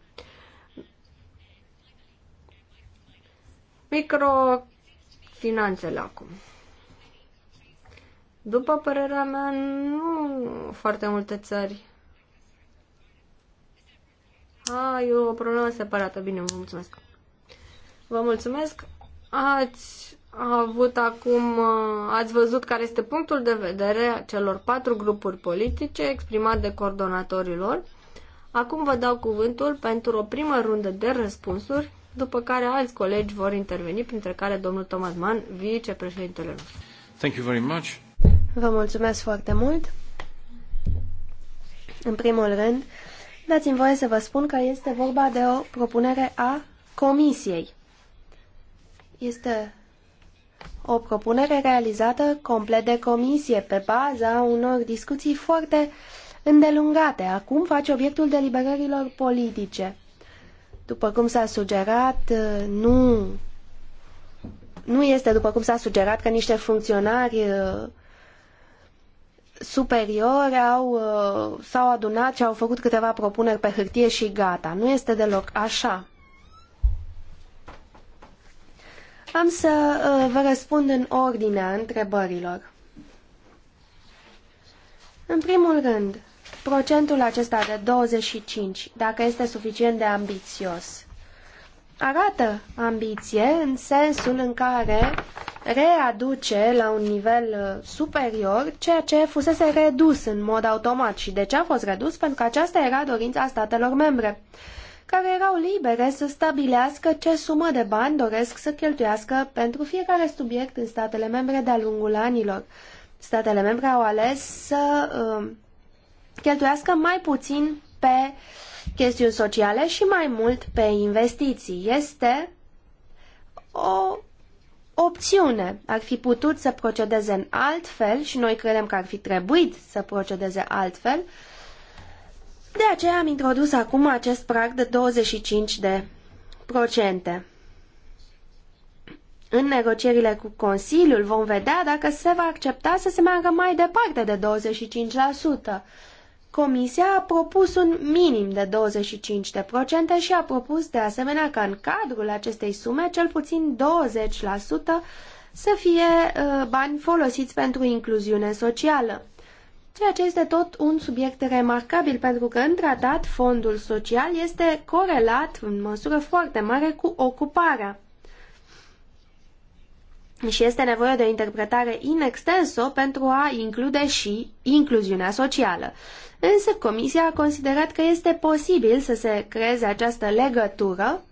Microfinanțele acum. După părerea mea, nu foarte multe țări. A, e o problemă separată. Bine, vă mulțumesc. Vă mulțumesc. Ați avut acum, ați văzut care este punctul de vedere a celor patru grupuri politice exprimat de coordonatorilor. Acum vă dau cuvântul pentru o primă rundă de răspunsuri, după care alți colegi vor interveni, printre care domnul Thomas Mann, vicepreședintele nostru. Thank you very much. Vă mulțumesc foarte mult. În primul rând, dați-mi voie să vă spun că este vorba de o propunere a Comisiei. Este o propunere realizată complet de Comisie pe baza unor discuții foarte îndelungate. Acum face obiectul deliberărilor politice. După cum s-a sugerat, nu, nu este după cum s-a sugerat că niște funcționari superiori au, uh, s-au adunat și au făcut câteva propuneri pe hârtie și gata. Nu este deloc așa. Am să uh, vă răspund în ordinea întrebărilor. În primul rând, procentul acesta de 25, dacă este suficient de ambițios arată ambiție în sensul în care readuce la un nivel uh, superior ceea ce fusese redus în mod automat. Și de ce a fost redus? Pentru că aceasta era dorința statelor membre, care erau libere să stabilească ce sumă de bani doresc să cheltuiască pentru fiecare subiect în statele membre de-a lungul anilor. Statele membre au ales să uh, cheltuiască mai puțin pe chestiuni sociale și mai mult pe investiții. Este o opțiune. Ar fi putut să procedeze în alt fel și noi credem că ar fi trebuit să procedeze altfel. De aceea am introdus acum acest prag de 25 de procente. În negocierile cu Consiliul vom vedea dacă se va accepta să se meargă mai departe de 25%. Comisia a propus un minim de 25% și a propus de asemenea ca în cadrul acestei sume cel puțin 20% să fie uh, bani folosiți pentru incluziune socială. Ceea ce este tot un subiect remarcabil pentru că în tratat fondul social este corelat în măsură foarte mare cu ocuparea și este nevoie de o interpretare in extenso pentru a include și incluziunea socială. Însă Comisia a considerat că este posibil să se creeze această legătură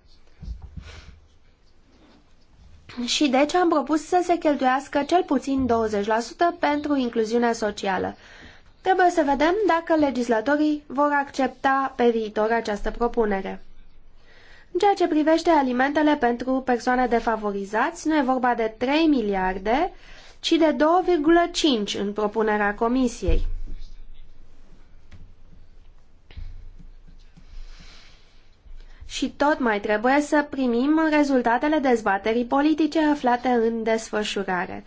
și deci am propus să se cheltuiască cel puțin 20% pentru incluziunea socială. Trebuie să vedem dacă legislatorii vor accepta pe viitor această propunere. În ceea ce privește alimentele pentru persoane defavorizați, nu e vorba de 3 miliarde, ci de 2,5 în propunerea Comisiei. Și tot mai trebuie să primim rezultatele dezbaterii politice aflate în desfășurare.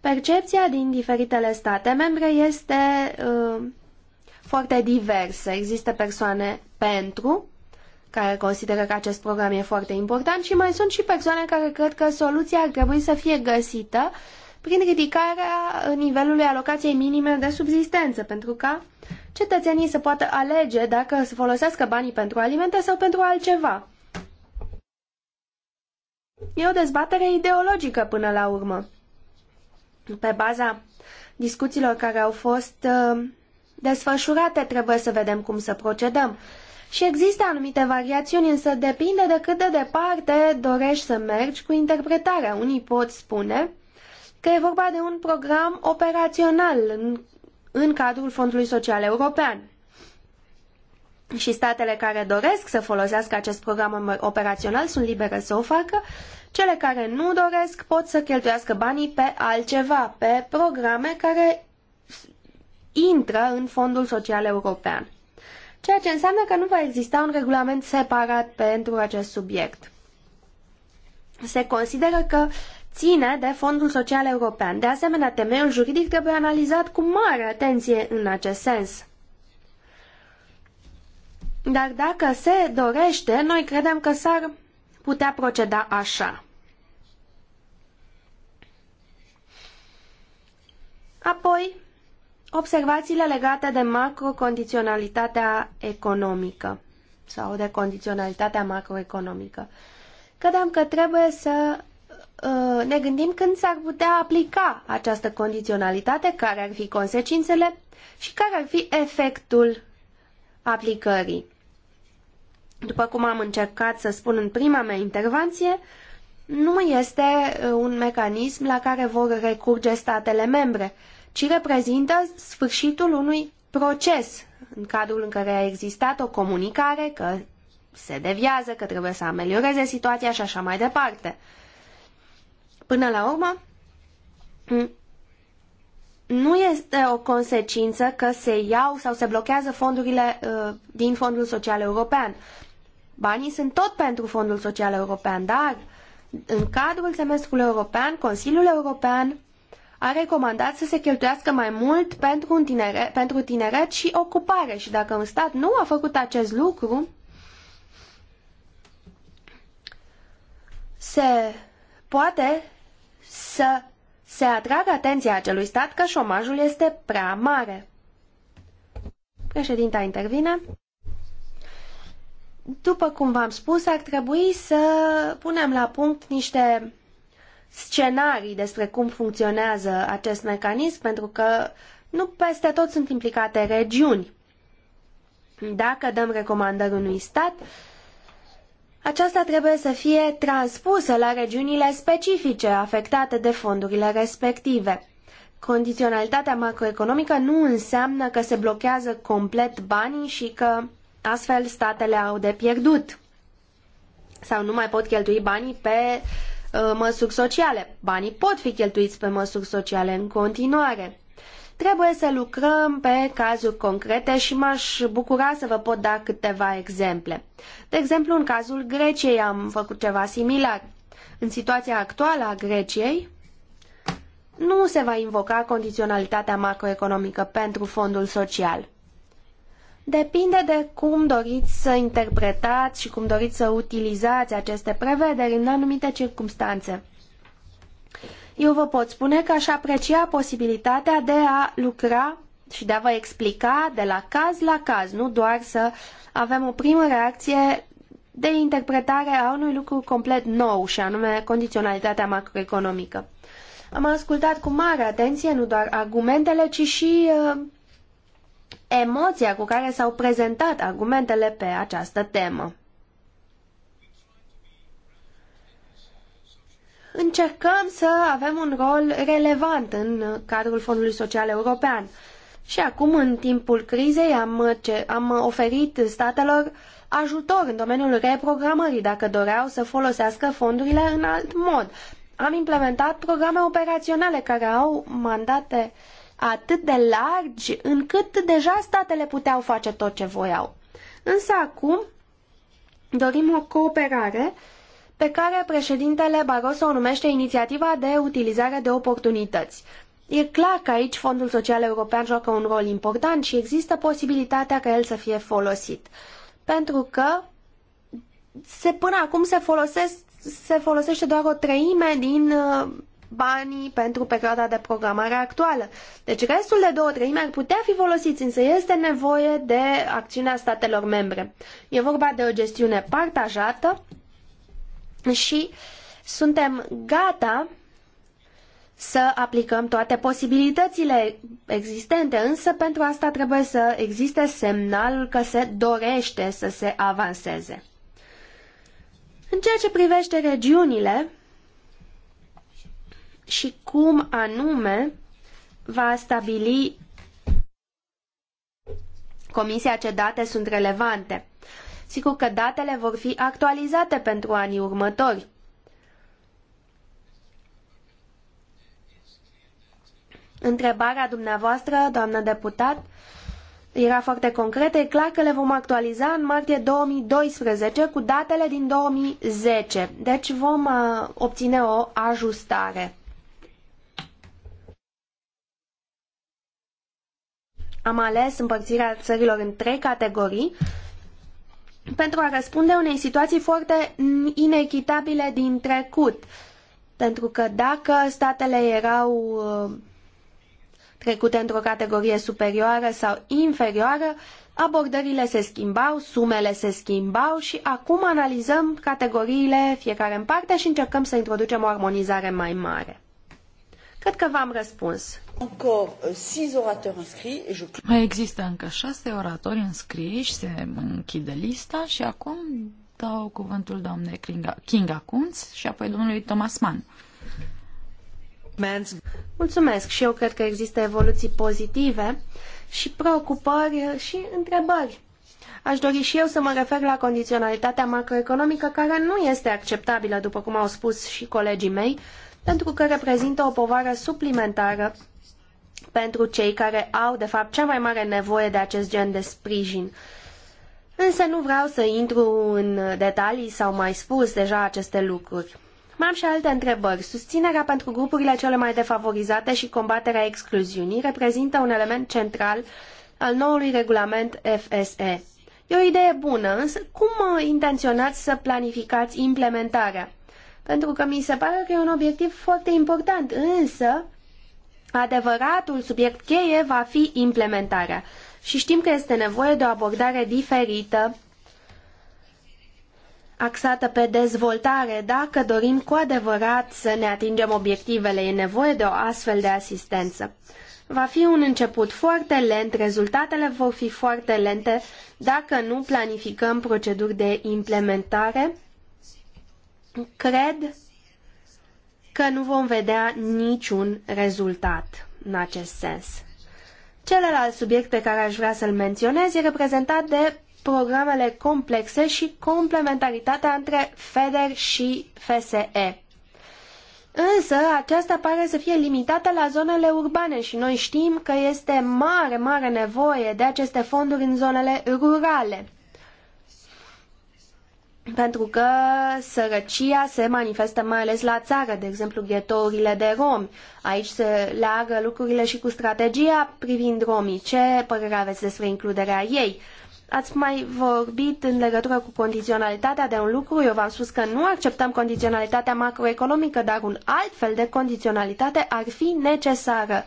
Percepția din diferitele state membre este uh, foarte diversă. Există persoane pentru care consideră că acest program e foarte important și mai sunt și persoane care cred că soluția ar trebui să fie găsită prin ridicarea nivelului alocației minime de subsistență, pentru ca cetățenii să poată alege dacă să folosească banii pentru alimente sau pentru altceva. E o dezbatere ideologică până la urmă. Pe baza discuțiilor care au fost uh, desfășurate, trebuie să vedem cum să procedăm. Și există anumite variațiuni, însă depinde de cât de departe dorești să mergi cu interpretarea. Unii pot spune că e vorba de un program operațional în, în cadrul Fondului Social European. Și statele care doresc să folosească acest program operațional sunt libere să o facă, cele care nu doresc pot să cheltuiască banii pe altceva, pe programe care intră în Fondul Social European ceea ce înseamnă că nu va exista un regulament separat pentru acest subiect. Se consideră că ține de Fondul Social European. De asemenea, temeiul juridic trebuie analizat cu mare atenție în acest sens. Dar dacă se dorește, noi credem că s-ar putea proceda așa. Apoi, observațiile legate de macrocondiționalitatea economică sau de condiționalitatea macroeconomică. Credeam că trebuie să uh, ne gândim când s-ar putea aplica această condiționalitate, care ar fi consecințele și care ar fi efectul aplicării. După cum am încercat să spun în prima mea intervenție, nu este uh, un mecanism la care vor recurge statele membre, ci reprezintă sfârșitul unui proces în cadrul în care a existat o comunicare că se deviază, că trebuie să amelioreze situația și așa mai departe. Până la urmă, nu este o consecință că se iau sau se blochează fondurile uh, din Fondul Social European. Banii sunt tot pentru Fondul Social European, dar în cadrul semestrului european, Consiliul European a recomandat să se cheltuiască mai mult pentru, un tineret, pentru tineret și ocupare și dacă un stat nu a făcut acest lucru, se poate să se atragă atenția acelui stat că șomajul este prea mare. Președinta intervine. După cum v-am spus, ar trebui să punem la punct niște scenarii despre cum funcționează acest mecanism, pentru că nu peste tot sunt implicate regiuni. Dacă dăm recomandări unui stat, aceasta trebuie să fie transpusă la regiunile specifice afectate de fondurile respective. Condiționalitatea macroeconomică nu înseamnă că se blochează complet banii și că astfel statele au de pierdut sau nu mai pot cheltui banii pe Uh, măsuri sociale. Banii pot fi cheltuiți pe măsuri sociale în continuare. Trebuie să lucrăm pe cazuri concrete și m-aș bucura să vă pot da câteva exemple. De exemplu, în cazul Greciei am făcut ceva similar. În situația actuală a Greciei, nu se va invoca condiționalitatea macroeconomică pentru fondul social. Depinde de cum doriți să interpretați și cum doriți să utilizați aceste prevederi în anumite circunstanțe. Eu vă pot spune că aș aprecia posibilitatea de a lucra și de a vă explica de la caz la caz, nu doar să avem o primă reacție de interpretare a unui lucru complet nou, și anume condiționalitatea macroeconomică. Am ascultat cu mare atenție nu doar argumentele, ci și uh, emoția cu care s-au prezentat argumentele pe această temă. Încercăm să avem un rol relevant în cadrul Fondului Social European. Și acum, în timpul crizei, am, ce, am oferit statelor ajutor în domeniul reprogramării dacă doreau să folosească fondurile în alt mod. Am implementat programe operaționale care au mandate uh, atât de largi încât deja statele puteau face tot ce voiau. Însă acum dorim o cooperare pe care președintele Barroso o numește inițiativa de utilizare de oportunități. E clar că aici Fondul Social European joacă un rol important și există posibilitatea ca el să fie folosit. Pentru că se, până acum se, folosesc, se folosește doar o treime din uh, banii pentru perioada de programare actuală. Deci restul de două treimi ar putea fi folosiți, însă este nevoie de acțiunea statelor membre. E vorba de o gestiune partajată și suntem gata să aplicăm toate posibilitățile existente, însă pentru asta trebuie să existe semnalul că se dorește să se avanseze. În ceea ce privește regiunile, și cum anume va stabili Comisia ce date sunt relevante. Sigur că datele vor fi actualizate pentru anii următori. Întrebarea dumneavoastră, doamnă deputat, era foarte concretă. E clar că le vom actualiza în martie 2012 cu datele din 2010. Deci vom uh, obține o ajustare. Am ales împărțirea țărilor în trei categorii pentru a răspunde unei situații foarte inechitabile din trecut. Pentru că dacă statele erau uh, trecute într-o categorie superioară sau inferioară, abordările se schimbau, sumele se schimbau și acum analizăm categoriile fiecare în parte și încercăm să introducem o armonizare mai mare. Cred că v-am răspuns. Euh, Mai există încă șase oratori înscriși, se închide lista și acum dau cuvântul doamnei Kinga, Kinga Kunz și apoi domnului Thomas Mann. Mulțumesc și eu cred că există evoluții pozitive și preocupări și întrebări. Aș dori și eu să mă refer la condiționalitatea macroeconomică care nu este acceptabilă, după cum au spus și colegii mei, pentru că reprezintă o povară suplimentară pentru cei care au, de fapt, cea mai mare nevoie de acest gen de sprijin. Însă nu vreau să intru în detalii sau mai spus deja aceste lucruri. Mai am și alte întrebări. Susținerea pentru grupurile cele mai defavorizate și combaterea excluziunii reprezintă un element central al noului regulament FSE. E o idee bună, însă cum uh, intenționați să planificați implementarea? pentru că mi se pare că e un obiectiv foarte important, însă adevăratul subiect cheie va fi implementarea. Și știm că este nevoie de o abordare diferită, axată pe dezvoltare, dacă dorim cu adevărat să ne atingem obiectivele. E nevoie de o astfel de asistență. Va fi un început foarte lent, rezultatele vor fi foarte lente dacă nu planificăm proceduri de implementare cred că nu vom vedea niciun rezultat în acest sens. Celălalt subiect pe care aș vrea să-l menționez e reprezentat de programele complexe și complementaritatea între FEDER și FSE. Însă, aceasta pare să fie limitată la zonele urbane și noi știm că este mare, mare nevoie de aceste fonduri în zonele rurale pentru că sărăcia se manifestă mai ales la țară, de exemplu ghetourile de romi. Aici se leagă lucrurile și cu strategia privind romii. Ce părere aveți despre includerea ei? Ați mai vorbit în legătură cu condiționalitatea de un lucru. Eu v-am spus că nu acceptăm condiționalitatea macroeconomică, dar un alt fel de condiționalitate ar fi necesară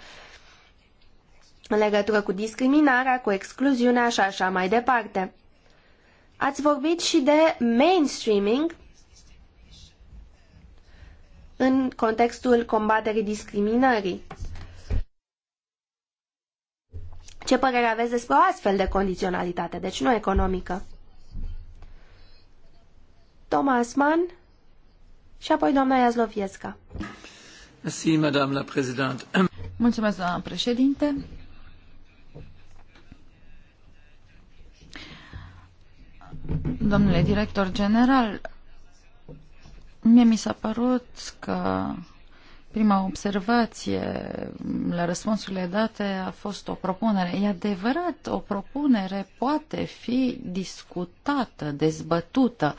în legătură cu discriminarea, cu excluziunea și așa mai departe. Ați vorbit și de mainstreaming în contextul combaterii discriminării. Ce părere aveți despre o astfel de condiționalitate, deci nu economică? Thomas Mann și apoi doamna Iazloviesca. Mulțumesc, doamna președinte. Domnule director general, mie mi s-a părut că prima observație la răspunsurile date a fost o propunere. E adevărat, o propunere poate fi discutată, dezbătută.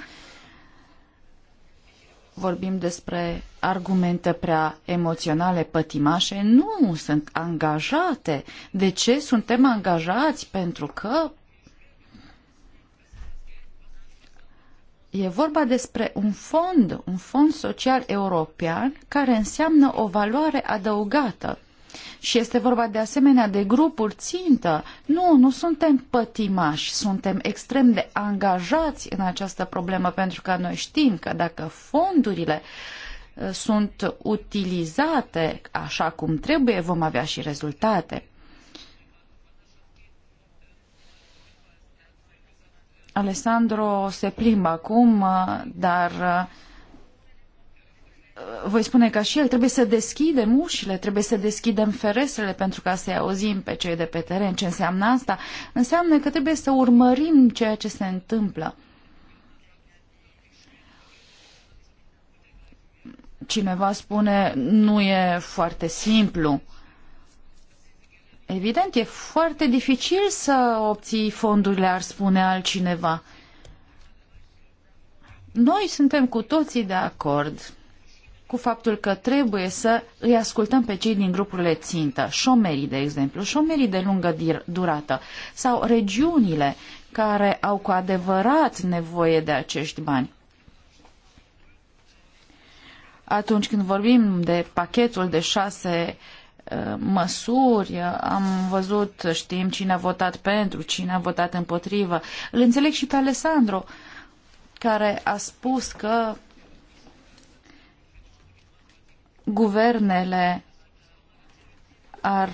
Vorbim despre argumente prea emoționale, pătimașe. Nu, sunt angajate. De ce suntem angajați? Pentru că E vorba despre un fond, un fond social european care înseamnă o valoare adăugată. Și este vorba de asemenea de grupuri țintă. Nu, nu suntem pătimași, suntem extrem de angajați în această problemă pentru că noi știm că dacă fondurile uh, sunt utilizate așa cum trebuie, vom avea și rezultate. Alessandro se plimbă acum, uh, dar uh, voi spune că și el, trebuie să deschidem ușile, trebuie să deschidem ferestrele pentru ca să-i auzim pe cei de pe teren. Ce înseamnă asta? Înseamnă că trebuie să urmărim ceea ce se întâmplă. Cineva spune, nu e foarte simplu. Uh, Evident, e foarte dificil să obții fondurile, ar spune altcineva. Noi suntem cu toții de acord cu faptul că trebuie să îi ascultăm pe cei din grupurile țintă, șomerii, de exemplu, șomerii de lungă durată sau regiunile care au cu adevărat nevoie de acești bani. Atunci când vorbim de pachetul de șase uh, Uh, măsuri, am văzut, știm cine a votat pentru, cine a votat împotrivă. Îl înțeleg și pe Alessandro, care a spus că guvernele ar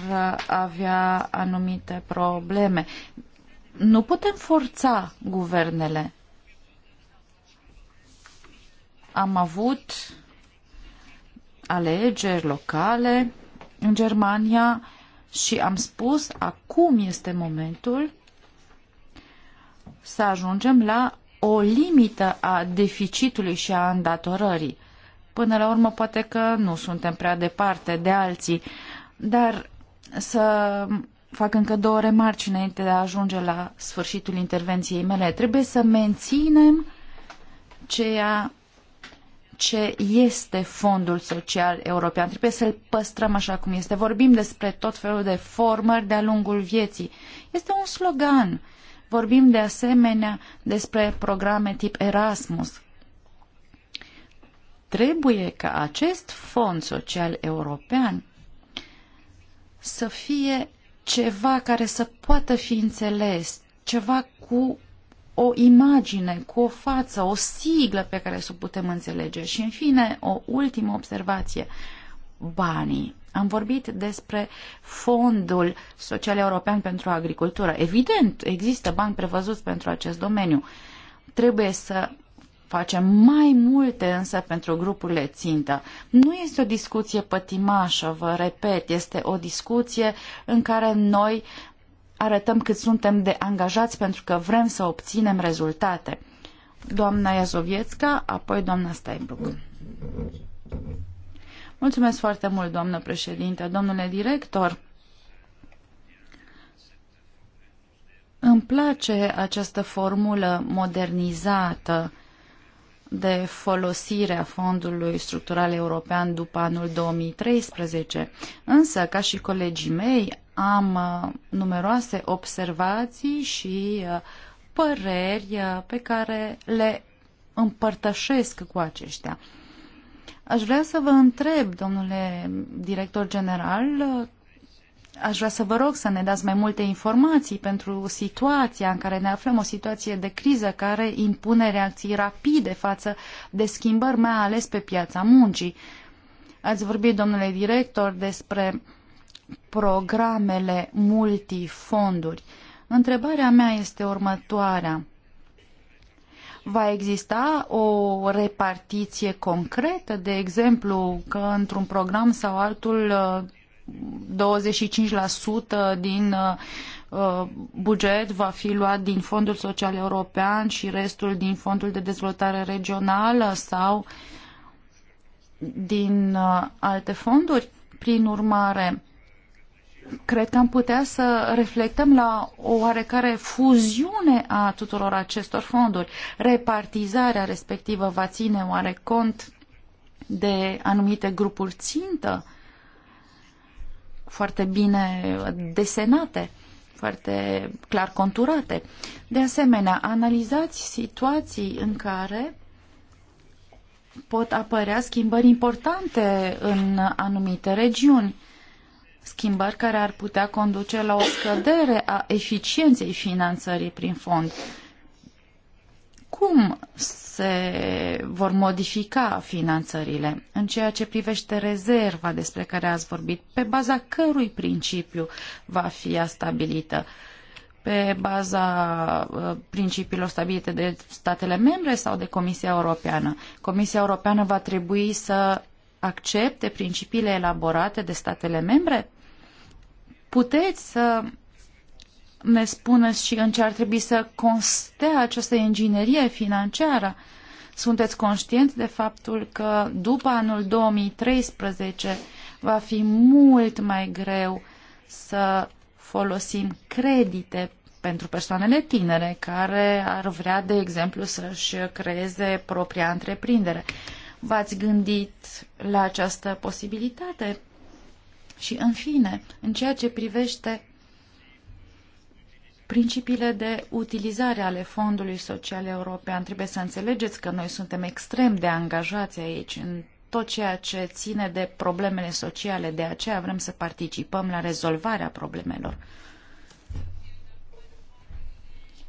avea anumite probleme. Nu putem forța guvernele. Am avut alegeri locale în Germania și am spus acum este momentul să ajungem la o limită a deficitului și a îndatorării. Până la urmă, poate că nu suntem prea departe de alții, dar să fac încă două remarci înainte de a ajunge la sfârșitul intervenției mele. Trebuie să menținem ceea ce este Fondul Social European. Trebuie să-l păstrăm așa cum este. Vorbim despre tot felul de formări de-a lungul vieții. Este un slogan. Vorbim de asemenea despre programe tip Erasmus. Trebuie ca acest Fond Social European să fie ceva care să poată fi înțeles, ceva cu o imagine cu o față, o siglă pe care să o putem înțelege. Și, în fine, o ultimă observație. Banii. Am vorbit despre Fondul Social European pentru Agricultură. Evident, există bani prevăzuți pentru acest domeniu. Trebuie să facem mai multe însă pentru grupurile țintă. Nu este o discuție pătimașă, vă repet, este o discuție în care noi arătăm cât suntem de angajați pentru că vrem să obținem rezultate. Doamna Iazovietska, apoi doamna Steinbrück. Mulțumesc foarte mult, doamnă președinte, domnule director. Îmi place această formulă modernizată de folosire a Fondului Structural European după anul 2013, însă, ca și colegii mei, am uh, numeroase observații și uh, păreri uh, pe care le împărtășesc cu aceștia. Aș vrea să vă întreb, domnule director general, aș vrea să vă rog să ne dați mai multe informații pentru situația în care ne aflăm, o situație de criză care impune reacții rapide față de schimbări, mai ales pe piața muncii. Ați vorbit, domnule director, despre uh, programele multifonduri. Întrebarea mea este următoarea. Va exista o repartiție concretă, de exemplu, că într-un program sau altul 25% din uh, buget va fi luat din Fondul Social European și restul din Fondul de Dezvoltare Regională sau din uh, alte fonduri? Prin urmare, Cred că am putea să reflectăm la o oarecare fuziune a tuturor acestor fonduri. Repartizarea respectivă va ține oare cont de anumite grupuri țintă foarte bine desenate, foarte clar conturate. De asemenea, analizați situații în care pot apărea schimbări importante în anumite regiuni schimbări care ar putea conduce la o scădere a eficienței finanțării prin fond. Cum se vor modifica finanțările în ceea ce privește rezerva despre care ați vorbit, pe baza cărui principiu va fi stabilită? Pe baza uh, principiilor stabilite de statele membre sau de Comisia Europeană? Comisia Europeană va trebui să accepte principiile elaborate de statele membre? Puteți să ne spuneți și în ce ar trebui să constea această inginerie financiară? Sunteți conștient de faptul că după anul 2013 va fi mult mai greu să folosim credite pentru persoanele tinere care ar vrea, de exemplu, să-și creeze propria întreprindere. V-ați gândit la această posibilitate? Și, în fine, în ceea ce privește principiile de utilizare ale Fondului Social European, trebuie să înțelegeți că noi suntem extrem de angajați aici în tot ceea ce ține de problemele sociale, de aceea vrem să participăm la rezolvarea problemelor.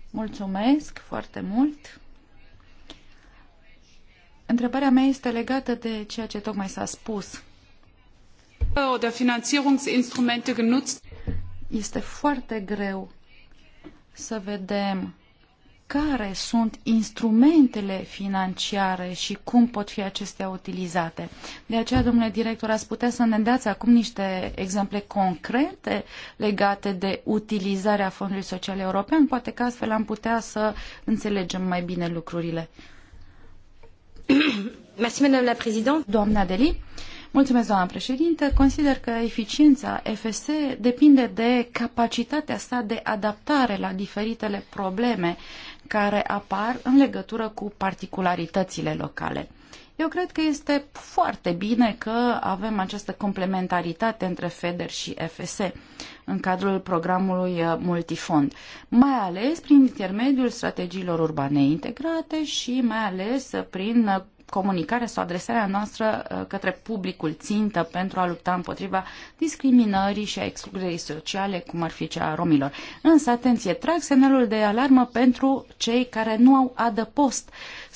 Mulțumesc foarte mult! Întrebarea mea este legată de ceea ce tocmai s-a spus Oder Finanzierungsinstrumente genutzt. Este foarte greu să vedem care sunt instrumentele financiare și cum pot fi acestea utilizate. De aceea, domnule director, ați putea să ne dați acum niște exemple concrete legate de utilizarea Fondului Social European? Poate că astfel am putea să înțelegem mai bine lucrurile. Mulțumesc, Madame la Doamna Deli, Mulțumesc, doamna președinte. Consider că eficiența FS depinde de capacitatea sa de adaptare la diferitele probleme care apar în legătură cu particularitățile locale. Eu cred că este foarte bine că avem această complementaritate între FEDER și FSE în cadrul programului uh, multifond, mai ales prin intermediul strategiilor urbane integrate și mai ales uh, prin uh, comunicarea sau adresarea noastră uh, către publicul țintă pentru a lupta împotriva discriminării și a excluderii sociale, cum ar fi cea a romilor. Însă, atenție, trag semnalul de alarmă pentru cei care nu au adăpost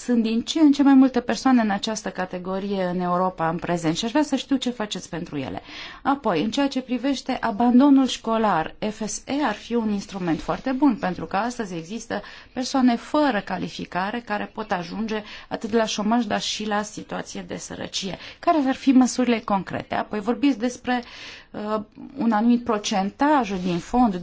sunt din ce în ce mai multe persoane în această categorie în Europa în prezent și aș vrea să știu ce faceți pentru ele. Apoi, în ceea ce privește abandonul școlar, FSE ar fi un instrument foarte bun, pentru că astăzi există persoane fără calificare care pot ajunge atât la șomaj, dar și la situație de sărăcie. Care ar fi măsurile concrete? Apoi vorbiți despre uh, Uh, un anumit procentaj din fond,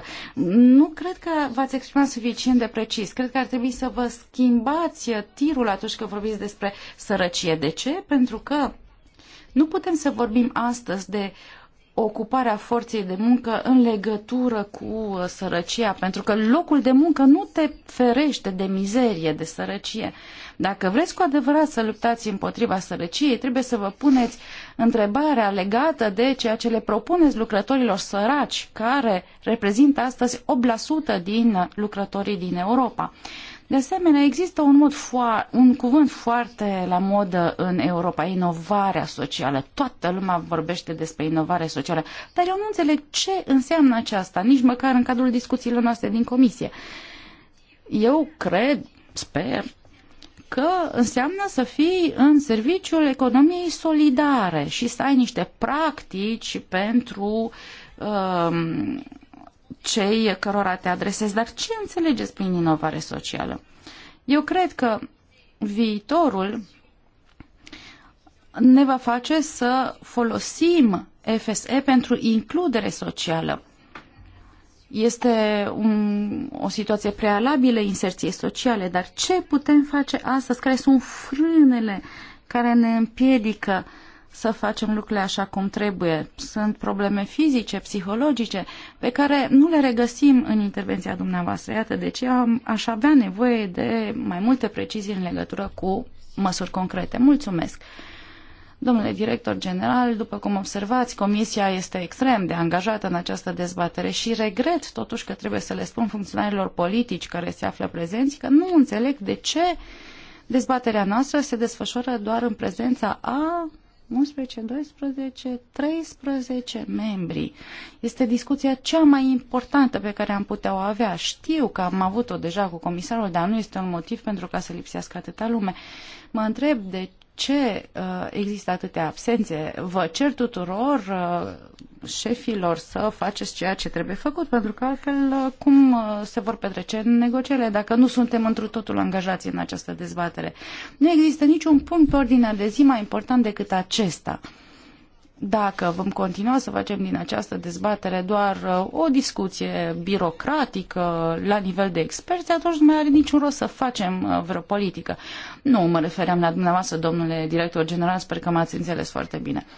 25%. Nu cred că v-ați exprimat suficient de precis. Cred că ar trebui să vă schimbați tirul atunci când vorbiți despre sărăcie. De ce? Pentru că nu putem să vorbim astăzi de ocuparea forței de muncă în legătură cu uh, sărăcia, pentru că locul de muncă nu te ferește de mizerie, de sărăcie. Dacă vreți cu adevărat să luptați împotriva sărăciei, trebuie să vă puneți întrebarea legată de ceea ce le propuneți lucrătorilor săraci, care reprezintă astăzi 8% din lucrătorii din Europa. De asemenea, există un, mod foa- un cuvânt foarte la modă în Europa, inovarea socială. Toată lumea vorbește despre inovare socială, dar eu nu înțeleg ce înseamnă aceasta, nici măcar în cadrul discuțiilor noastre din comisie. Eu cred, sper, că înseamnă să fii în serviciul economiei solidare și să ai niște practici pentru Uh, cei cărora te adresezi, dar ce înțelegeți prin inovare socială? Eu cred că viitorul ne va face să folosim FSE pentru includere socială. Este un, o situație prealabilă inserției sociale, dar ce putem face astăzi? Care sunt frânele care ne împiedică uh, să facem lucrurile așa cum trebuie. Sunt probleme fizice, psihologice, pe care nu le regăsim în intervenția dumneavoastră. Iată de ce am, aș avea nevoie de mai multe precizii în legătură cu măsuri concrete. Mulțumesc! Domnule director general, după cum observați, comisia este extrem de angajată în această dezbatere și regret totuși că trebuie să le spun funcționarilor politici care se află prezenți că nu înțeleg de ce dezbaterea noastră se desfășoară doar în prezența a 11, 12, 13 membri. Este discuția cea mai importantă pe care am putea o avea. Știu că am avut-o deja cu comisarul, dar nu este un motiv pentru ca să lipsească atâta lume. Mă întreb de ce uh, există atâtea absențe. Vă cer tuturor uh, șefilor să faceți ceea ce trebuie făcut, pentru că altfel uh, cum se vor petrece negocierile dacă nu suntem întru totul angajați în această dezbatere. Nu există niciun punct pe ordinea de zi mai important decât acesta. Uh, dacă vom continua să facem din această dezbatere doar uh, o discuție birocratică la nivel de experți, atunci nu mai are niciun rost să facem uh, vreo politică. Nu mă refeream la dumneavoastră, domnule director general, sper că m-ați înțeles foarte bine. Uh,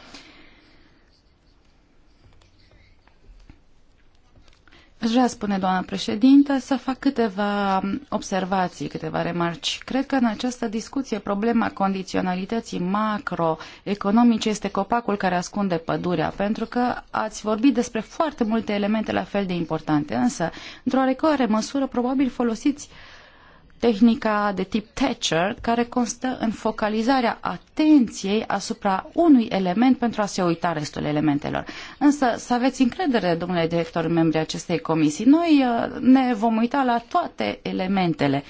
Aș vrea, spune doamna președintă, să fac câteva observații, câteva remarci. Cred că în această discuție problema condiționalității macroeconomice este copacul care ascunde pădurea, pentru că ați vorbit despre foarte multe elemente la fel de importante, însă, într-o oarecare măsură, probabil folosiți uh, tehnica de tip Thatcher, care constă în focalizarea atenției asupra unui element pentru a se uita restul elementelor. Însă să aveți încredere, domnule director, membrii acestei comisii, noi uh, ne vom uita la toate elementele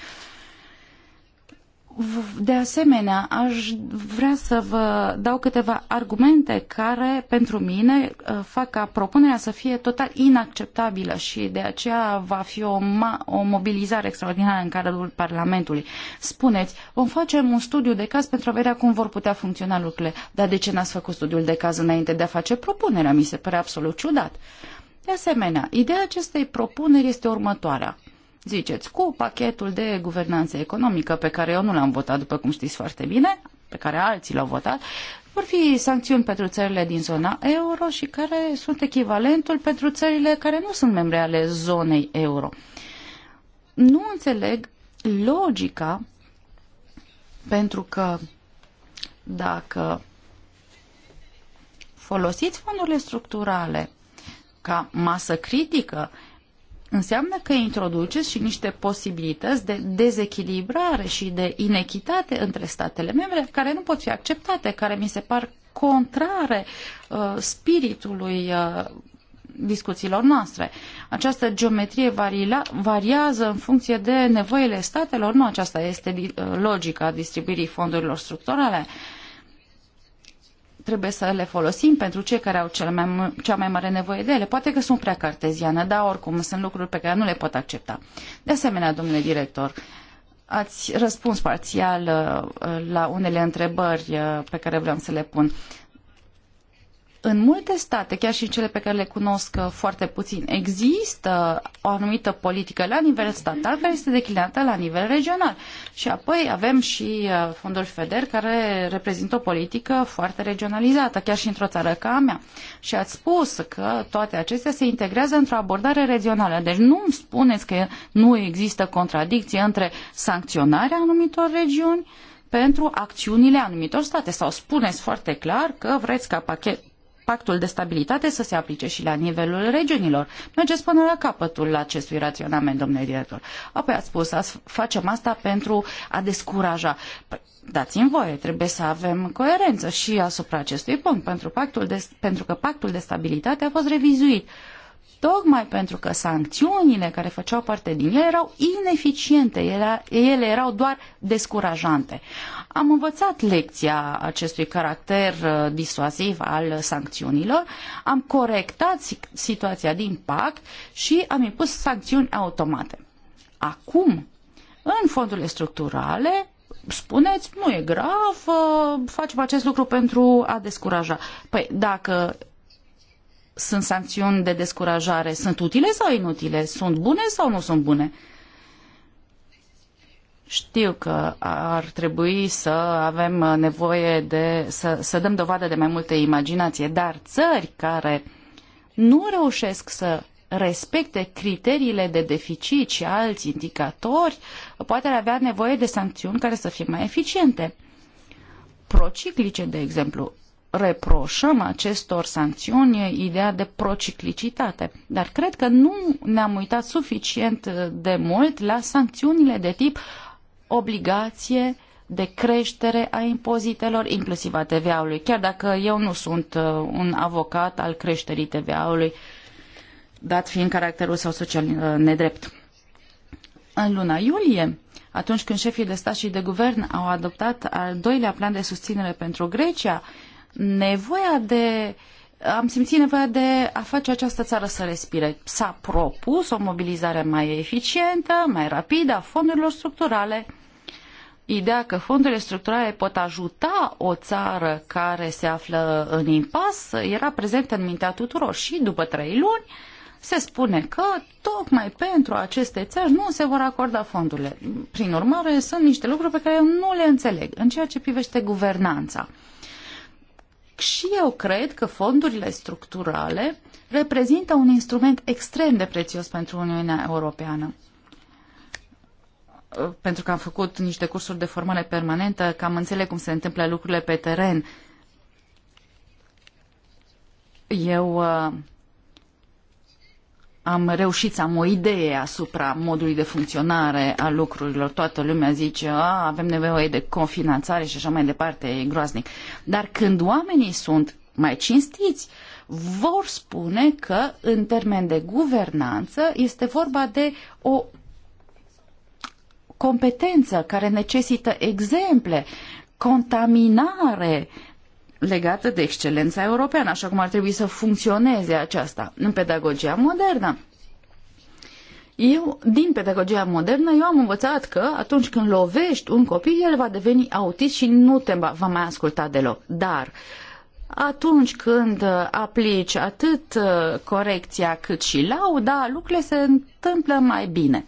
de asemenea, aș vrea să vă dau câteva argumente care, pentru mine, uh, fac ca propunerea să fie total inacceptabilă și de aceea va fi o, o mobilizare extraordinară în cadrul Parlamentului. Spuneți, vom face un studiu de caz pentru a vedea cum vor putea funcționa lucrurile, dar de ce n-ați făcut studiul de caz înainte de a face propunerea? Mi se pare absolut ciudat. De asemenea, ideea acestei propuneri este următoarea – Ziceți, cu pachetul de guvernanță economică pe care eu nu l-am votat, după cum știți foarte bine, pe care alții l-au votat, vor fi sancțiuni pentru țările din zona euro și care sunt echivalentul pentru țările care nu sunt membre ale zonei euro. Nu înțeleg logica pentru că dacă folosiți fondurile structurale ca masă critică înseamnă că introduceți și niște posibilități de dezechilibrare și de inechitate între statele membre care nu pot fi acceptate, care mi se par contrare uh, spiritului uh, discuțiilor noastre. Această geometrie varila, variază în funcție de nevoile statelor, nu aceasta este uh, logica distribuirii fondurilor structurale. Uh, trebuie să le folosim pentru cei care au cel mai, cea mai mare nevoie de ele. Poate că sunt prea carteziană, dar oricum sunt lucruri pe care nu le pot accepta. De asemenea, domnule director, ați răspuns parțial uh, la unele întrebări uh, pe care vreau să le pun în multe state, chiar și cele pe care le cunosc uh, foarte puțin, există o anumită politică la nivel statal care este declinată la nivel regional. Și apoi avem și uh, fondul FEDER care reprezintă o politică foarte regionalizată, chiar și într-o țară ca a mea. Și ați spus că toate acestea se integrează într-o abordare regională. Deci nu îmi spuneți că nu există contradicție între sancționarea anumitor regiuni pentru acțiunile anumitor state sau spuneți foarte clar că vreți ca pachet, pactul de stabilitate să se aplice și la nivelul regiunilor. Mergeți până la capătul acestui raționament, domnule director. Apoi ați spus, ați, facem asta pentru a descuraja. Păi, dați-mi voie, trebuie să avem coerență și asupra acestui punct, pentru, pactul de, pentru că pactul de stabilitate a fost revizuit tocmai pentru că sancțiunile care făceau parte din ele erau ineficiente, ele erau doar descurajante. Am învățat lecția acestui caracter uh, disuasiv al sancțiunilor, am corectat situația din pact și am impus sancțiuni automate. Acum, în fondurile structurale, spuneți, nu e grav, uh, facem acest lucru pentru a descuraja. Păi dacă sunt sancțiuni de descurajare, sunt utile sau inutile? Sunt bune sau nu sunt bune? Știu că ar trebui să avem nevoie de, să, să dăm dovadă de mai multă imaginație, dar țări care nu reușesc să respecte criteriile de deficit și alți indicatori, poate ar avea nevoie de sancțiuni care să fie mai eficiente. Prociclice, de exemplu, reproșăm acestor sancțiuni ideea de prociclicitate, dar cred că nu ne-am uitat suficient de mult la sancțiunile de tip obligație de creștere a impozitelor, inclusiv a TVA-ului, chiar dacă eu nu sunt uh, un avocat al creșterii TVA-ului, dat fiind caracterul său social uh, nedrept. În luna iulie, atunci când șefii de stat și de guvern au adoptat al doilea plan de susținere pentru Grecia, nevoia de am simțit nevoia de a face această țară să respire. S-a propus o mobilizare mai eficientă, mai rapidă a fondurilor structurale ideea că fondurile structurale pot ajuta o țară care se află în impas era prezentă în mintea tuturor și după trei luni se spune că tocmai pentru aceste țări nu se vor acorda fondurile. Prin urmare, sunt niște lucruri pe care eu nu le înțeleg în ceea ce privește guvernanța. Și eu cred că fondurile structurale reprezintă un instrument extrem de prețios pentru Uniunea Europeană pentru că am făcut niște cursuri de formare permanentă, că am înțeles cum se întâmplă lucrurile pe teren. Eu uh, am reușit să am o idee asupra modului de funcționare a lucrurilor. Toată lumea zice, a, avem nevoie de cofinanțare și așa mai departe, e groaznic. Dar când oamenii sunt mai cinstiți, vor spune că, în termen de guvernanță, este vorba de o competență care necesită exemple, contaminare legată de excelența europeană, așa cum ar trebui să funcționeze aceasta în pedagogia modernă. Eu, din pedagogia modernă, eu am învățat că atunci când lovești un copil, el va deveni autist și nu te va mai asculta deloc. Dar atunci când uh, aplici atât uh, corecția cât și lauda, lucrurile se întâmplă mai bine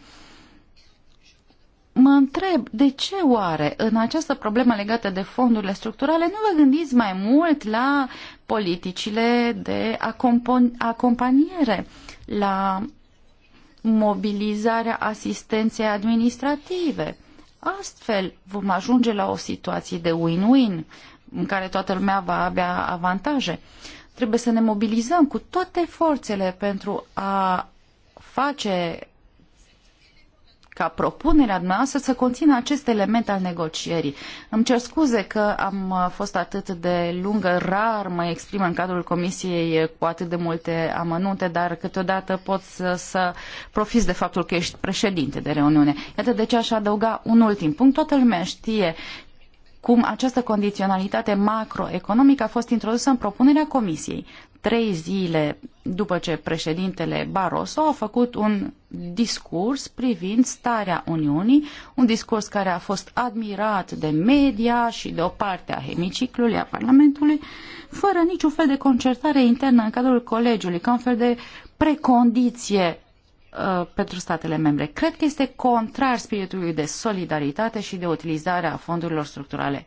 mă întreb de ce oare în această problemă legată de fondurile structurale nu vă gândiți mai mult la politicile de acompaniere, la mobilizarea asistenței administrative. Astfel vom ajunge la o situație de win-win în care toată lumea va avea avantaje. Trebuie să ne mobilizăm cu toate forțele pentru a face ca propunerea noastră să conțină acest element al negocierii. Îmi cer scuze că am uh, fost atât de lungă, rar mă exprim în cadrul comisiei uh, cu atât de multe amănunte, dar câteodată pot să, să profiți de faptul că ești președinte de reuniune. Iată de ce aș adăuga un ultim punct. Toată lumea știe cum această condiționalitate macroeconomică a fost introdusă în propunerea Comisiei trei zile după ce președintele Barroso a făcut un discurs privind starea Uniunii, un discurs care a fost admirat de media și de o parte a hemiciclului, a Parlamentului, fără niciun fel de concertare internă în cadrul colegiului, ca un fel de precondiție uh, pentru statele membre. Cred că este contrar spiritului de solidaritate și de utilizare a fondurilor structurale.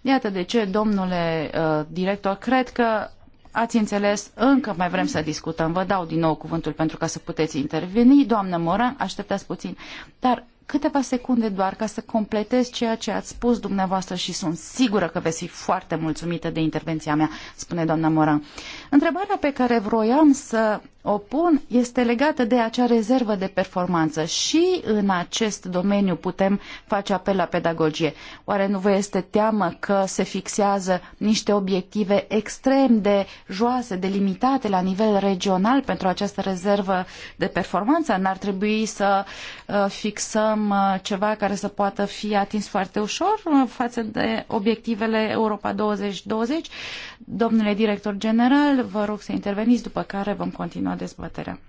Iată de ce, domnule uh, director, cred că Ați înțeles, încă mai vrem să discutăm. Vă dau din nou cuvântul pentru ca să puteți interveni. Doamnă Moran, așteptați puțin. Dar câteva secunde doar ca să completez ceea ce ați spus dumneavoastră și sunt sigură că veți fi foarte mulțumită de intervenția mea, spune doamna Moran. Întrebarea pe care vroiam să opun este legată de acea rezervă de performanță. Și în acest domeniu putem face apel la pedagogie. Oare nu vă este teamă că se fixează niște obiective extrem de joase, de limitate la nivel regional pentru această rezervă de performanță? N-ar trebui să uh, fixăm uh, ceva care să poată fi atins foarte ușor uh, față de obiectivele Europa 2020? Domnule director general, vă rog să interveniți, după care vom continua bună dezbatere.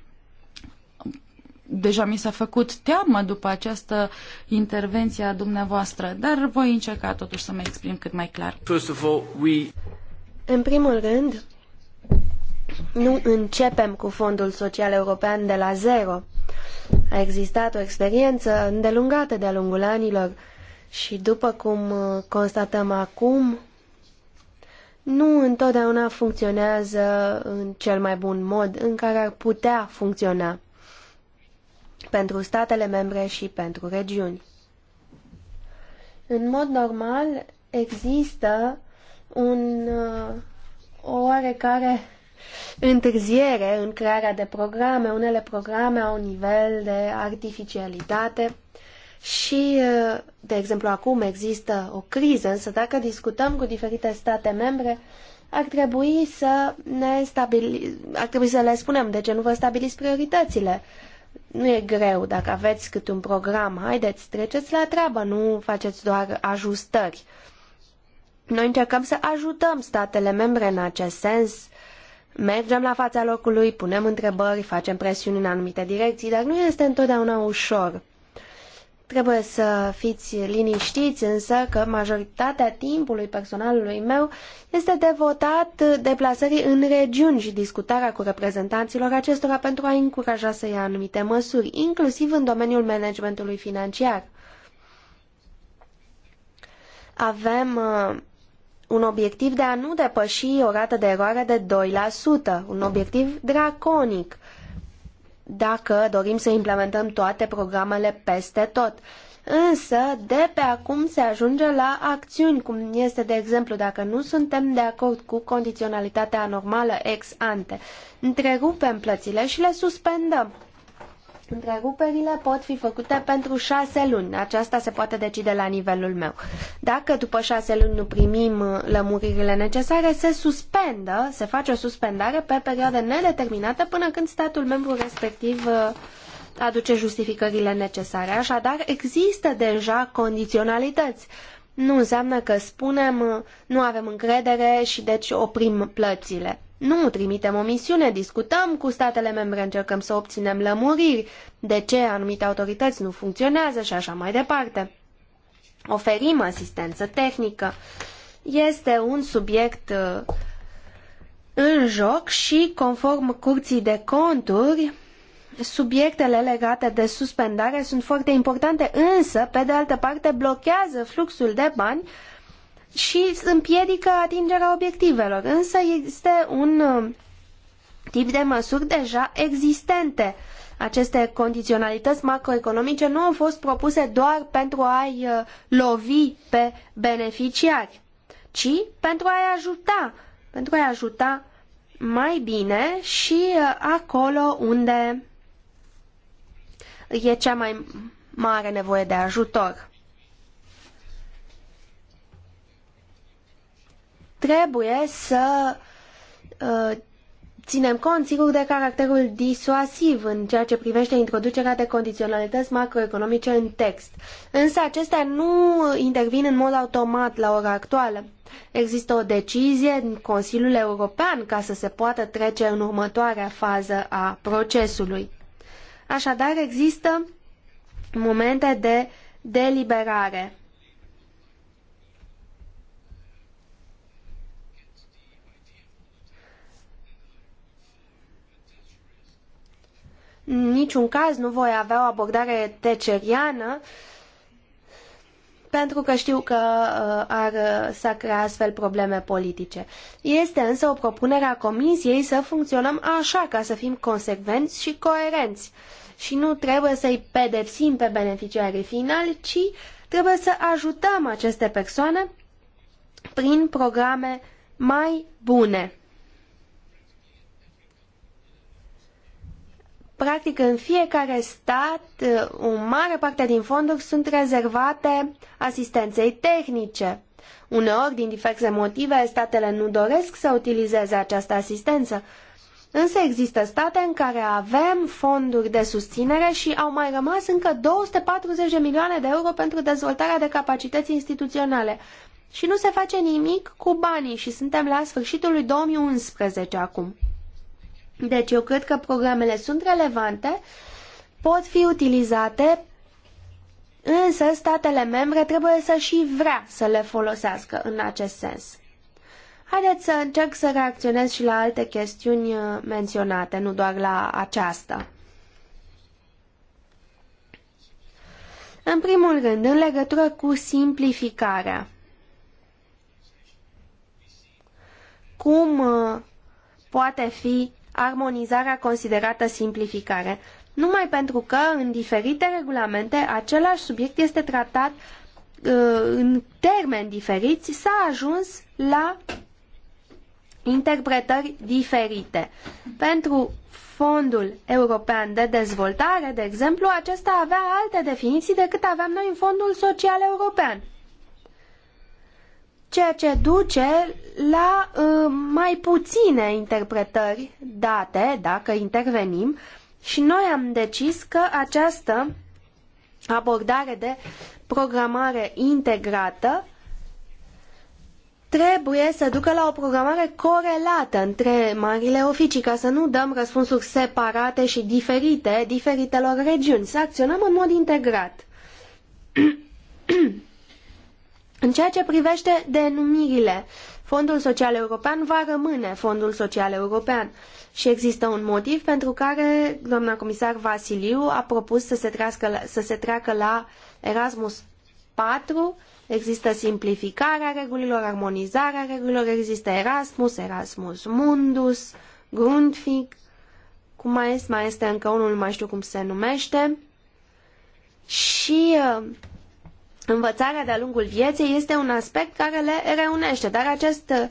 Deja mi s-a făcut teamă după această intervenție a dumneavoastră, dar voi încerca totuși să mă exprim cât mai clar. În primul rând, nu începem cu Fondul Social European de la zero. A existat o experiență îndelungată de-a lungul anilor și după cum constatăm acum, nu întotdeauna funcționează în cel mai bun mod în care ar putea funcționa pentru statele membre și pentru regiuni. În mod normal există un, uh, o oarecare întârziere în crearea de programe. Unele programe au un nivel de artificialitate și, de exemplu, acum există o criză, însă dacă discutăm cu diferite state membre, ar trebui să ne stabili... ar trebui să le spunem de ce nu vă stabiliți prioritățile. Nu e greu dacă aveți cât un program, haideți, treceți la treabă, nu faceți doar ajustări. Noi încercăm să ajutăm statele membre în acest sens, mergem la fața locului, punem întrebări, facem presiuni în anumite direcții, dar nu este întotdeauna ușor. Trebuie să fiți liniștiți însă că majoritatea timpului personalului meu este devotat deplasării în regiuni și discutarea cu reprezentanților acestora pentru a încuraja să ia anumite măsuri, inclusiv în domeniul managementului financiar. Avem uh, un obiectiv de a nu depăși o rată de eroare de 2%, un obiectiv draconic dacă dorim să implementăm toate programele peste tot. Însă, de pe acum se ajunge la acțiuni, cum este, de exemplu, dacă nu suntem de acord cu condiționalitatea normală ex ante, întrerupem plățile și le suspendăm. Întreruperile pot fi făcute pentru șase luni. Aceasta se poate decide la nivelul meu. Dacă după șase luni nu primim uh, lămuririle necesare, se suspendă, se face o suspendare pe perioadă nedeterminată până când statul membru respectiv uh, aduce justificările necesare. Așadar, există deja condiționalități. Nu înseamnă că spunem uh, nu avem încredere și deci oprim plățile. Nu trimitem o misiune, discutăm cu statele membre, încercăm să obținem lămuriri, de ce anumite autorități nu funcționează și așa mai departe. Oferim asistență tehnică. Este un subiect uh, în joc și, conform curții de conturi, subiectele legate de suspendare sunt foarte importante, însă, pe de altă parte, blochează fluxul de bani și împiedică atingerea obiectivelor. Însă există un uh, tip de măsuri deja existente. Aceste condiționalități macroeconomice nu au fost propuse doar pentru a-i uh, lovi pe beneficiari, ci pentru a-i ajuta, pentru a-i ajuta mai bine și uh, acolo unde e cea mai mare nevoie de ajutor. Trebuie să uh, ținem cont, sigur, de caracterul disuasiv în ceea ce privește introducerea de condiționalități macroeconomice în text. Însă acestea nu intervin în mod automat la ora actuală. Există o decizie în Consiliul European ca să se poată trece în următoarea fază a procesului. Așadar, există momente de deliberare. niciun caz nu voi avea o abordare teceriană, pentru că știu că uh, ar uh, s-ar crea astfel probleme politice. Este însă o propunere a Comisiei să funcționăm așa, ca să fim consecvenți și coerenți. Și nu trebuie să-i pedepsim pe beneficiarii finali, ci trebuie să ajutăm aceste persoane prin programe mai bune. Practic, în fiecare stat, uh, o mare parte din fonduri sunt rezervate asistenței tehnice. Uneori, din diferite motive, statele nu doresc să utilizeze această asistență, însă există state în care avem fonduri de susținere și au mai rămas încă 240 de milioane de euro pentru dezvoltarea de capacități instituționale. Și nu se face nimic cu banii și suntem la sfârșitul lui 2011 acum. Deci eu cred că programele sunt relevante, pot fi utilizate, însă statele membre trebuie să și vrea să le folosească în acest sens. Haideți să încerc să reacționez și la alte chestiuni uh, menționate, nu doar la aceasta. În primul rând, în legătură cu simplificarea. Cum uh, poate fi armonizarea considerată simplificare, numai pentru că în diferite regulamente același subiect este tratat uh, în termeni diferiți, s-a ajuns la interpretări diferite. Pentru Fondul European de Dezvoltare, de exemplu, acesta avea alte definiții decât aveam noi în Fondul Social European ceea ce duce la uh, mai puține interpretări date, dacă intervenim, și noi am decis că această abordare de programare integrată trebuie să ducă la o programare corelată între marile oficii, ca să nu dăm răspunsuri separate și diferite diferitelor regiuni, să acționăm în mod integrat. *clears throat* În ceea ce privește denumirile, Fondul Social European va rămâne Fondul Social European și există un motiv pentru care doamna comisar Vasiliu a propus să se, trească, să se treacă la Erasmus 4, există simplificarea regulilor, armonizarea regulilor, există Erasmus, Erasmus Mundus, Grundfig, cum mai este, mai este încă unul, nu mai știu cum se numește, și uh, Învățarea de-a lungul vieții este un aspect care le reunește, dar acest uh,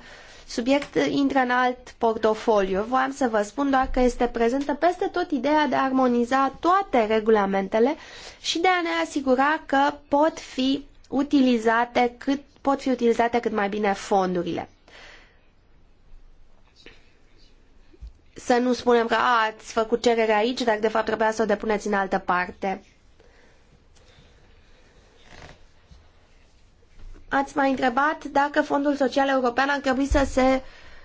subiect intră în alt portofoliu. Voiam să vă spun doar că este prezentă peste tot ideea de a armoniza toate regulamentele și de a ne asigura că pot fi utilizate cât, pot fi utilizate cât mai bine fondurile. Să nu spunem că a, ați făcut cerere aici, dar de fapt trebuia să o depuneți în altă parte. Ați mai întrebat dacă Fondul Social European ar trebui să se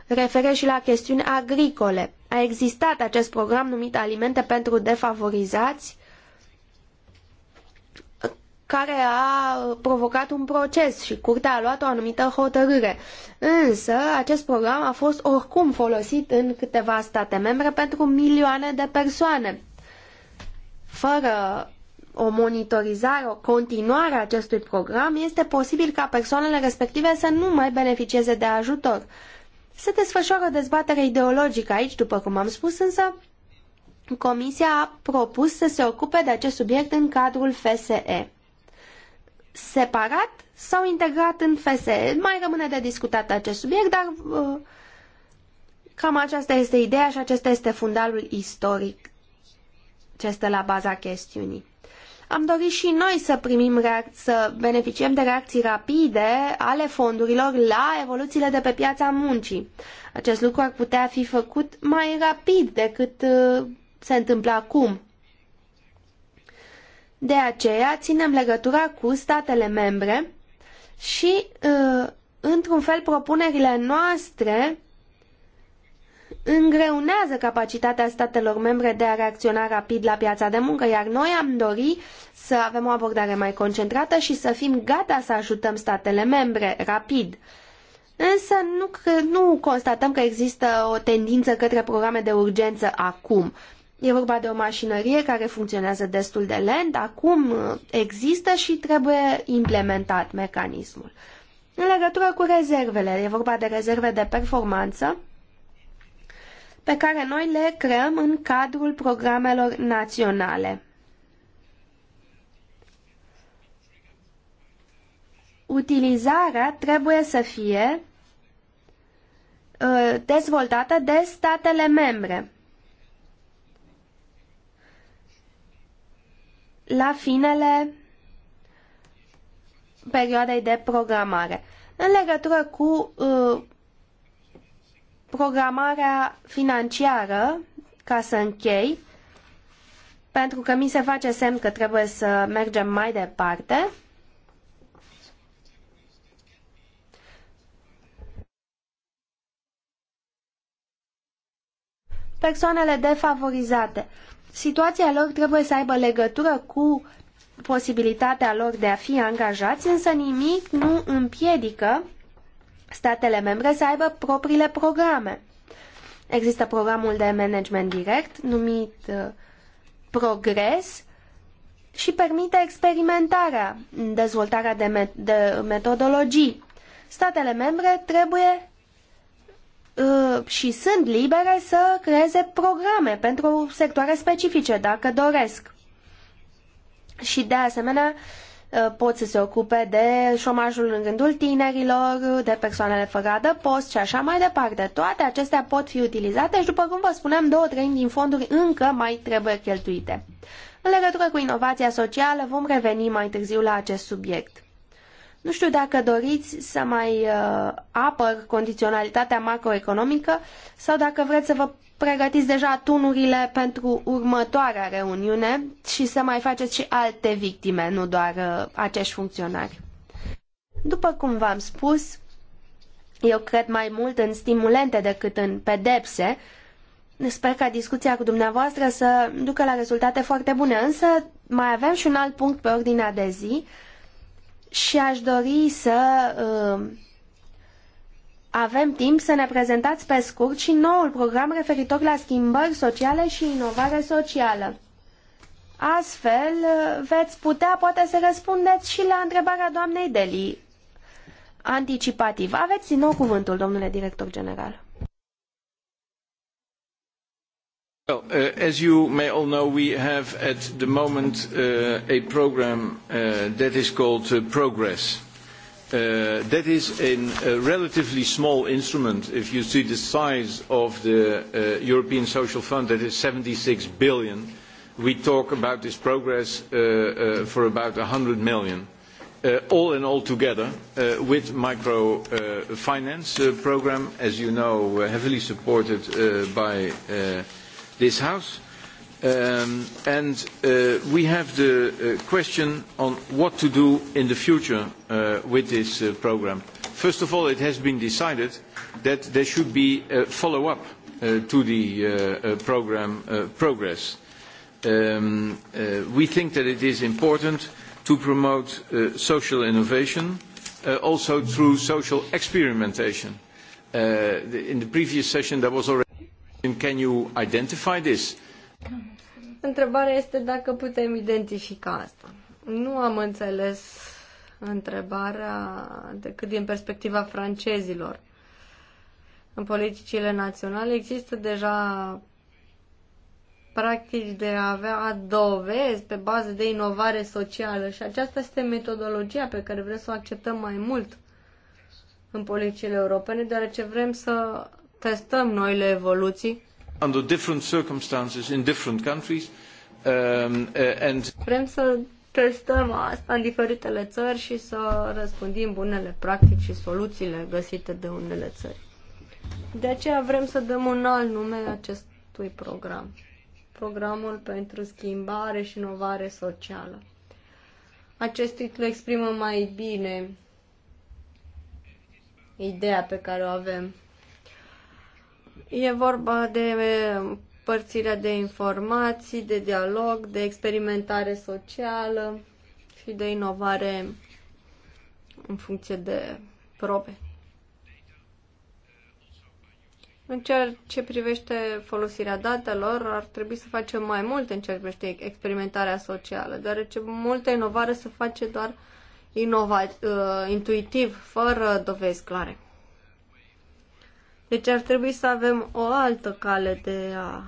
refere și la chestiuni agricole. A existat acest program numit Alimente pentru defavorizați, care a provocat un proces și curtea a luat o anumită hotărâre. Însă, acest program a fost oricum folosit în câteva state membre pentru milioane de persoane, fără o monitorizare, o continuare a acestui program, este posibil ca persoanele respective să nu mai beneficieze de ajutor. Se desfășoară o dezbatere ideologică aici, după cum am spus, însă Comisia a propus să se ocupe de acest subiect în cadrul FSE. Separat sau integrat în FSE? Mai rămâne de discutat acest subiect, dar uh, cam aceasta este ideea și acesta este fundalul istoric ce stă la baza chestiunii. Am dorit și noi să primim să beneficiem de reacții rapide ale fondurilor la evoluțiile de pe piața muncii. Acest lucru ar putea fi făcut mai rapid decât uh, se întâmplă acum. De aceea ținem legătura cu statele membre și, uh, într-un fel, propunerile noastre îngreunează capacitatea statelor membre de a reacționa rapid la piața de muncă, iar noi am dori să avem o abordare mai concentrată și să fim gata să ajutăm statele membre rapid. Însă nu, nu constatăm că există o tendință către programe de urgență acum. E vorba de o mașinărie care funcționează destul de lent, acum uh, există și trebuie implementat mecanismul. În legătură cu rezervele, e vorba de rezerve de performanță, pe care noi le creăm în cadrul programelor naționale. Utilizarea trebuie să fie uh, dezvoltată de statele membre. La finele perioadei de programare. În legătură cu uh, programarea financiară, ca să închei, pentru că mi se face semn că trebuie să mergem mai departe. Persoanele defavorizate. Situația lor trebuie să aibă legătură cu posibilitatea lor de a fi angajați, însă nimic nu împiedică statele membre să aibă propriile programe. Există programul de management direct, numit uh, Progres, și permite experimentarea, dezvoltarea de, me- de metodologii. Statele membre trebuie uh, și sunt libere să creeze programe pentru sectoare specifice, dacă doresc. Și de asemenea, Uh, pot să se ocupe de șomajul în rândul tinerilor, de persoanele fără adăpost și așa mai departe. Toate acestea pot fi utilizate și, după cum vă spuneam, două treimi din fonduri încă mai trebuie cheltuite. În legătură cu inovația socială vom reveni mai târziu la acest subiect. Nu știu dacă doriți să mai uh, apăr condiționalitatea macroeconomică sau dacă vreți să vă pregătiți deja tunurile pentru următoarea reuniune și să mai faceți și alte victime, nu doar uh, acești funcționari. După cum v-am spus, eu cred mai mult în stimulente decât în pedepse. Sper ca discuția cu dumneavoastră să ducă la rezultate foarte bune, însă mai avem și un alt punct pe ordinea de zi și aș dori să uh, avem timp să ne prezentați pe scurt și noul program referitor la schimbări sociale și inovare socială. Astfel, veți putea poate să răspundeți și la întrebarea doamnei Deli. Anticipativ. Aveți din nou cuvântul, domnule director general. Well, uh, as you may all know, we have at the moment uh, a program uh, that is called uh, Progress Uh, that is a relatively small instrument if you see the size of the uh, European Social Fund that is 76 billion we talk about this progress uh, uh for about 100 million uh, all in all together uh, with microfinance uh, program as you know heavily supported by this house Um, and uh, we have the uh, question on what to do in the future uh, with this uh, programme. First of all, it has been decided that there should be a follow-up uh, to the uh, programme progress. Um, we think that it is important to promote social innovation, also through social experimentation. in the previous session, there was already can you identify this? Întrebarea este dacă putem identifica asta. Nu am înțeles întrebarea decât din perspectiva francezilor. În politicile naționale există deja practici de a avea dovezi pe bază de inovare socială și aceasta este metodologia pe care vrem să o acceptăm mai mult în politicile europene, deoarece vrem să testăm noile evoluții under different circumstances in different countries. Um, uh, and Vrem să testăm asta în diferitele țări și să răspândim bunele practici și soluțiile găsite de unele țări. De aceea vrem să dăm un alt nume acestui program. Programul pentru schimbare și inovare socială. Acest titlu exprimă mai bine ideea pe care o avem E vorba de părțirea de informații, de dialog, de experimentare socială și de inovare în funcție de probe. În ceea ce privește folosirea datelor, ar trebui să facem mai mult în ceea ce privește experimentarea socială, deoarece multă inovare se face doar inovat, uh, intuitiv, fără dovezi clare. Deci ar trebui să avem o altă cale de a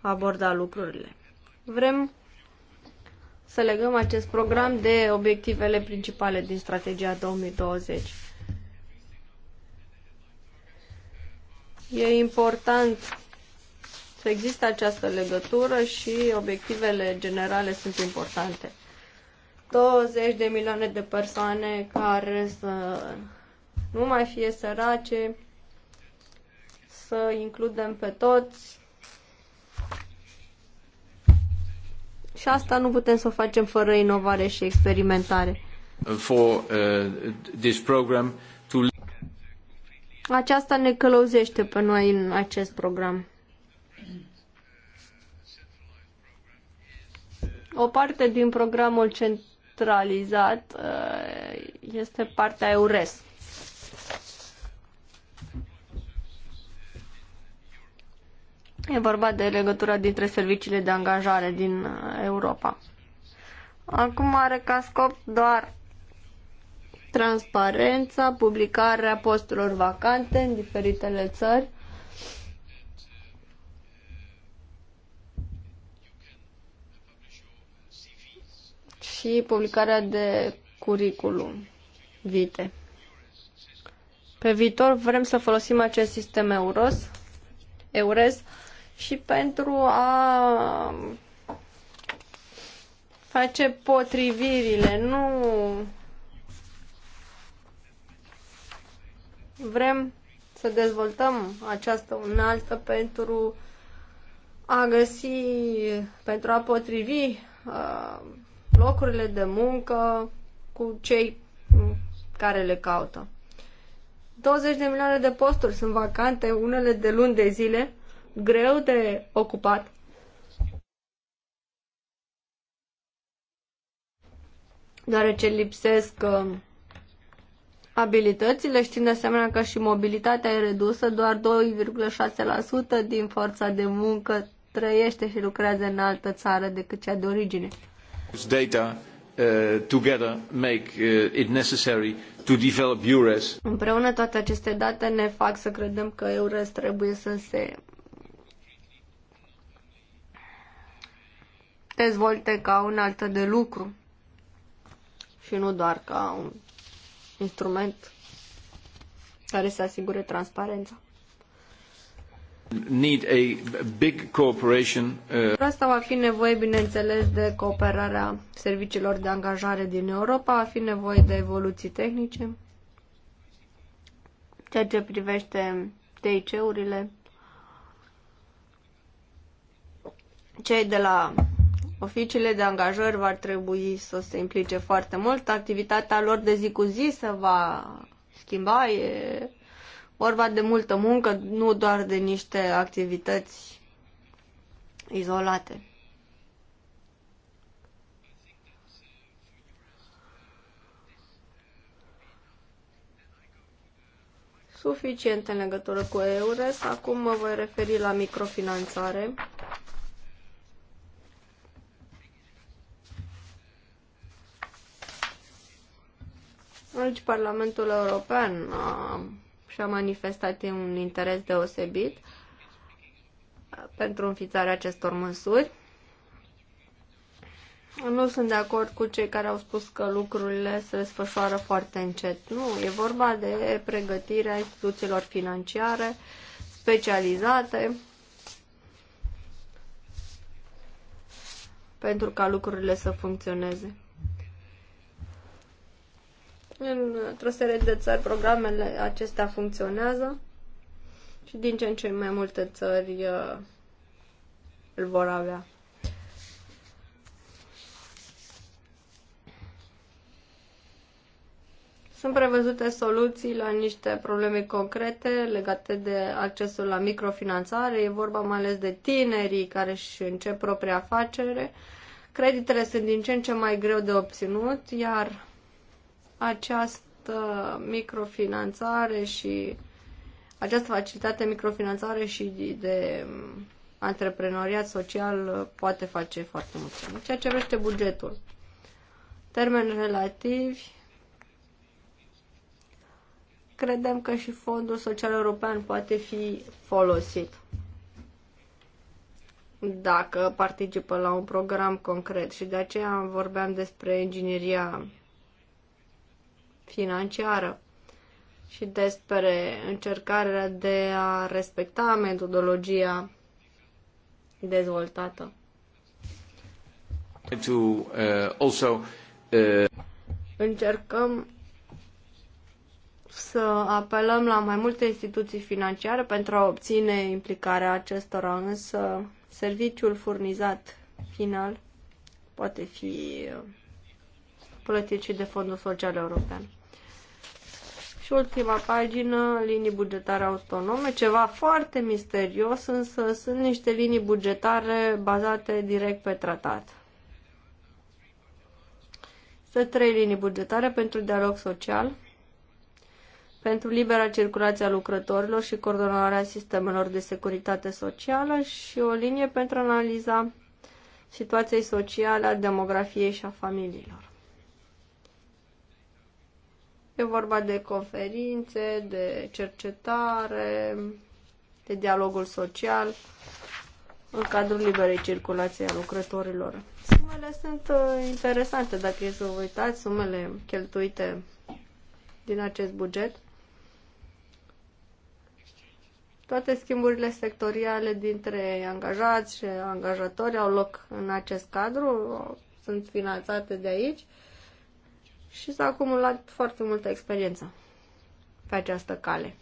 aborda lucrurile. Vrem să legăm acest program de obiectivele principale din strategia 2020. E important să existe această legătură și obiectivele generale sunt importante. 20 de milioane de persoane care să nu mai fie sărace, să includem pe toți. Și asta nu putem să o facem fără inovare și experimentare. For, uh, this program to... Aceasta ne călăuzește pe noi în acest program. O parte din programul centralizat uh, este partea EURES. E vorba de legătura dintre serviciile de angajare din uh, Europa. Acum are ca scop doar transparența, publicarea posturilor vacante în diferitele țări, și publicarea de curriculum vite. Pe viitor vrem să folosim acest sistem EUROS, EURES și pentru a face potrivirile. Nu vrem să dezvoltăm această unaltă pentru a găsi, pentru a potrivi uh, locurile de muncă cu cei care le caută. 20 de milioane de posturi sunt vacante, unele de luni de zile, greu de ocupat. Deoarece lipsesc um, abilitățile, știm de asemenea că și mobilitatea e redusă, doar 2,6% din forța de muncă trăiește și lucrează în altă țară decât cea de origine. Data uh, together make uh, it necessary to develop EURES. Împreună toate aceste date ne fac să credem că EURES trebuie să se dezvolte ca un alt de lucru și nu doar ca un instrument care să asigure transparența. Need a big cooperation, uh... Asta va fi nevoie, bineînțeles, de cooperarea serviciilor de angajare din Europa, va fi nevoie de evoluții tehnice, ceea ce privește TIC-urile. Cei de la Oficiile de angajări va trebui să se implice foarte mult, activitatea lor de zi cu zi se va schimba, e vorba de multă muncă, nu doar de niște activități izolate. Suficient în legătură cu EURES, acum mă voi referi la microfinanțare. Aici Parlamentul European a, uh, și-a manifestat un interes deosebit uh, pentru înființarea acestor măsuri. Nu sunt de acord cu cei care au spus că lucrurile se desfășoară foarte încet. Nu, e vorba de pregătirea instituțiilor financiare specializate pentru ca lucrurile să funcționeze. Într-o serie de țări programele acestea funcționează și din ce în ce mai multe țări uh, îl vor avea. Sunt prevăzute soluții la niște probleme concrete legate de accesul la microfinanțare. E vorba mai ales de tinerii care își încep propria afacere. Creditele sunt din ce în ce mai greu de obținut, iar această microfinanțare și această facilitate microfinanțare și de mm, antreprenoriat social poate face foarte mult. ceea ce vrește bugetul, termeni relativi, credem că și Fondul Social European poate fi folosit dacă participă la un program concret și de aceea vorbeam despre ingineria financiară și despre încercarea de a respecta metodologia dezvoltată. To, uh, also, uh... Încercăm să apelăm la mai multe instituții financiare pentru a obține implicarea acestora, însă serviciul furnizat final poate fi uh, plătit și de Fondul Social European. Și ultima pagină, linii bugetare autonome, ceva foarte misterios, însă sunt niște linii bugetare bazate direct pe tratat. Sunt trei linii bugetare pentru dialog social, pentru libera circulație a lucrătorilor și coordonarea sistemelor de securitate socială și o linie pentru analiza situației sociale, a demografiei și a familiilor. E vorba de conferințe, de cercetare, de dialogul social în cadrul liberei circulației a lucrătorilor. Sumele sunt uh, interesante, dacă e să vă uitați, sumele cheltuite din acest buget. Toate schimburile sectoriale dintre angajați și angajatori au loc în acest cadru, sunt finanțate de aici și s-a acumulat foarte multă experiență pe această cale.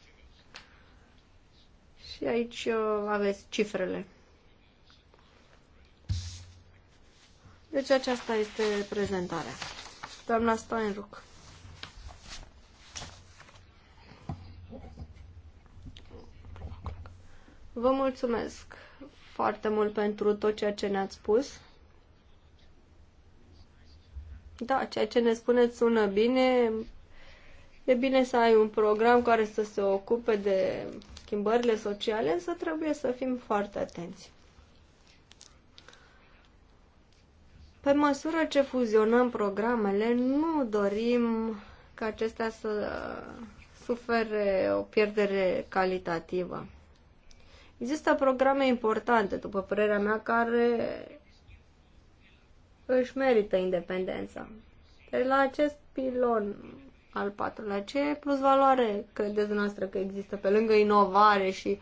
Și aici uh, aveți cifrele. Deci aceasta este prezentarea. Doamna Steinruck. Vă mulțumesc foarte mult pentru tot ceea ce ne-ați spus. Da, ceea ce ne spuneți sună bine. E bine să ai un program care să se ocupe de schimbările sociale, însă trebuie să fim foarte atenți. Pe măsură ce fuzionăm programele, nu dorim ca acestea să sufere o pierdere calitativă. Există programe importante, după părerea mea, care își merită independența. Pe deci la acest pilon al patrulea, ce plus valoare credeți dumneavoastră că există pe lângă inovare și,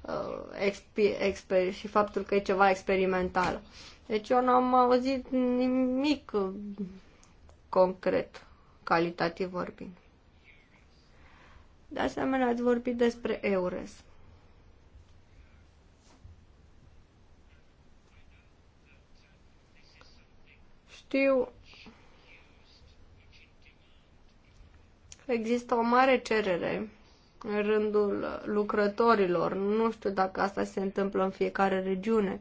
uh, exp- exper, și faptul că e ceva experimental? Deci eu n-am auzit nimic uh, concret, calitativ vorbind. De asemenea, ați vorbit despre EURES. știu, există o mare cerere în rândul lucrătorilor. Nu știu dacă asta se întâmplă în fiecare regiune.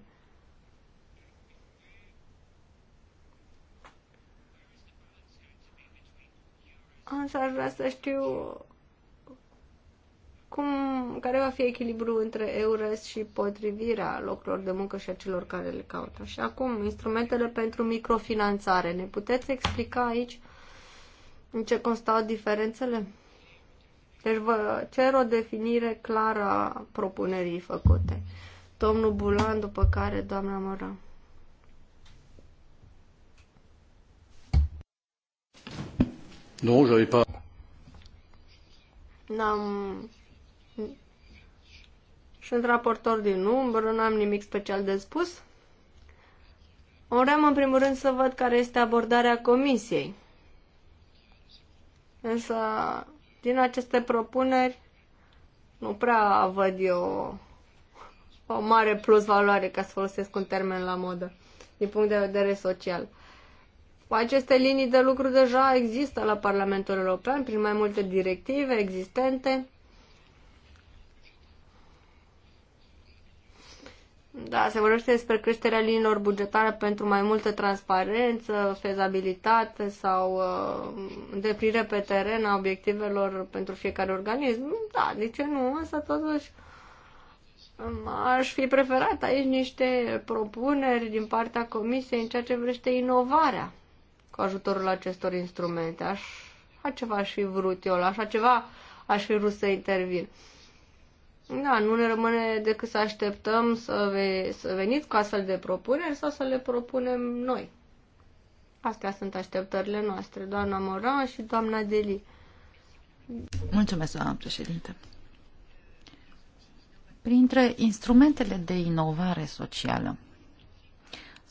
Însă aș vrea să știu cum, care va fi echilibru între EURES și potrivirea locurilor de muncă și a celor care le caută. Și acum, instrumentele pentru microfinanțare. Ne puteți explica aici în ce constau diferențele? Deci vă cer o definire clară a propunerii făcute. Domnul Bulan, după care doamna Măra. Nu, j'avais N-am sunt raportor din umbră, nu am nimic special de spus. vreau, în primul rând să văd care este abordarea comisiei. Însă, din aceste propuneri, nu prea văd eu o, o mare plus valoare ca să folosesc un termen la modă, din punct de vedere social. Aceste linii de lucru deja există la Parlamentul European prin mai multe directive existente Da, se vorbește despre creșterea liniilor bugetare pentru mai multă transparență, fezabilitate sau uh, îndeplinire pe teren a obiectivelor pentru fiecare organism. Da, de ce nu? Asta totuși um, aș fi preferat aici niște propuneri din partea Comisiei în ceea ce vrește inovarea cu ajutorul acestor instrumente. Aș, așa ceva aș fi vrut eu, așa ceva aș fi vrut să intervin. Da, nu ne rămâne decât să așteptăm să, ve- să veniți cu astfel de propuneri sau să le propunem noi. Astea sunt așteptările noastre, doamna Moran și doamna Deli. Mulțumesc, doamna președinte. Printre instrumentele de inovare socială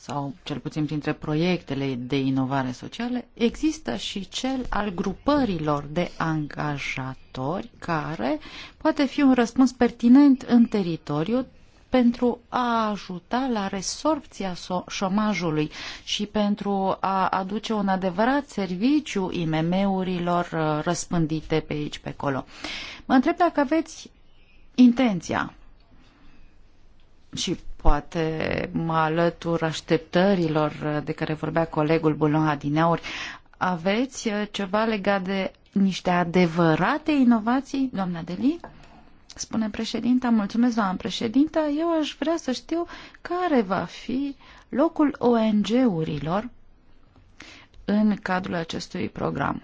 sau cel puțin printre proiectele de inovare socială, există și cel al grupărilor de angajatori care poate fi un răspuns pertinent în teritoriu pentru a ajuta la resorpția șomajului și pentru a aduce un adevărat serviciu IMM-urilor uh, răspândite pe aici, pe acolo. Mă întreb dacă aveți intenția și poate mă alătur așteptărilor de care vorbea colegul Bulon Adineauri. Aveți uh, ceva legat de niște adevărate inovații, doamna Deli? Spune președinta, mulțumesc doamna președinta, eu aș vrea să știu care va fi locul ONG-urilor în cadrul acestui program.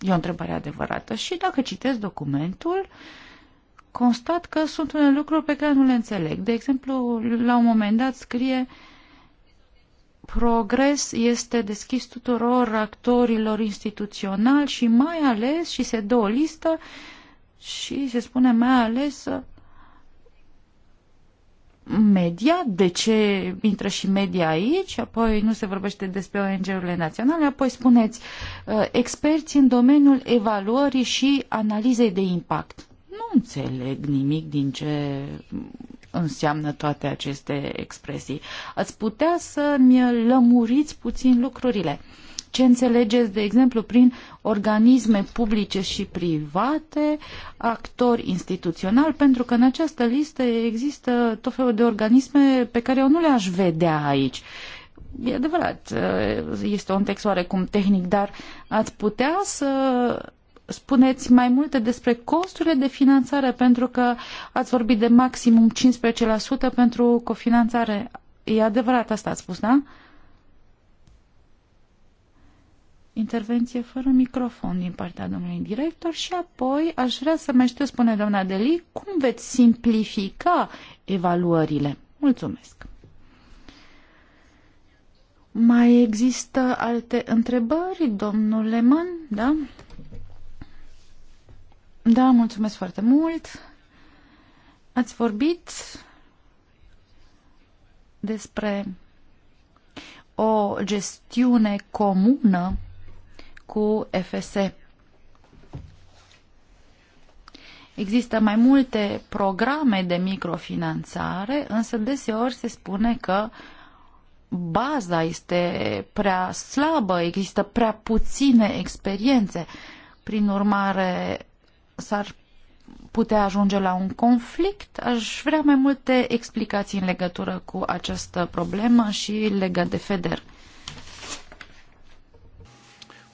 E o întrebare adevărată și dacă citesc documentul, uh, constat că sunt unele lucruri pe care nu le înțeleg. De exemplu, la un moment dat scrie progres este deschis tuturor actorilor instituționali și mai ales, și se dă o listă și se spune mai ales media, de ce intră și media aici, apoi nu se vorbește despre ONG-urile naționale, apoi spuneți experți în domeniul evaluării și analizei de impact înțeleg nimic din ce înseamnă toate aceste expresii. Ați putea să-mi lămuriți puțin lucrurile. Ce înțelegeți, de exemplu, prin organisme publice și private, actori instituționali, pentru că în această listă există tot felul de organisme pe care eu nu le-aș vedea aici. E adevărat, este un text oarecum tehnic, dar ați putea să spuneți mai multe despre costurile de finanțare, pentru că ați vorbit de maximum 15% pentru cofinanțare. E adevărat asta ați spus, da? Intervenție fără microfon din partea domnului director și apoi aș vrea să mai știu, spune doamna Deli, cum veți simplifica evaluările. Mulțumesc! Mai există alte întrebări, domnule Man, da? Da, mulțumesc foarte mult. Ați vorbit despre o gestiune comună cu FS. Există mai multe programe de microfinanțare, însă deseori se spune că baza este prea slabă, există prea puține experiențe. Prin urmare, s-ar putea ajunge la un conflict. Aș vrea mai multe explicații în legătură cu această problemă și legat de FEDER.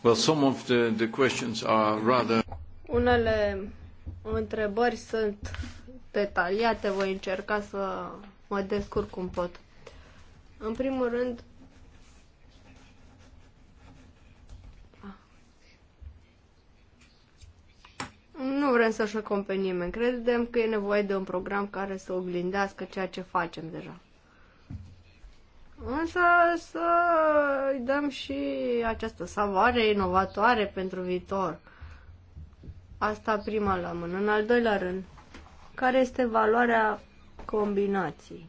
Well, some of the, the questions are rather... Unele întrebări sunt detaliate, voi încerca să mă descurc cum pot. În primul rând, Nu vrem să șocăm pe nimeni. Credem că e nevoie de un program care să oglindească ceea ce facem deja. Însă să îi dăm și această savoare inovatoare pentru viitor. Asta prima la mână. În al doilea rând, care este valoarea combinației?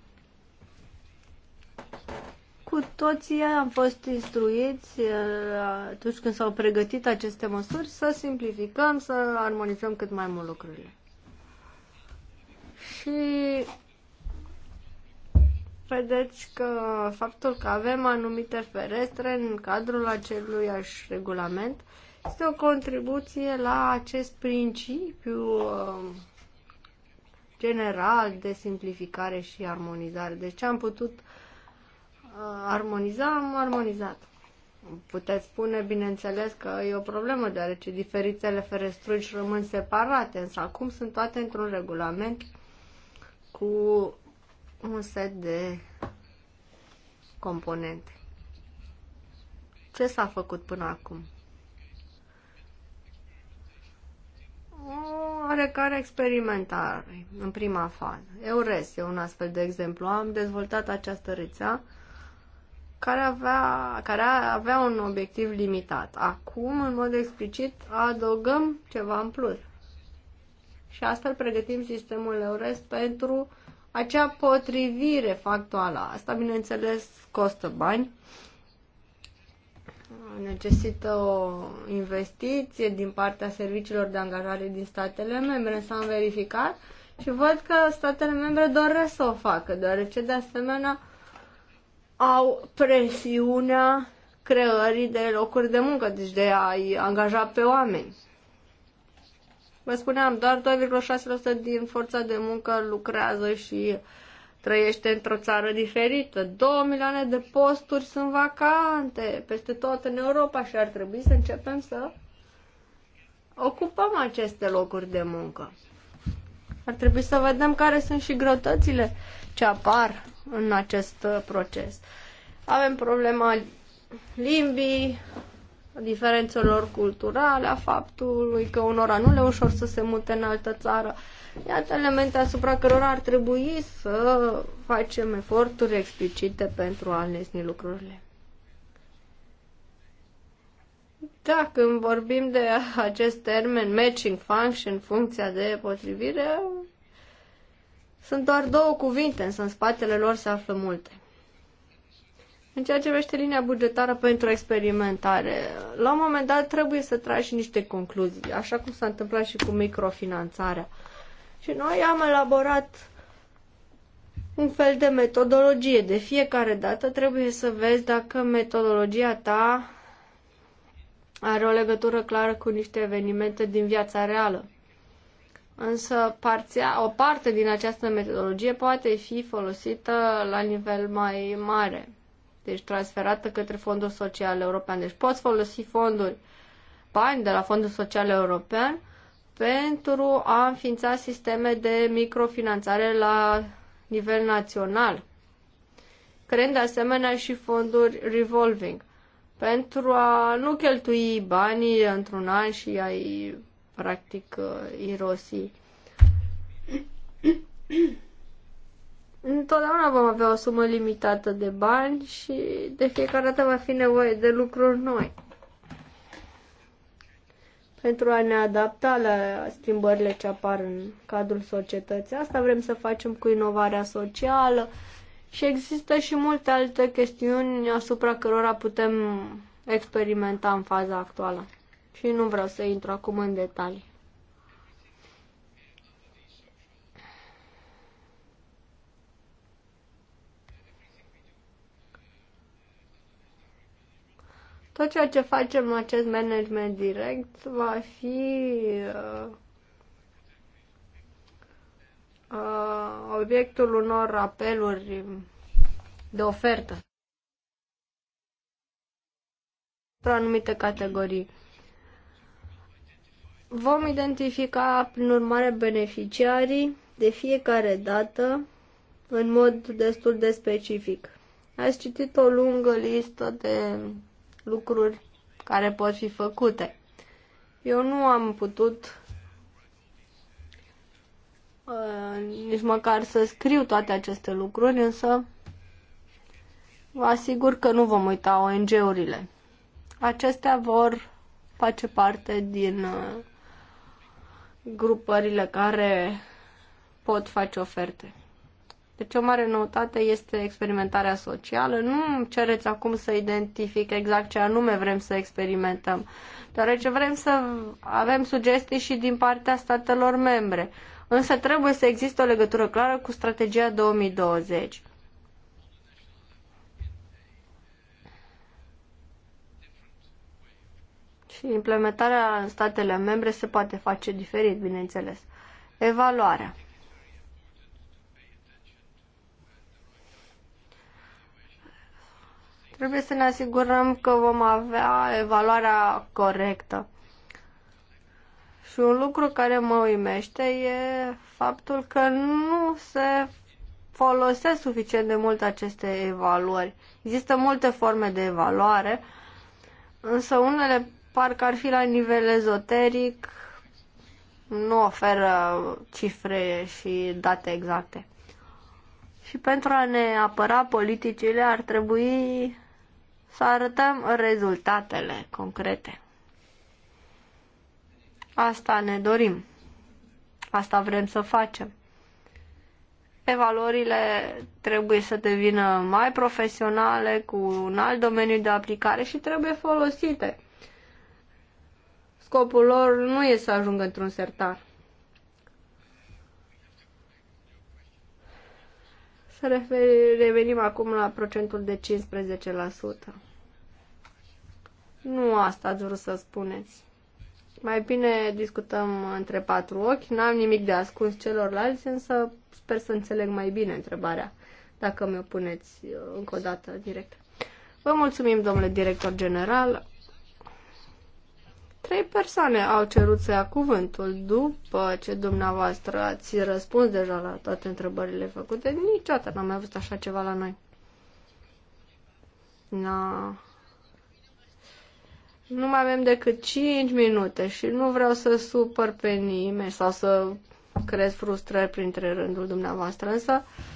Cu toții am fost instruiți uh, atunci când s-au pregătit aceste măsuri să simplificăm, să armonizăm cât mai mult lucrurile. Și vedeți că faptul că avem anumite ferestre în cadrul acelui regulament este o contribuție la acest principiu uh, general de simplificare și armonizare. Deci am putut Uh, armoniza, am armonizat. Puteți spune, bineînțeles, că e o problemă, deoarece diferitele ferestruci rămân separate, însă acum sunt toate într-un regulament cu un set de componente. Ce s-a făcut până acum? O oarecare experimentare în prima fază. EURES e un astfel de exemplu. Am dezvoltat această rețea care avea, care avea un obiectiv limitat. Acum, în mod explicit, adăugăm ceva în plus. Și astfel pregătim sistemul EURES pentru acea potrivire factuală. Asta, bineînțeles, costă bani, necesită o investiție din partea serviciilor de angajare din statele membre. s a verificat și văd că statele membre doresc să o facă, deoarece, de asemenea, au presiunea creării de locuri de muncă, deci de a-i angaja pe oameni. Vă spuneam, doar 2,6% din forța de muncă lucrează și trăiește într-o țară diferită. 2 milioane de posturi sunt vacante peste tot în Europa și ar trebui să începem să ocupăm aceste locuri de muncă. Ar trebui să vedem care sunt și grătățile ce apar în acest uh, proces. Avem problema limbii, diferențelor culturale, a faptului că unora nu le ușor să se mute în altă țară. Iată elemente asupra cărora ar trebui să facem eforturi explicite pentru a lesni lucrurile. Da, când vorbim de acest termen matching function, funcția de potrivire, sunt doar două cuvinte, însă în spatele lor se află multe. În ceea ce vește linia bugetară pentru experimentare, la un moment dat trebuie să tragi niște concluzii, așa cum s-a întâmplat și cu microfinanțarea. Și noi am elaborat un fel de metodologie. De fiecare dată trebuie să vezi dacă metodologia ta are o legătură clară cu niște evenimente din viața reală însă parția, o parte din această metodologie poate fi folosită la nivel mai mare, deci transferată către Fondul Social European. Deci poți folosi fonduri, bani de la Fondul Social European pentru a înființa sisteme de microfinanțare la nivel național, creând de asemenea și fonduri revolving, pentru a nu cheltui banii într-un an și a-i practic uh, irosi. Întotdeauna vom avea o sumă limitată de bani și de fiecare dată va fi nevoie de lucruri noi pentru a ne adapta la schimbările ce apar în cadrul societății. Asta vrem să facem cu inovarea socială și există și multe alte chestiuni asupra cărora putem experimenta în faza actuală și nu vreau să intru acum în detalii. Tot ceea ce facem în acest management direct va fi uh, uh, obiectul unor apeluri de ofertă pentru anumite categorii. Vom identifica, prin urmare, beneficiarii de fiecare dată în mod destul de specific. Ați citit o lungă listă de lucruri care pot fi făcute. Eu nu am putut uh, nici măcar să scriu toate aceste lucruri, însă vă asigur că nu vom uita ONG-urile. Acestea vor face parte din uh, grupările care pot face oferte. Deci o mare noutate este experimentarea socială. Nu cereți acum să identific exact ce anume vrem să experimentăm, deoarece vrem să avem sugestii și din partea statelor membre. Însă trebuie să existe o legătură clară cu strategia 2020. Și implementarea în statele membre se poate face diferit, bineînțeles. Evaluarea. Trebuie să ne asigurăm că vom avea evaluarea corectă. Și un lucru care mă uimește e faptul că nu se folosesc suficient de mult aceste evaluări. Există multe forme de evaluare, însă unele parcă ar fi la nivel ezoteric, nu oferă cifre și date exacte. Și pentru a ne apăra politicile ar trebui să arătăm rezultatele concrete. Asta ne dorim. Asta vrem să facem. Evaluările trebuie să devină mai profesionale, cu un alt domeniu de aplicare și trebuie folosite Scopul lor nu e să ajungă într-un sertar. Să revenim acum la procentul de 15%. Nu asta ați vrut să spuneți. Mai bine discutăm între patru ochi, n-am nimic de ascuns celorlalți, însă sper să înțeleg mai bine întrebarea, dacă mi-o puneți uh, încă o dată direct. Vă mulțumim, domnule director general. Trei persoane au cerut să ia cuvântul după ce dumneavoastră ați răspuns deja la toate întrebările făcute. Niciodată n-am mai văzut așa ceva la noi. Na. Nu mai avem decât 5 minute și nu vreau să supăr pe nimeni sau să crez frustrări printre rândul dumneavoastră, însă uh,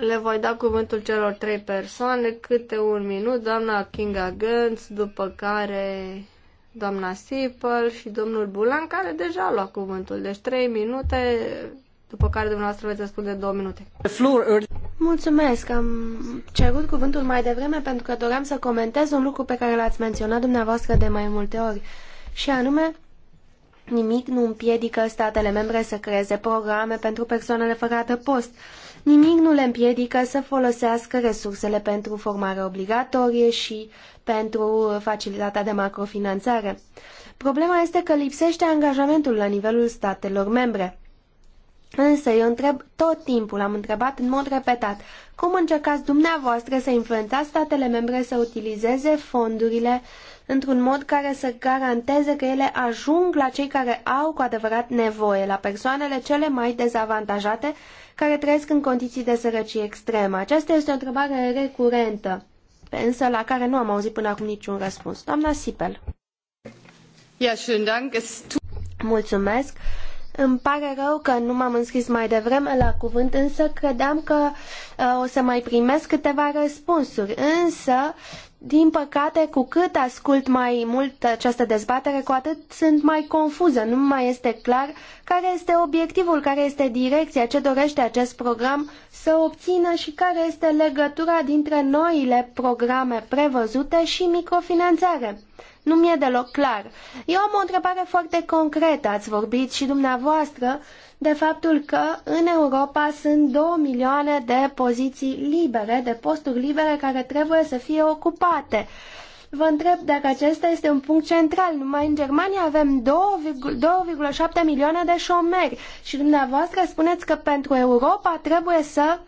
le voi da cuvântul celor trei persoane, câte un minut, doamna Kinga Gantz, după care doamna Sipel și domnul Bulan, care deja a luat cuvântul. Deci trei minute, după care dumneavoastră veți răspunde două minute. Mulțumesc, am cerut cuvântul mai devreme pentru că doream să comentez un lucru pe care l-ați menționat dumneavoastră de mai multe ori, și anume nimic nu împiedică statele membre să creeze programe pentru persoanele fără adăpost. post nimic nu le împiedică să folosească resursele pentru formare obligatorie și pentru facilitatea de macrofinanțare. Problema este că lipsește angajamentul la nivelul statelor membre. Însă eu întreb tot timpul, am întrebat în mod repetat, cum încercați dumneavoastră să influențați statele membre să utilizeze fondurile într-un mod care să garanteze că ele ajung la cei care au cu adevărat nevoie, la persoanele cele mai dezavantajate care trăiesc în condiții de sărăcie extremă? Aceasta este o întrebare recurentă, însă la care nu am auzit până acum niciun răspuns. Doamna Sipel. Ja, schön dank. Mulțumesc. Îmi pare rău că nu m-am înscris mai devreme la cuvânt, însă credeam că uh, o să mai primesc câteva răspunsuri. Însă din păcate, cu cât ascult mai mult această dezbatere, cu atât sunt mai confuză. Nu mai este clar care este obiectivul, care este direcția, ce dorește acest program să obțină și care este legătura dintre noile programe prevăzute și microfinanțare. Nu mi-e deloc clar. Eu am o întrebare foarte concretă. Ați vorbit și dumneavoastră de faptul că în Europa sunt 2 milioane de poziții libere, de posturi libere care trebuie să fie ocupate. Vă întreb dacă acesta este un punct central. Numai în Germania avem 2,7 milioane de șomeri și dumneavoastră spuneți că pentru Europa trebuie să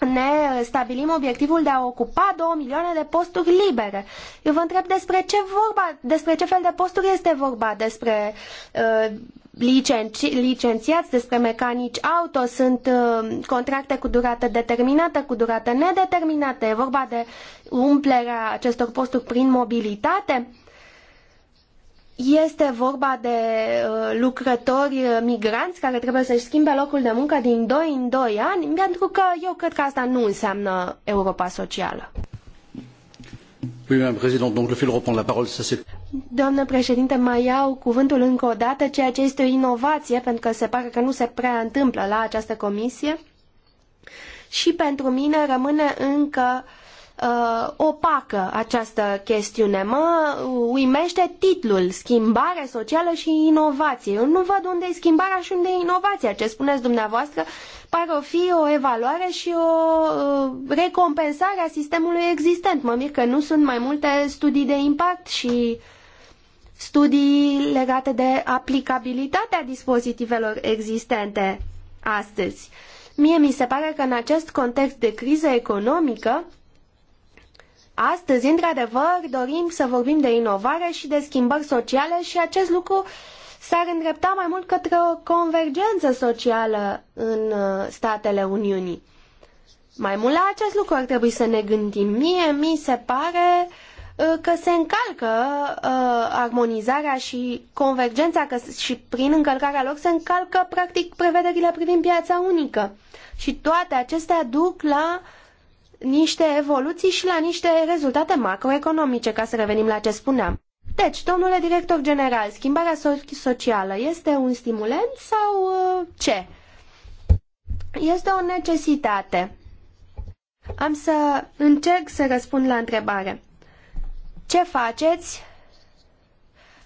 ne stabilim obiectivul de a ocupa 2 milioane de posturi libere. Eu vă întreb despre ce vorba, despre ce fel de posturi este vorba, despre uh, licenci, licențiați, despre mecanici auto, sunt uh, contracte cu durată determinată, cu durată nedeterminată, e vorba de umplerea acestor posturi prin mobilitate. Este vorba de uh, lucrători uh, migranți care trebuie să-și schimbe locul de muncă din doi în doi ani, pentru că eu cred că asta nu înseamnă Europa socială. Doamnă președinte, mai iau cuvântul încă o dată, ceea ce este o inovație, pentru că se pare că nu se prea întâmplă la această comisie. Și pentru mine rămâne încă uh, uh, opacă această chestiune. Mă uimește titlul, schimbare socială și inovație. Eu nu văd unde e schimbarea și unde e inovația. Ce spuneți dumneavoastră pare o fi o evaluare și o uh, recompensare a sistemului existent. Mă mir că nu sunt mai multe studii de impact și studii legate de aplicabilitatea dispozitivelor existente astăzi. Mie mi se pare că în acest context de criză economică, Astăzi, într-adevăr, dorim să vorbim de inovare și de schimbări sociale și acest lucru s-ar îndrepta mai mult către o convergență socială în uh, statele Uniunii. Mai mult la acest lucru ar trebui să ne gândim. Mie mi se pare uh, că se încalcă uh, armonizarea și convergența că, și prin încălcarea lor se încalcă practic prevederile privind piața unică. Și toate acestea duc la uh, niște evoluții și la niște rezultate macroeconomice, ca să revenim la ce spuneam. Deci, domnule director general, schimbarea socială este un stimulent sau uh, ce? Este o necesitate. Am să încerc să răspund la întrebare. Ce faceți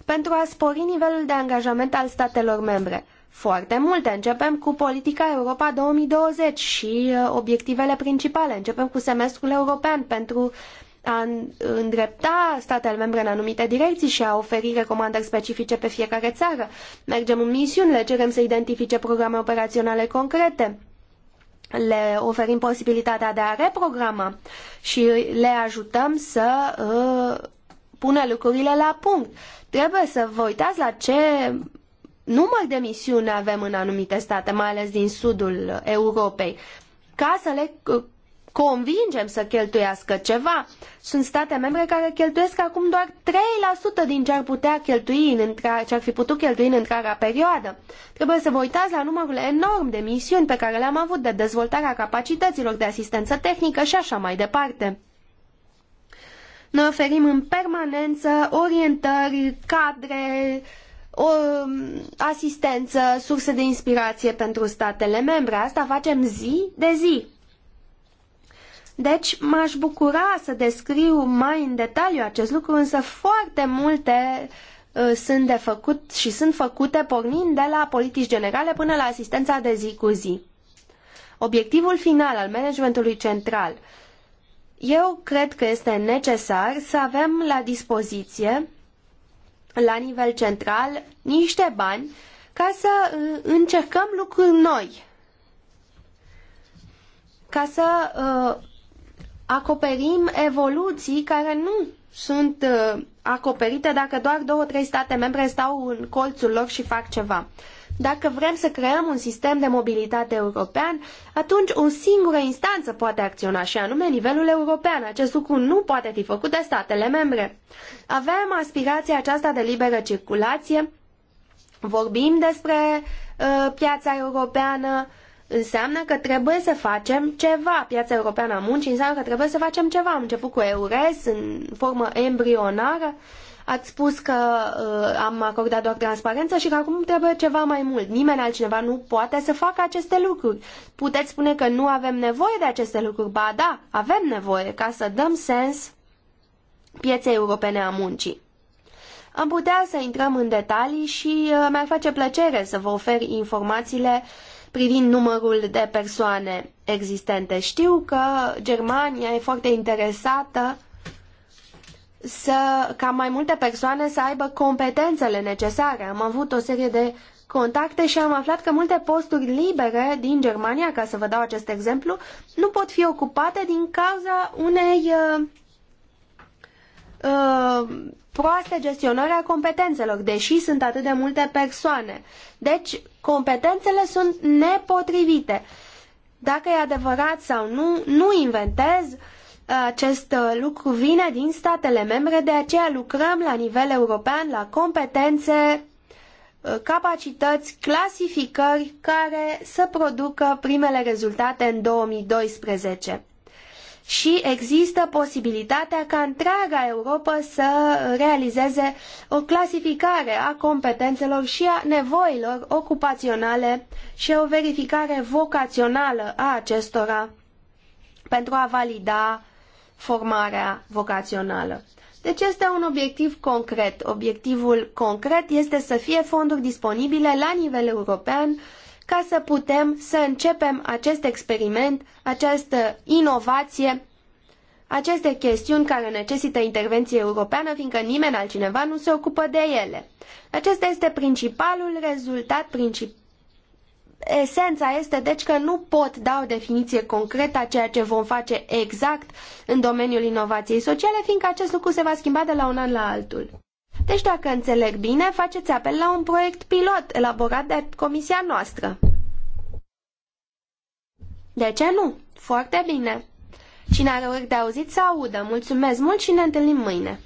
pentru a spori nivelul de angajament al statelor membre? foarte multe. Începem cu politica Europa 2020 și uh, obiectivele principale. Începem cu semestrul european pentru a îndrepta statele membre în anumite direcții și a oferi recomandări specifice pe fiecare țară. Mergem în misiuni, cerem să identifice programe operaționale concrete le oferim posibilitatea de a reprograma și le ajutăm să uh, pună lucrurile la punct. Trebuie să vă uitați la ce număr de misiuni avem în anumite state, mai ales din sudul Europei, ca să le uh, convingem să cheltuiască ceva. Sunt state membre care cheltuiesc acum doar 3% din ce ar putea cheltui, în ce ar fi putut cheltui în întreaga perioadă. Trebuie să vă uitați la numărul enorm de misiuni pe care le-am avut de dezvoltarea capacităților de asistență tehnică și așa mai departe. Noi oferim în permanență orientări, cadre, o asistență, surse de inspirație pentru statele membre. Asta facem zi de zi. Deci m-aș bucura să descriu mai în detaliu acest lucru, însă foarte multe uh, sunt de făcut și sunt făcute pornind de la politici generale până la asistența de zi cu zi. Obiectivul final al managementului central. Eu cred că este necesar să avem la dispoziție la nivel central niște bani ca să uh, încercăm lucruri noi, ca să uh, acoperim evoluții care nu sunt uh, acoperite dacă doar două, trei state membre stau în colțul lor și fac ceva. Uh, dacă vrem să creăm un sistem de mobilitate european, atunci o singură instanță poate acționa și anume nivelul european. Acest lucru nu poate fi făcut de statele membre. Avem aspirația aceasta de liberă circulație, vorbim despre uh, piața europeană, înseamnă că trebuie să facem ceva. Piața europeană a muncii înseamnă că trebuie să facem ceva. Am început cu EURES în formă embrionară. Uh, Ați spus că uh, am acordat doar transparență și că acum trebuie ceva mai mult. Nimeni altcineva nu poate să facă aceste lucruri. Puteți spune că nu avem nevoie de aceste lucruri. Ba da, avem nevoie ca să dăm sens pieței europene a muncii. Am putea să intrăm în detalii și uh, mi-ar face plăcere să vă ofer informațiile privind numărul de persoane existente. Știu că Germania e foarte interesată uh, să, ca mai multe persoane să aibă competențele necesare. Am avut o serie de contacte și am aflat că multe posturi libere din Germania, ca să vă dau acest exemplu, nu pot fi ocupate din cauza unei uh, uh, proaste gestionări a competențelor, deși sunt atât de multe persoane. Deci, competențele sunt nepotrivite. Dacă e adevărat sau nu, nu inventez, uh, acest uh, lucru vine din statele membre, de aceea lucrăm la nivel european la competențe, uh, capacități, clasificări care să producă primele rezultate în 2012 și există posibilitatea ca întreaga Europa să realizeze o clasificare a competențelor și a nevoilor ocupaționale și o verificare vocațională a acestora pentru a valida formarea vocațională. Deci este un obiectiv concret. Obiectivul concret este să fie fonduri disponibile la nivel european ca să putem să începem acest experiment, această inovație, aceste chestiuni care necesită intervenție europeană, fiindcă nimeni altcineva nu se ocupă de ele. Acesta este principalul rezultat, principal. Esența este deci că nu pot da o definiție concretă a ceea ce vom face exact în domeniul inovației sociale, fiindcă acest lucru se va schimba de la un an la altul. Deci, dacă înțeleg bine, faceți apel la un proiect pilot elaborat de comisia noastră. De ce nu? Foarte bine. Cine are ori de auzit să audă. Mulțumesc mult și ne întâlnim mâine.